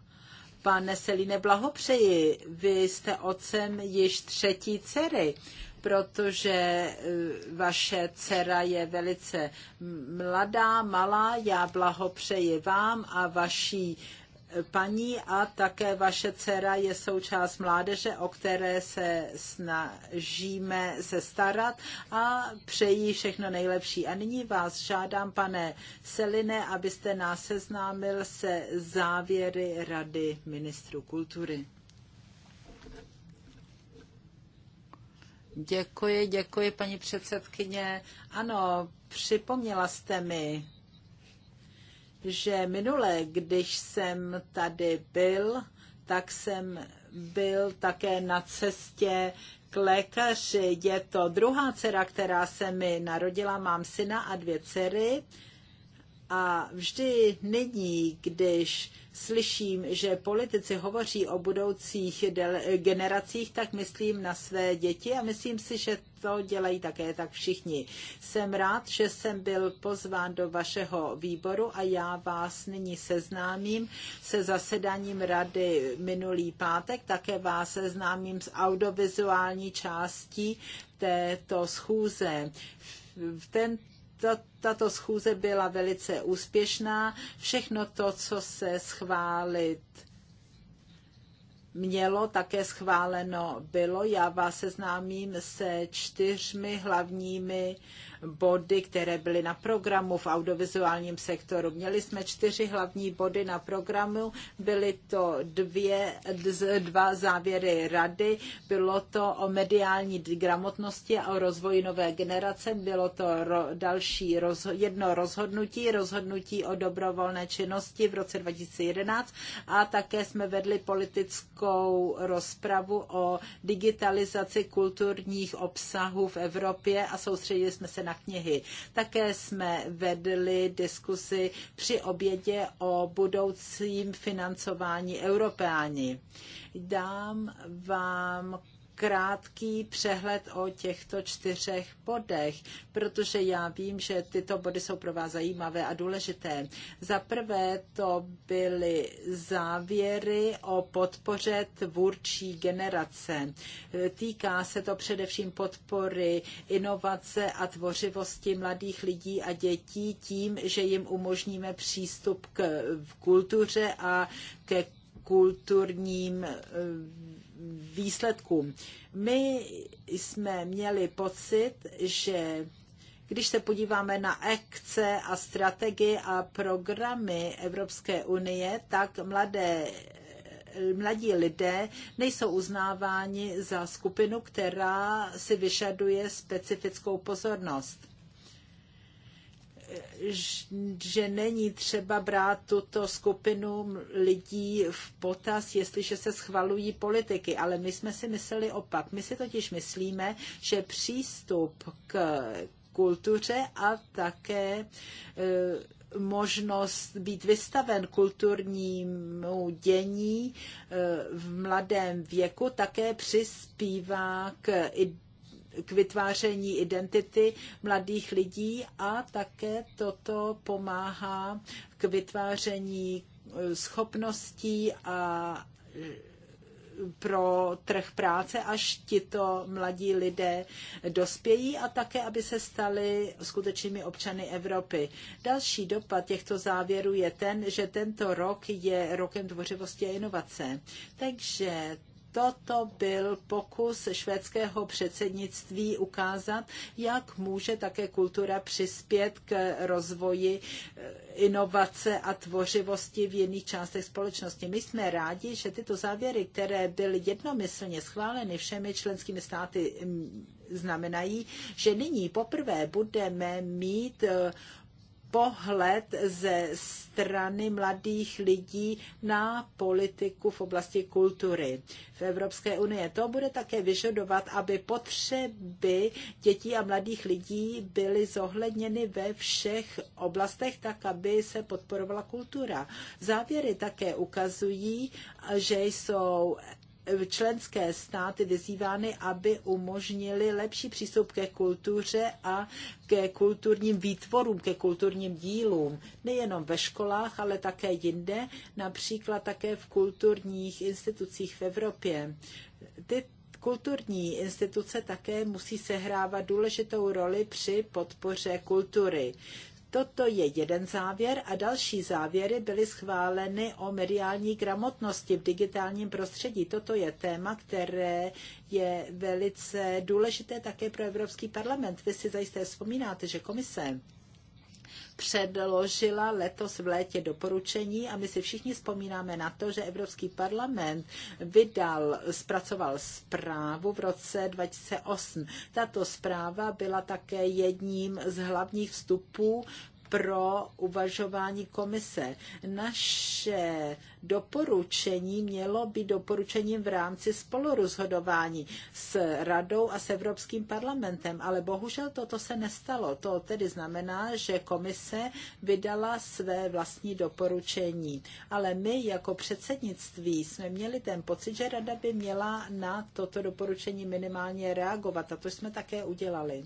[SPEAKER 3] Pane Selíne, blahopřeji. Vy jste otcem již třetí dcery protože eh, vaše dcera je velice mladá, malá. Já blahopřeji vám a vaší eh, paní a také vaše dcera je součást mládeže, o které se snažíme se starat a přeji všechno nejlepší. A nyní vás žádám, pane Seline, abyste nás seznámil se závěry Rady ministrů kultury. Děkuji, děkuji, paní předsedkyně. Ano, připomněla jste mi, že minule, když jsem tady byl, tak jsem byl také na cestě k lékaři. Je to druhá dcera, která se mi narodila. Mám syna a dvě dcery. A vždy nyní, když slyším, že politici hovoří o budoucích generacích, tak myslím na své děti a myslím si, že to dělají také tak všichni. Jsem rád, že jsem byl pozván do vašeho výboru a já vás nyní seznámím se zasedáním rady minulý pátek. Také vás seznámím s audiovizuální částí této schůze. Ten tato schůze byla velice úspěšná. Všechno to, co se schválit mělo, také schváleno bylo. Já vás seznámím se čtyřmi hlavními body, které byly na programu v audiovizuálním sektoru. Měli jsme čtyři hlavní body na programu, byly to dvě, dva závěry rady, bylo to o mediální gramotnosti a o rozvoji nové generace, bylo to ro, další rozho, jedno rozhodnutí, rozhodnutí o dobrovolné činnosti v roce 2011 a také jsme vedli politickou rozpravu o digitalizaci kulturních obsahů v Evropě a soustředili jsme se na knihy. Také jsme vedli diskusy při obědě o budoucím financování Europeáni. Dám vám krátký přehled o těchto čtyřech bodech, protože já vím, že tyto body jsou pro vás zajímavé a důležité. Za prvé to byly závěry o podpoře tvůrčí generace. Týká se to především podpory inovace a tvořivosti mladých lidí a dětí tím, že jim umožníme přístup k kultuře a ke kulturním eh, výsledkům. My jsme měli pocit, že když se podíváme na akce a strategie a programy Evropské unie, tak mladé mladí lidé nejsou uznáváni za skupinu, která si vyžaduje specifickou pozornost že není třeba brát tuto skupinu lidí v potaz, jestliže se schvalují politiky, ale my jsme si mysleli opak. My si totiž myslíme, že přístup k kultuře a také e, možnost být vystaven kulturnímu dění e, v mladém věku také přispívá k k vytváření identity mladých lidí a také toto pomáhá k vytváření eh, schopností a eh, pro trh práce, až tito mladí lidé dospějí a také, aby se stali skutečnými občany Evropy. Další dopad těchto závěrů je ten, že tento rok je rokem tvořivosti a inovace. Takže Toto byl pokus švédského předsednictví ukázat, jak může také kultura přispět k rozvoji eh, inovace a tvořivosti v jiných částech společnosti. My jsme rádi, že tyto závěry, které byly jednomyslně schváleny všemi členskými státy, mm, znamenají, že nyní poprvé budeme mít eh, pohled ze strany mladých lidí na politiku v oblasti kultury v Evropské unii. To bude také vyžadovat, aby potřeby dětí a mladých lidí byly zohledněny ve všech oblastech, tak aby se podporovala kultura. Závěry také ukazují, že jsou členské státy vyzývány, aby umožnili lepší přístup ke kultuře a ke kulturním výtvorům, ke kulturním dílům. Nejenom ve školách, ale také jinde, například také v kulturních institucích v Evropě. Ty Kulturní instituce také musí sehrávat důležitou roli při podpoře kultury. Toto je jeden závěr a další závěry byly schváleny o mediální gramotnosti v digitálním prostředí. Toto je téma, které je velice důležité také pro Evropský parlament. Vy si zajisté vzpomínáte, že komise předložila letos v létě doporučení a my si všichni vzpomínáme na to, že Evropský parlament vydal, zpracoval zprávu v roce 2008. Tato zpráva byla také jedním z hlavních vstupů pro uvažování komise. Naše doporučení mělo být doporučením v rámci spolurozhodování s radou a s Evropským parlamentem, ale bohužel toto se nestalo. To tedy znamená, že komise vydala své vlastní doporučení. Ale my jako předsednictví jsme měli ten pocit, že rada by měla na toto doporučení minimálně reagovat a to jsme také udělali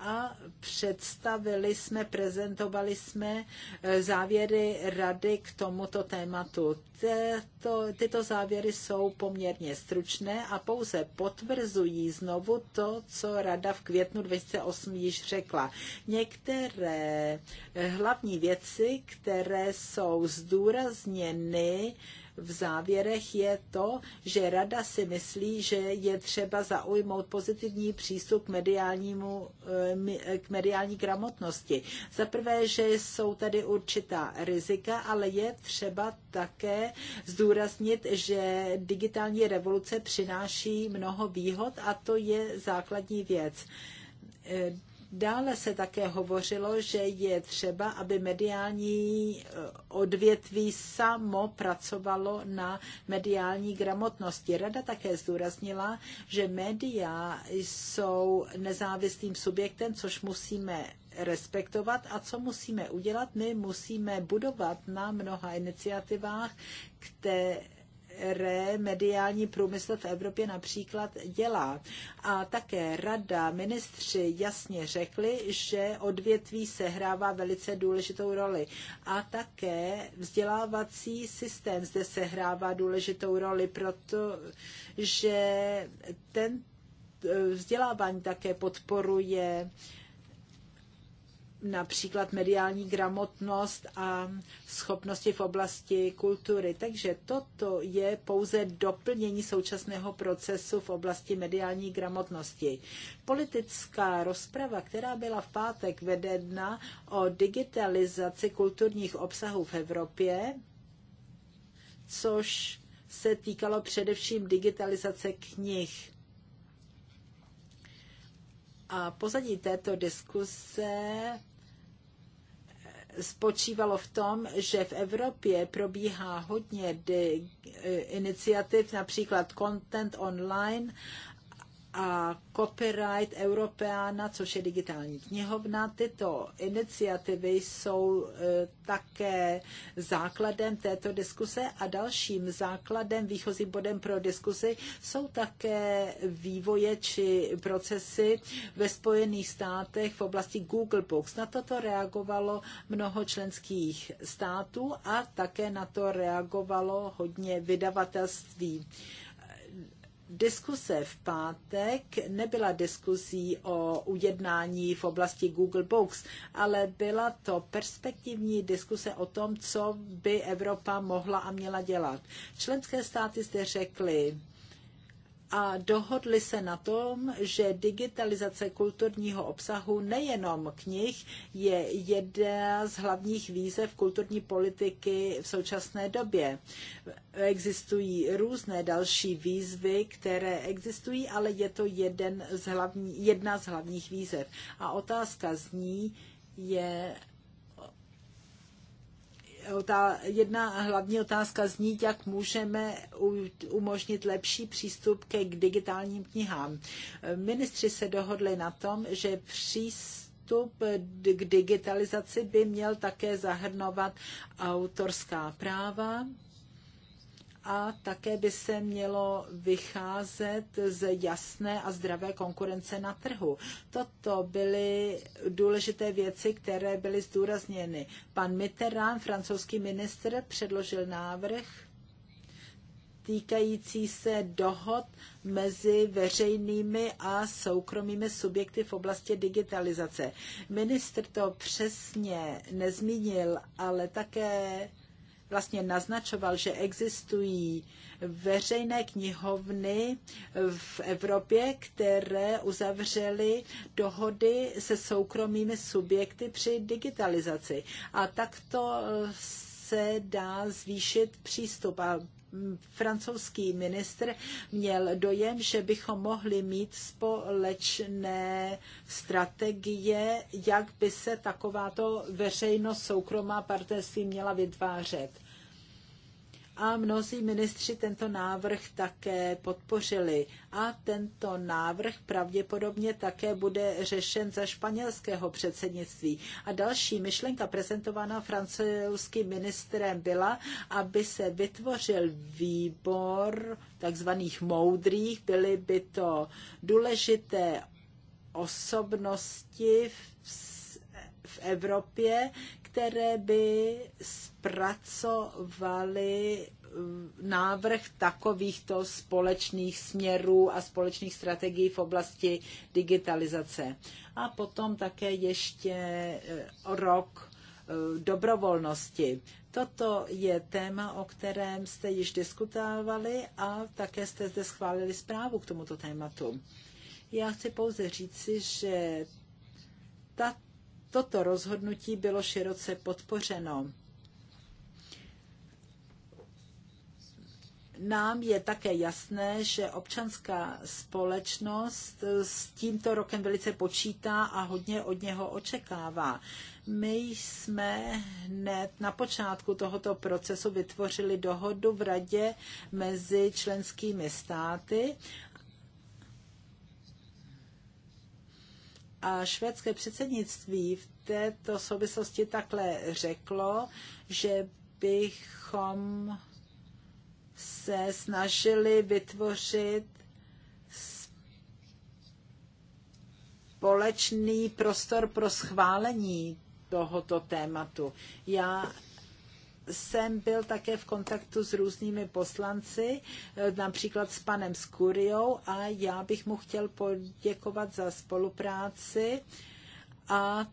[SPEAKER 3] a představili jsme, prezentovali jsme eh, závěry rady k tomuto tématu. Tyto, tyto závěry jsou poměrně stručné a pouze potvrzují znovu to, co rada v květnu 2008 již řekla. Některé eh, hlavní věci, které jsou zdůrazněny, v závěrech je to, že rada si myslí, že je třeba zaujmout pozitivní přístup k, mediálnímu, eh, k mediální gramotnosti. Za prvé, že jsou tady určitá rizika, ale je třeba také zdůraznit, že digitální revoluce přináší mnoho výhod a to je základní věc eh, Dále se také hovořilo, že je třeba, aby mediální eh, odvětví samo pracovalo na mediální gramotnosti. Rada také zdůraznila, že média jsou nezávislým subjektem, což musíme respektovat a co musíme udělat? My musíme budovat na mnoha iniciativách, které Re mediální průmysl v Evropě například dělá. A také rada ministři jasně řekli, že odvětví sehrává velice důležitou roli. A také vzdělávací systém zde sehrává důležitou roli, protože ten eh, vzdělávání také podporuje například mediální gramotnost a schopnosti v oblasti kultury. Takže toto je pouze doplnění současného procesu v oblasti mediální gramotnosti. Politická rozprava, která byla v pátek vedena o digitalizaci kulturních obsahů v Evropě, což se týkalo především digitalizace knih. A pozadí této diskuse spočívalo v tom, že v Evropě probíhá hodně eh, iniciativ, například Content Online a Copyright Europeana, což je digitální knihovna. Tyto iniciativy jsou e, také základem této diskuse a dalším základem, výchozím bodem pro diskusy, jsou také vývoje či procesy ve Spojených státech v oblasti Google Books. Na toto reagovalo mnoho členských států a také na to reagovalo hodně vydavatelství. Diskuse v pátek nebyla diskuzí o ujednání v oblasti Google Books, ale byla to perspektivní diskuse o tom, co by Evropa mohla a měla dělat. Členské státy zde řekly, a dohodli se na tom, že digitalizace kulturního obsahu nejenom knih je jedna z hlavních výzev kulturní politiky v současné době. Existují různé další výzvy, které existují, ale je to jeden z hlavní, jedna z hlavních výzev. A otázka zní, je, jedna hlavní otázka zní, jak můžeme umožnit lepší přístup ke digitálním knihám. Ministři se dohodli na tom, že přístup k digitalizaci by měl také zahrnovat autorská práva a také by se mělo vycházet z jasné a zdravé konkurence na trhu. Toto byly důležité věci, které byly zdůrazněny. Pan Mitterrand, francouzský minister, předložil návrh týkající se dohod mezi veřejnými a soukromými subjekty v oblasti digitalizace. Ministr to přesně nezmínil, ale také vlastně naznačoval, že existují veřejné knihovny v Evropě, které uzavřely dohody se soukromými subjekty při digitalizaci. A takto se dá zvýšit přístup a francouzský ministr měl dojem, že bychom mohli mít společné strategie, jak by se takováto veřejno-soukromá partnerství měla vytvářet a mnozí ministři tento návrh také podpořili. A tento návrh pravděpodobně také bude řešen za španělského předsednictví. A další myšlenka prezentovaná francouzským ministrem byla, aby se vytvořil výbor takzvaných moudrých, byly by to důležité osobnosti v v Evropě, které by zpracovaly eh, návrh takovýchto společných směrů a společných strategií v oblasti digitalizace. A potom také ještě eh, rok eh, dobrovolnosti. Toto je téma, o kterém jste již diskutovali a také jste zde schválili zprávu k tomuto tématu. Já chci pouze říci, že tato Toto rozhodnutí bylo široce podpořeno. Nám je také jasné, že občanská společnost s tímto rokem velice počítá a hodně od něho očekává. My jsme hned na počátku tohoto procesu vytvořili dohodu v radě mezi členskými státy A švédské předsednictví v této souvislosti takhle řeklo, že bychom se snažili vytvořit společný prostor pro schválení tohoto tématu. Já jsem byl také v kontaktu s různými poslanci, e, například s panem Skuriou a já bych mu chtěl poděkovat za spolupráci a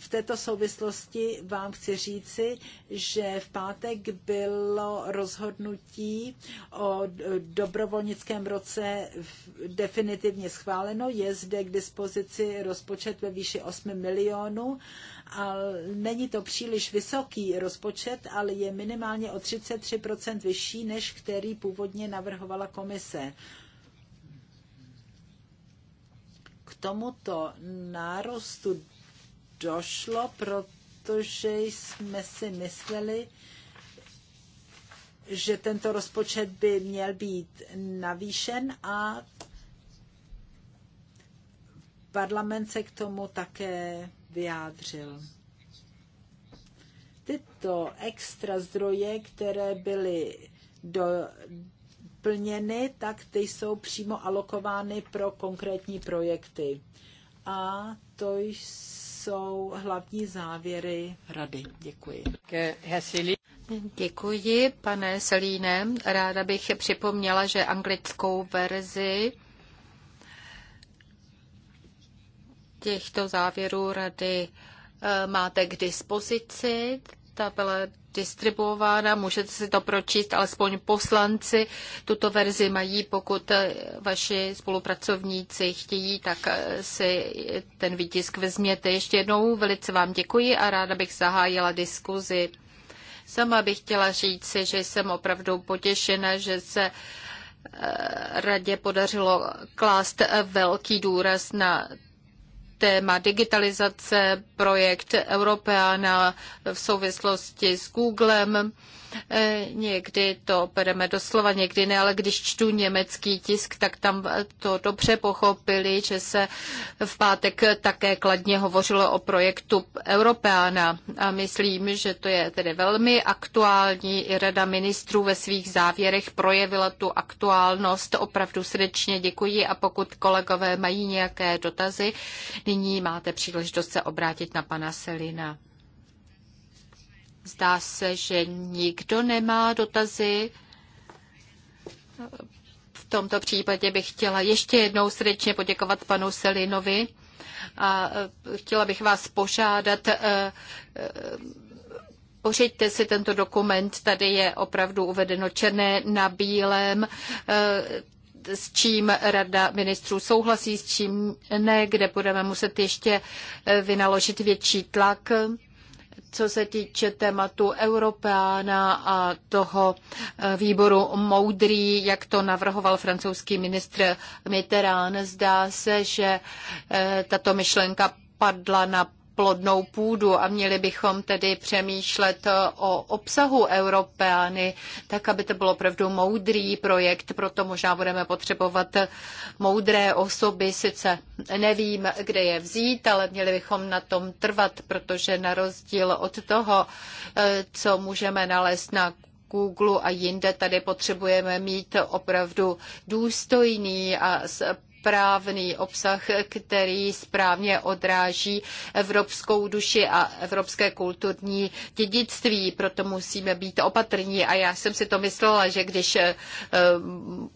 [SPEAKER 3] v této souvislosti vám chci říci, že v pátek bylo rozhodnutí o dobrovolnickém roce definitivně schváleno. Je zde k dispozici rozpočet ve výši 8 milionů ale není to příliš vysoký rozpočet, ale je minimálně o 33% vyšší, než který původně navrhovala komise. K tomuto nárostu došlo, protože jsme si mysleli, že tento rozpočet by měl být navýšen a parlament se k tomu také vyjádřil. Tyto extra zdroje, které byly do, plněny, tak ty jsou přímo alokovány pro konkrétní
[SPEAKER 1] projekty.
[SPEAKER 3] A to jsou hlavní závěry rady. Děkuji.
[SPEAKER 1] Děkuji, pane Selíne. Ráda bych připomněla, že anglickou verzi těchto závěrů rady eh, máte k dispozici. Ta byla distribuována, můžete si to pročíst, alespoň poslanci tuto verzi mají, pokud eh, vaši spolupracovníci chtějí, tak eh, si ten výtisk vezměte. Ještě jednou velice vám děkuji a ráda bych zahájila diskuzi. Sama bych chtěla říci, že jsem opravdu potěšena, že se radě podařilo klást velký důraz na téma digitalizace, projekt Europeana v souvislosti s Googlem. E, někdy to bereme doslova, někdy ne, ale když čtu německý tisk, tak tam to dobře pochopili, že se v pátek také kladně hovořilo o projektu Europeana. A myslím, že to je tedy velmi aktuální. I Rada ministrů ve svých závěrech projevila tu aktuálnost. Opravdu srdečně děkuji a pokud kolegové mají nějaké dotazy, nyní máte příležitost se obrátit na pana Selina. Zdá se, že nikdo nemá dotazy. V tomto případě bych chtěla ještě jednou srdečně poděkovat panu Selinovi a e, chtěla bych vás požádat, e, e, pořiďte si tento dokument, tady je opravdu uvedeno černé na bílém, s čím Rada ministrů souhlasí, s čím ne, kde budeme muset ještě vynaložit větší tlak co se týče tématu Europeána a toho eh, výboru moudrý, jak to navrhoval francouzský ministr Mitterrand, zdá se, že eh, tato myšlenka padla na plodnou půdu a měli bychom tedy přemýšlet o obsahu Europeány, tak aby to bylo opravdu moudrý projekt, proto možná budeme potřebovat moudré osoby, sice nevím, kde je vzít, ale měli bychom na tom trvat, protože na rozdíl od toho, co můžeme nalézt na Google a jinde tady potřebujeme mít opravdu důstojný a správný obsah, který správně odráží evropskou duši a evropské kulturní dědictví. Proto musíme být opatrní. A já jsem si to myslela, že když eh,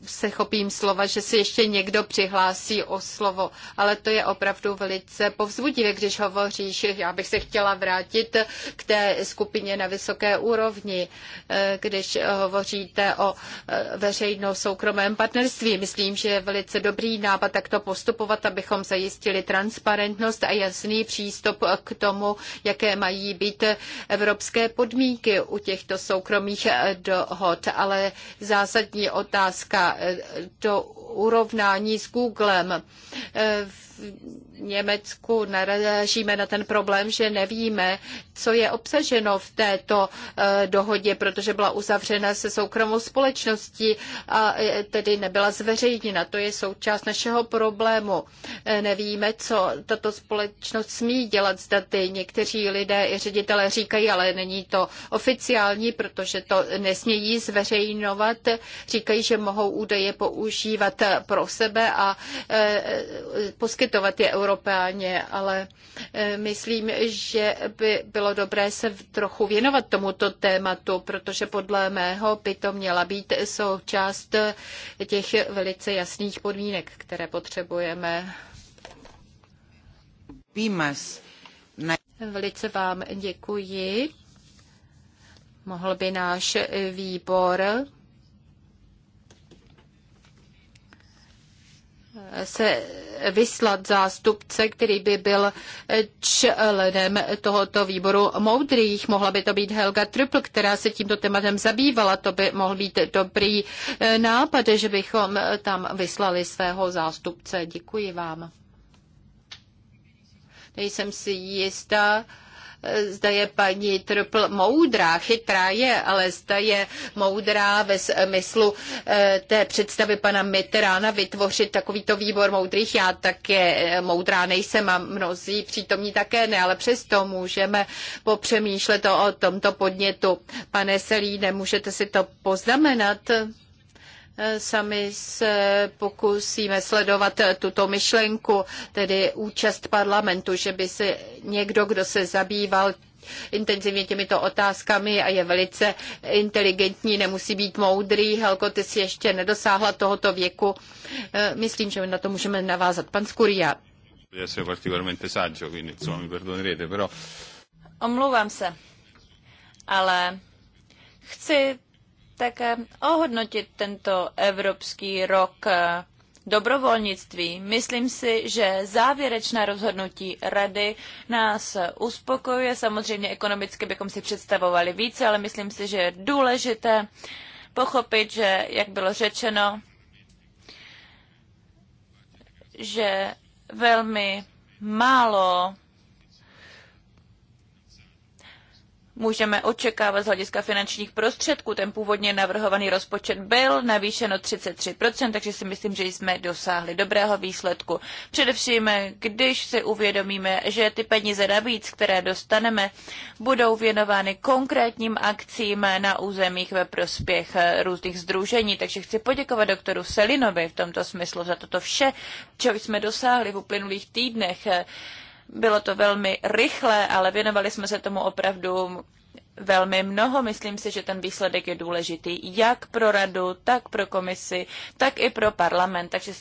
[SPEAKER 1] se chopím slova, že se ještě někdo přihlásí o slovo. Ale to je opravdu velice povzbudivé, když hovoříš. Já bych se chtěla vrátit k té skupině na vysoké úrovni, eh, když hovoříte o eh, veřejno-soukromém partnerství. Myslím, že je velice dobrý nápad práva takto postupovat, abychom zajistili transparentnost a jasný přístup k tomu, jaké mají být evropské podmínky u těchto soukromých dohod. Ale zásadní otázka do urovnání s Googlem. Eh, v Německu narážíme na ten problém, že nevíme, co je obsaženo v této eh, dohodě, protože byla uzavřena se soukromou společností a eh, tedy nebyla zveřejněna. To je součást našeho problému. Nevíme, co tato společnost smí dělat s daty. Někteří lidé i ředitele říkají, ale není to oficiální, protože to nesmějí zveřejňovat. Říkají, že mohou údaje používat pro sebe a e, poskytovat je Europeáně, ale e, myslím, že by bylo dobré se trochu věnovat tomuto tématu, protože podle mého by to měla být součást těch velice jasných podmínek, které potřebujeme. Velice vám děkuji. Mohl by náš výbor se vyslat zástupce, který by byl členem tohoto výboru moudrých. Mohla by to být Helga Trupl, která se tímto tématem zabývala. To by mohl být dobrý nápad, že bychom tam vyslali svého zástupce. Děkuji vám. Nejsem si jistá, Zda je paní Trpl moudrá, chytrá je, ale zda je moudrá ve smyslu eh, té představy pana Mitterána vytvořit takovýto výbor moudrých. Já také eh, moudrá nejsem a mnozí přítomní také ne, ale přesto můžeme popřemýšlet o tomto podnětu. Pane Selí, nemůžete si to poznamenat? sami se pokusíme sledovat tuto myšlenku, tedy účast parlamentu, že by se někdo, kdo se zabýval intenzivně těmito otázkami a je velice inteligentní, nemusí být moudrý. Helko, ty jsi ještě nedosáhla tohoto věku. Eh, myslím, že na to můžeme navázat. Pan Skuria. Omlouvám se,
[SPEAKER 2] ale chci tak ohodnotit tento Evropský rok eh, dobrovolnictví. Myslím si, že závěrečné rozhodnutí rady nás uspokojuje. Samozřejmě ekonomicky bychom si představovali více, ale myslím si, že je důležité pochopit, že, jak bylo řečeno, že velmi málo můžeme očekávat z hlediska finančních prostředků. Ten původně navrhovaný rozpočet byl navýšen o 33%, takže si myslím, že jsme dosáhli dobrého výsledku. Především, když si uvědomíme, že ty peníze navíc, které dostaneme, budou věnovány konkrétním akcím na územích ve prospěch různých združení. Takže chci poděkovat doktoru Selinovi v tomto smyslu za toto vše, čeho jsme dosáhli v uplynulých týdnech. Bylo to velmi rychlé, ale věnovali jsme se tomu opravdu velmi mnoho. Myslím si, že ten výsledek je důležitý jak pro radu, tak pro komisi, tak i pro parlament. Takže si